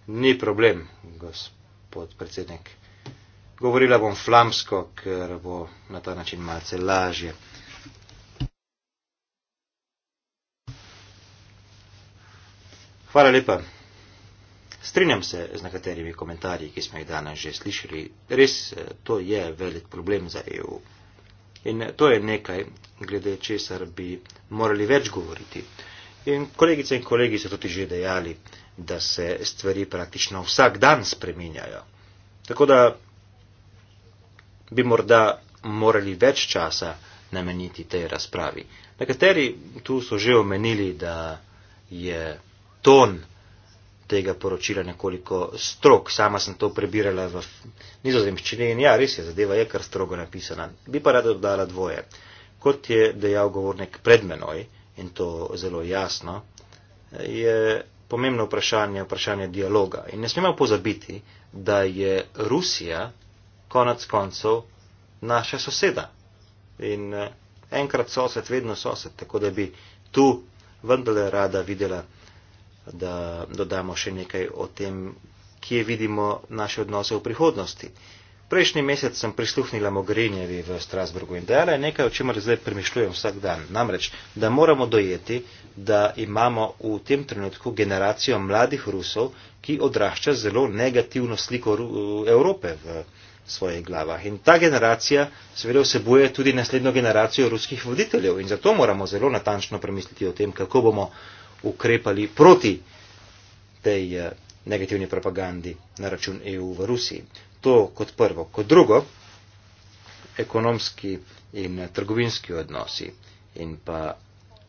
Ni problem, gospod predsednik. Govorila bom flamsko, ker bo na ta način malce lažje. Hvala lepa. Strinjam se z nekaterimi komentarji, ki smo jih danes že slišali. Res, eh, to je velik problem za EU. In to je nekaj, glede česar bi morali več govoriti. In kolegice in kolegi so tudi že dejali, da se stvari praktično vsak dan spreminjajo. Tako da bi morda morali več časa nameniti tej razpravi. Nekateri tu so že omenili, da je ton tega poročila nekoliko strok. Sama sem to prebirala v nizozemščini in ja, res je, zadeva je kar strogo napisana. Bi pa rada dodala dvoje. Kot je dejal govornik pred menoj, in to zelo jasno, je pomembno vprašanje vprašanje dialoga. In ne smemo pozabiti, da je Rusija konec koncev naša soseda. In eh, enkrat sosed, vedno sosed, tako da bi tu vendarle rada videla da dodamo še nekaj o tem, kje vidimo naše odnose v prihodnosti. Prejšnji mesec sem prisluhnila Mogrenjevi v Strasburgu in dejala je nekaj, o čemer zdaj premišljujem vsak dan. Namreč, da moramo dojeti, da imamo v tem trenutku generacijo mladih Rusov, ki odrašča zelo negativno sliko Evrope v svojih glavah. In ta generacija seveda vsebuje tudi naslednjo generacijo ruskih voditeljev in zato moramo zelo natančno premisliti o tem, kako bomo ukrepali proti tej eh, negativni propagandi na račun EU v Rusiji. To kot prvo. Kot drugo, ekonomski in eh, trgovinski odnosi in pa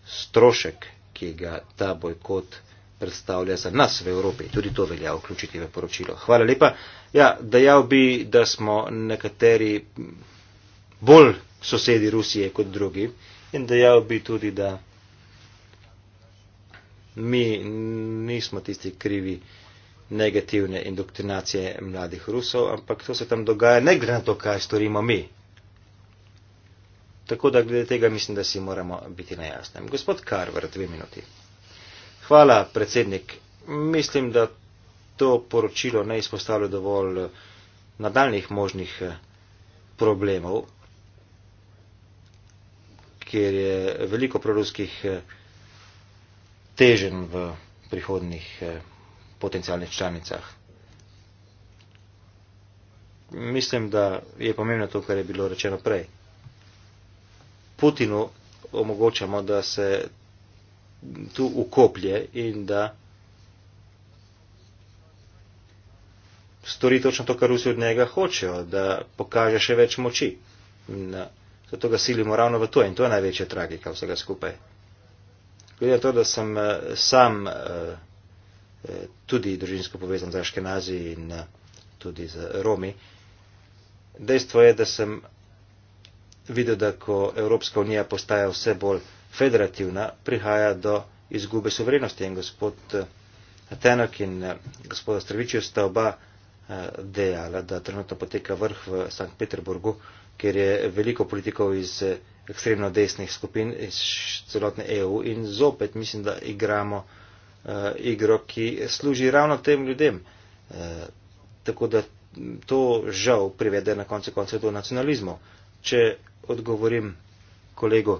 strošek, ki ga ta bojkot predstavlja za nas v Evropi. Tudi to velja vključiti v poročilo. Hvala lepa. Ja, dejal bi, da smo nekateri bolj sosedi Rusije kot drugi in dejal bi tudi, da mi nismo tisti krivi negativne indoktrinacije mladih Rusov, ampak to se tam dogaja ne glede na to, kaj storimo mi. Tako da glede tega mislim, da si moramo biti na jasnem. Gospod Karver, dve minuti. Hvala, predsednik. Mislim, da to poročilo ne izpostavlja dovolj eh, nadaljnih možnih eh, problemov, kjer je veliko proruskih problemov, eh, težen v prihodnih eh, potencijalnih članicah. Mislim, da je pomembno to, kar je bilo rečeno prej. Putinu omogočamo, da se tu ukoplje in da stori točno to, kar Rusi od njega hočejo, da pokaže še več moči. In zato ga silimo ravno v to in to je največja tragika vsega skupaj glede na to, da sem eh, sam eh, eh, tudi družinsko povezan z Aškenazi in tudi z Romi, dejstvo je, da sem videl, da ko Evropska unija postaja vse bolj federativna, prihaja do izgube suverenosti in gospod Tenok in gospod Ostrovičev sta oba dejala, da trenutno poteka vrh v Sankt Peterburgu, kjer je veliko politikov iz ekstremno desnih skupin iz celotne EU in zopet mislim, da igramo uh, igro, ki služi ravno tem ljudem. Uh, tako da to žal privede na koncu koncev do nacionalizmu. Če odgovorim kolegu,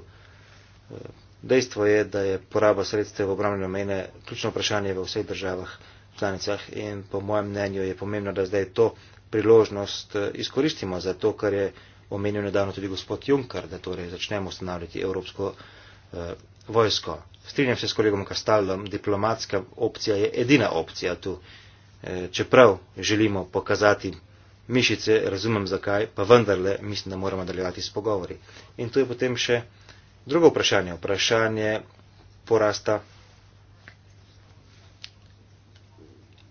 eh, dejstvo je, da je poraba sredstev v obramne namene ključno vprašanje v vseh državah, članicah in po mojem mnenju je pomembno, da zdaj to priložnost izkoristimo za to, kar je omenil nedavno tudi gospod Juncker, da torej začnemo ustanavljati evropsko eh, vojsko. Strinjam se s kolegom Kastaldom, diplomatska opcija je edina opcija tu. Eh, čeprav želimo pokazati mišice, razumem zakaj, pa vendarle mislim, da moramo nadaljevati s pogovori. In tu je potem še drugo vprašanje, vprašanje porasta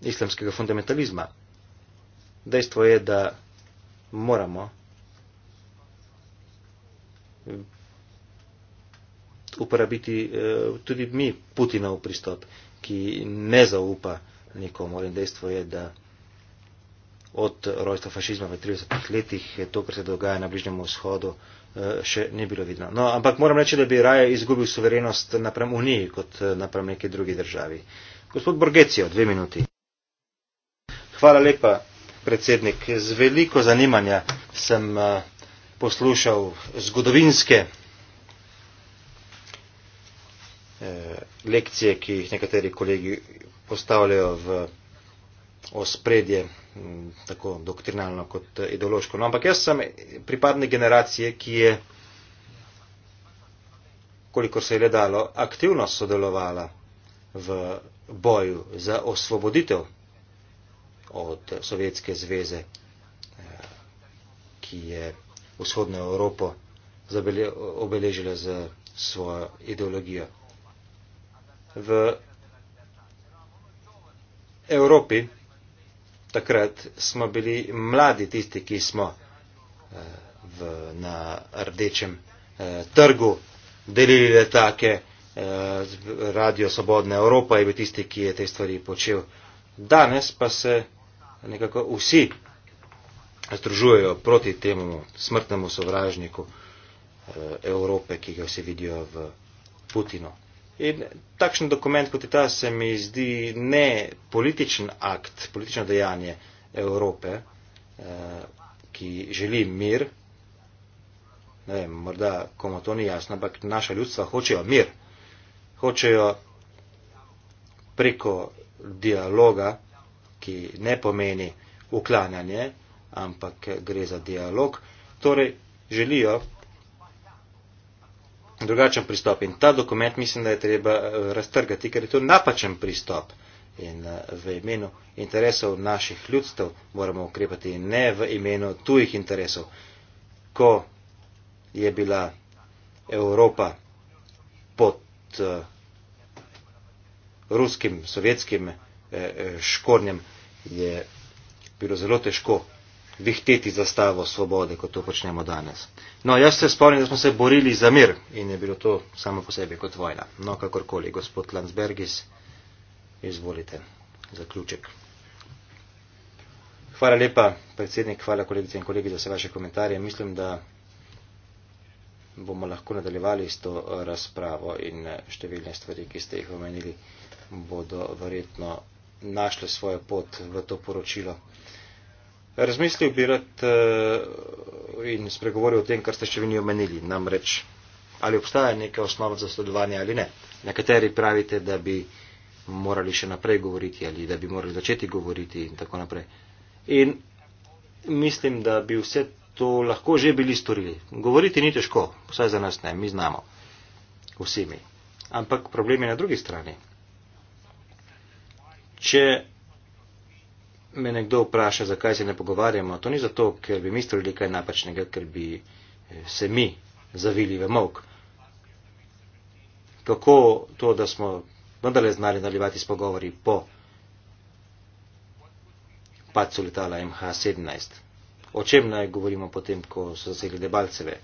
islamskega fundamentalizma. Dejstvo je, da moramo Eh, uporabiti eh, tudi mi Putinov pristop, ki ne zaupa nikomor. In dejstvo je, da od rojstva fašizma v 30-ih letih to, kar se dogaja na Bližnjem vzhodu, eh, še ni bilo vidno. No, ampak moram reči, da bi raje izgubil suverenost naprem Uniji kot naprem neki drugi državi. Gospod Borgecijo, dve minuti. Hvala lepa, predsednik. Z veliko zanimanja sem. Uh, poslušal zgodovinske eh, lekcije, ki jih nekateri kolegi postavljajo v ospredje, tako doktrinalno kot ideološko. No, ampak jaz sem pripadnik generacije, ki je, koliko se je le dalo, aktivno sodelovala v boju za osvoboditev od Sovjetske zveze, eh, ki je vzhodno Evropo obeležila z svojo ideologijo. V Evropi takrat smo bili mladi tisti, ki smo eh, v, na rdečem eh, trgu delili letake, eh, radio Svobodna Evropa je bil tisti, ki je te stvari počel. Danes pa se nekako vsi združujejo proti temu smrtnemu sovražniku eh, Evrope, ki ga vsi vidijo v Putinu. In takšen dokument kot je ta se mi zdi ne političen akt, politično dejanje Evrope, eh, ki želi mir. Ne vem, morda komu to ni jasno, ampak naša ljudstva hočejo mir. Hočejo preko dialoga, ki ne pomeni uklanjanje, ampak gre za dialog. Torej, želijo drugačen pristop in ta dokument mislim, da je treba eh, raztrgati, ker je to napačen pristop in eh, v imenu interesov naših ljudstev moramo ukrepati in ne v imenu tujih interesov. Ko je bila Evropa pod uh, ruskim, sovjetskim uh, škornjem, je bilo zelo težko vihteti zastavo svobode, kot to počnemo danes. No, jaz se spomnim, da smo se borili za mir in je bilo to samo po sebi kot vojna. No, kakorkoli, gospod Landsbergis, izvolite zaključek. Hvala lepa, predsednik, hvala kolegice in kolegi za vse vaše komentarje. Mislim, da bomo lahko nadaljevali s to razpravo in eh, številne stvari, ki ste jih omenili, bodo verjetno našle svojo pot v to poročilo. Razmislil bi rad eh, in spregovoril o tem, kar ste še vi omenili, namreč ali obstaja neka osnova za sodelovanje ali ne. Nekateri pravite, da bi morali še naprej govoriti ali da bi morali začeti govoriti in tako naprej. In mislim, da bi vse to lahko že bili storili. Govoriti ni težko, vsaj za nas ne, mi znamo, vsi mi. Ampak problem je na drugi strani. Če me nekdo vpraša, zakaj se ne pogovarjamo, to ni zato, ker bi mi storili kaj napačnega, ker bi eh, se mi zavili v mok. Kako to, da smo vendarle znali nadaljevati s pogovori po padcu letala MH17? O čem naj govorimo potem, ko so zasegli debalceve?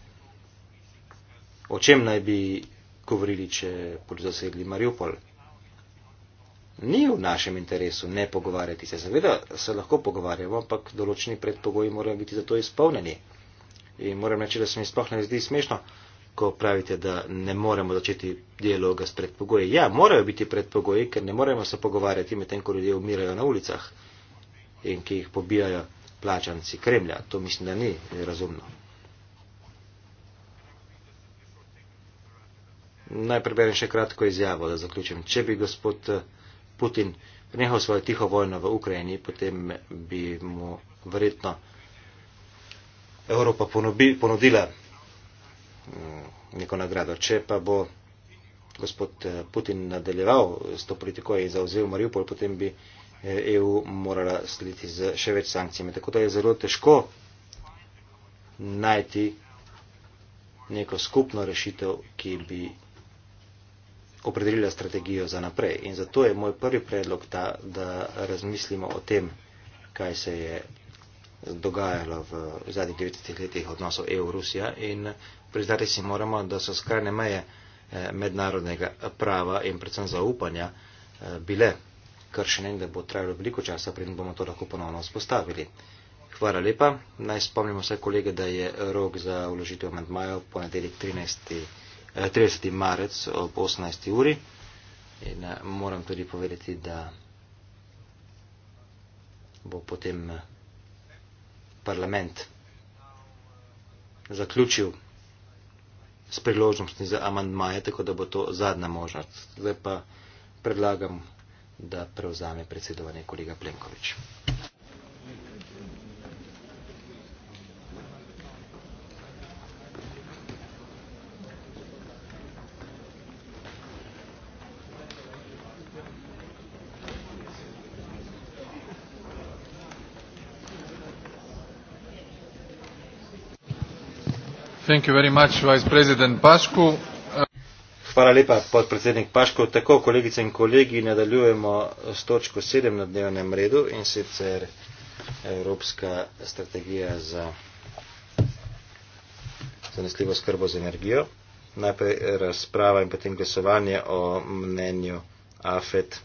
O čem naj bi govorili, če bodo zasegli Mariupol? ni v našem interesu ne pogovarjati se. Seveda se lahko pogovarjamo, ampak določeni predpogoji morajo biti za to izpolnjeni. In moram reči, da se mi sploh ne zdi smešno, ko pravite, da ne moremo začeti dialoga s predpogoji. Ja, morajo biti predpogoji, ker ne moremo se pogovarjati medtem, ko ljudje umirajo na ulicah in ki jih pobijajo plačanci Kremlja. To mislim, da ni razumno. Naj preberem še kratko izjavo, da zaključim. Če bi gospod eh, Putin prenehal svojo tiho vojno v Ukrajini, potem bi mu verjetno Evropa ponobi, ponudila mm, neko nagrado. Če pa bo gospod eh, Putin nadaljeval s to politiko in zauzel Mariupol, potem bi EU eh, e morala slediti z še več sankcijami. Tako da je zelo težko najti neko skupno rešitev, ki bi opredelila strategijo za naprej. In zato je moj prvi predlog, da, da razmislimo o tem, kaj se je dogajalo v zadnjih 90 letih odnosov EU-Rusija in priznati si moramo, da so skrajne meje eh, mednarodnega prava in predvsem zaupanja eh, bile kršene in da bo trajalo veliko časa, preden bomo to lahko ponovno vzpostavili. Hvala lepa. Naj spomnimo vse kolege, da je rok za vložitev amantmajev ponedeljek 13. 30. marec ob 18. uri. In eh, moram tudi povedati, da bo potem eh, parlament zaključil s priložnostmi za amandmaje, tako da bo to zadnja možnost. Zdaj pa predlagam, da prevzame predsedovanje kolega Plenković. Hvala lepa, podpredsednik Paško. Tako, kolegice in kolegi, nadaljujemo s točko 7 na dnevnem redu in sicer Evropska strategija za zanesljivo skrbo z energijo. Najprej razprava in potem glasovanje o mnenju AFET,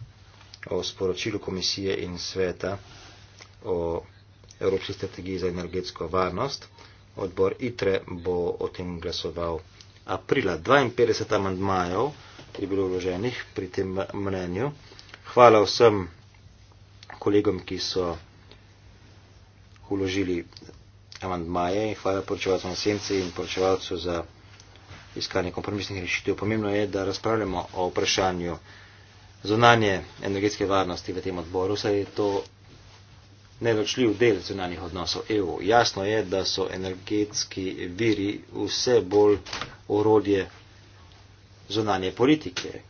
o sporočilu komisije in sveta o Evropski strategiji za energetsko varnost odbor ITRE bo o tem glasoval. Aprila 52 amandmajev je bilo vloženih pri tem mnenju. Hvala vsem kolegom, ki so uložili amandmaje in hvala poročevalcu na senci in poročevalcu za iskanje kompromisnih rešitev. Pomembno je, da razpravljamo o vprašanju zunanje energetske varnosti v tem odboru, saj je to neločljiv del zunanih odnosov EU. Jasno je, da so energetski viri vse bolj orodje zunanje politike.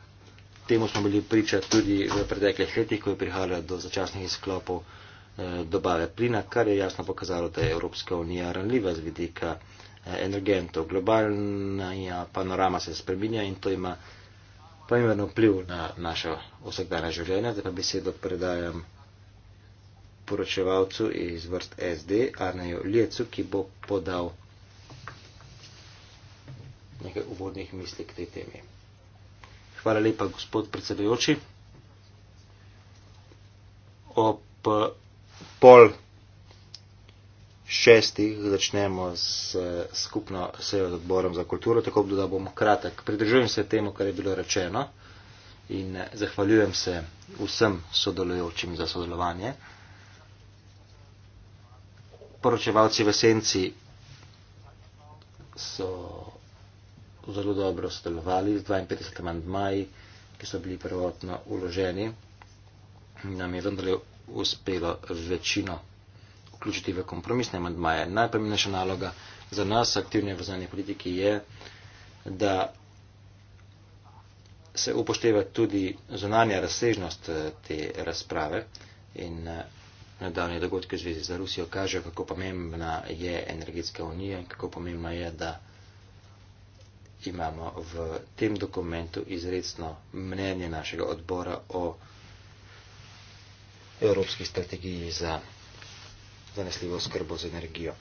Temu smo bili priča tudi v preteklih letih, ko je prihajalo do začasnih izklopov eh, dobave plina, kar je jasno pokazalo, da je Evropska unija ranljiva z vidika eh, energentov. Globalna panorama se spreminja in to ima pomemben vpliv na naše vsakdanje življenje. Zdaj pa besedo predajam poročevalcu iz vrst SD, Arneju Ljecu, ki bo podal nekaj uvodnih misli k tej temi. Hvala lepa, gospod predsedujoči. Ob pol šestih začnemo s skupno sejo z odborom za kulturo, tako da bom kratek. Pridržujem se temu, kar je bilo rečeno in zahvaljujem se vsem sodelujočim za sodelovanje poročevalci v senci so zelo dobro sodelovali z 52 amandmaji, ki so bili prvotno uloženi. Nam je vendarle uspelo večino vključiti v kompromisne amandmaje. Najpomembnejša naloga za nas, aktivne v zadnji politiki, je, da se upošteva tudi zunanja razsežnost eh, te razprave in eh, nedavni dogodki v zvezi z Rusijo kaže, kako pomembna je energetska unija in kako pomembno je, da imamo v tem dokumentu izredno mnenje našega odbora o evropski strategiji za zanesljivo skrbo z energijo.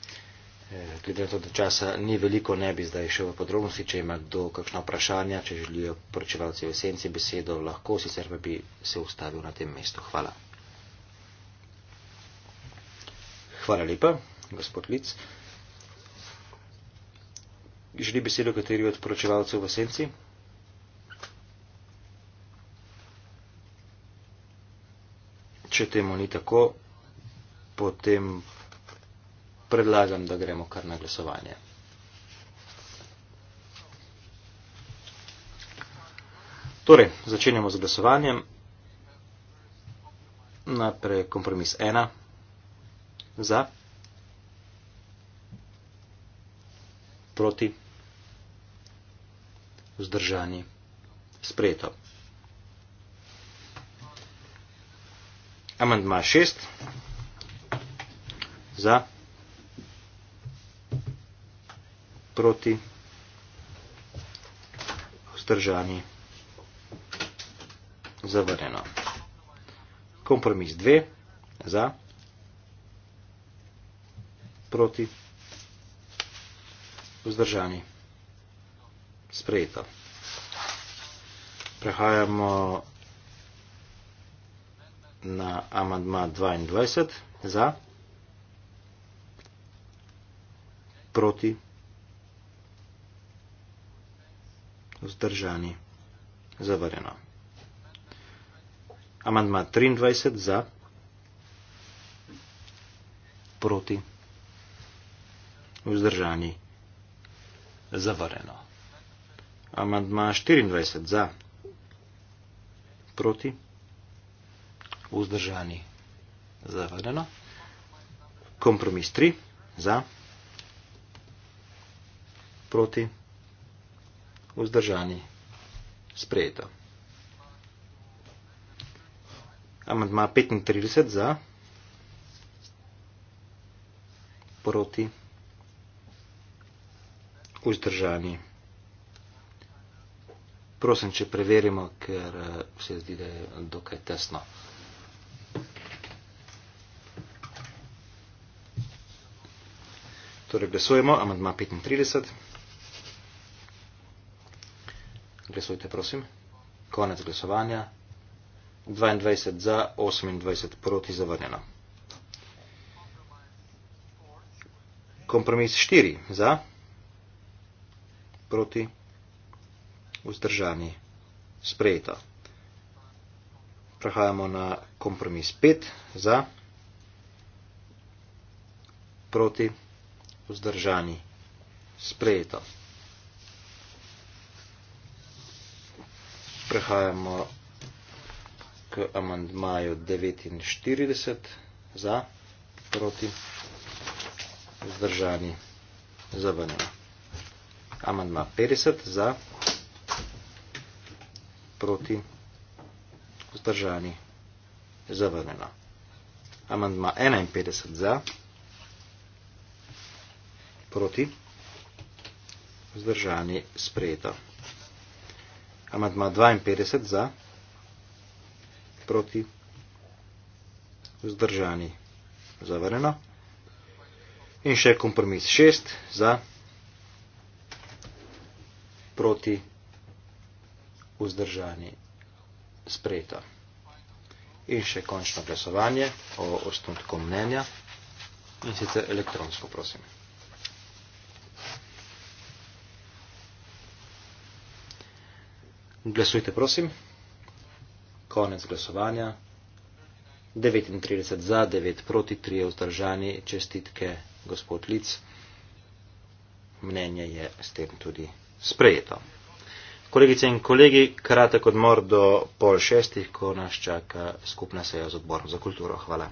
E, glede na to, da časa ni veliko, ne bi zdaj šel v podrobnosti, če ima kdo kakšno vprašanje, če želijo poročevalci v esenci besedo, lahko sicer pa bi se ustavil na tem mestu. Hvala. Hvala lepa, gospod Lic. Želi besedo kateri od poročevalcev v senci? Če temu ni tako, potem predlagam, da gremo kar na glasovanje. Torej, začenjamo z glasovanjem. Najprej kompromis 1 za proti vzdržani sprejeto. Amandma šest za proti vzdržani zavrjeno. Kompromis dve za proti proti vzdržani. Sprejeto. Prehajamo na amadma 22 za proti vzdržani zavarjeno. Amandma 23 za proti vzdržani vzdržani. Zavareno. Amandma 24 za. Proti. Vzdržani. Zavareno. Kompromis 3. Za. Proti. Vzdržani. Sprejeto. Amandma 35 za. Proti vzdržani. Prosim, če preverimo, ker eh, se zdi, da je dokaj tesno. Torej, glasujemo, amandma 35. Glasujte, prosim. Konec glasovanja. 22 za, 28 proti zavrnjeno. Kompromis 4 za proti, vzdržani, sprejeta. Prehajamo na kompromis 5 za, proti, vzdržani, sprejeta. Prehajamo k amandmaju 49 za, proti, vzdržani, zavrnjeno. Amandma 50 za proti vzdržani zavrnjeno. Amandma 51 za proti vzdržani sprejeto. Amandma 52 za proti vzdržani zavrnjeno. In še kompromis 6 za proti proti vzdržani sprejeta. In še končno glasovanje o ostanku mnenja in sicer elektronsko, prosim. Glasujte, prosim. Konec glasovanja. 39 za, 9 proti, 3 je vzdržani. Čestitke, gospod Lic. Mnenje je s tem tudi sprejeto. Kolegice in kolegi, kratek odmor do pol šestih, ko nas čaka skupna seja z odborom za kulturo. Hvala.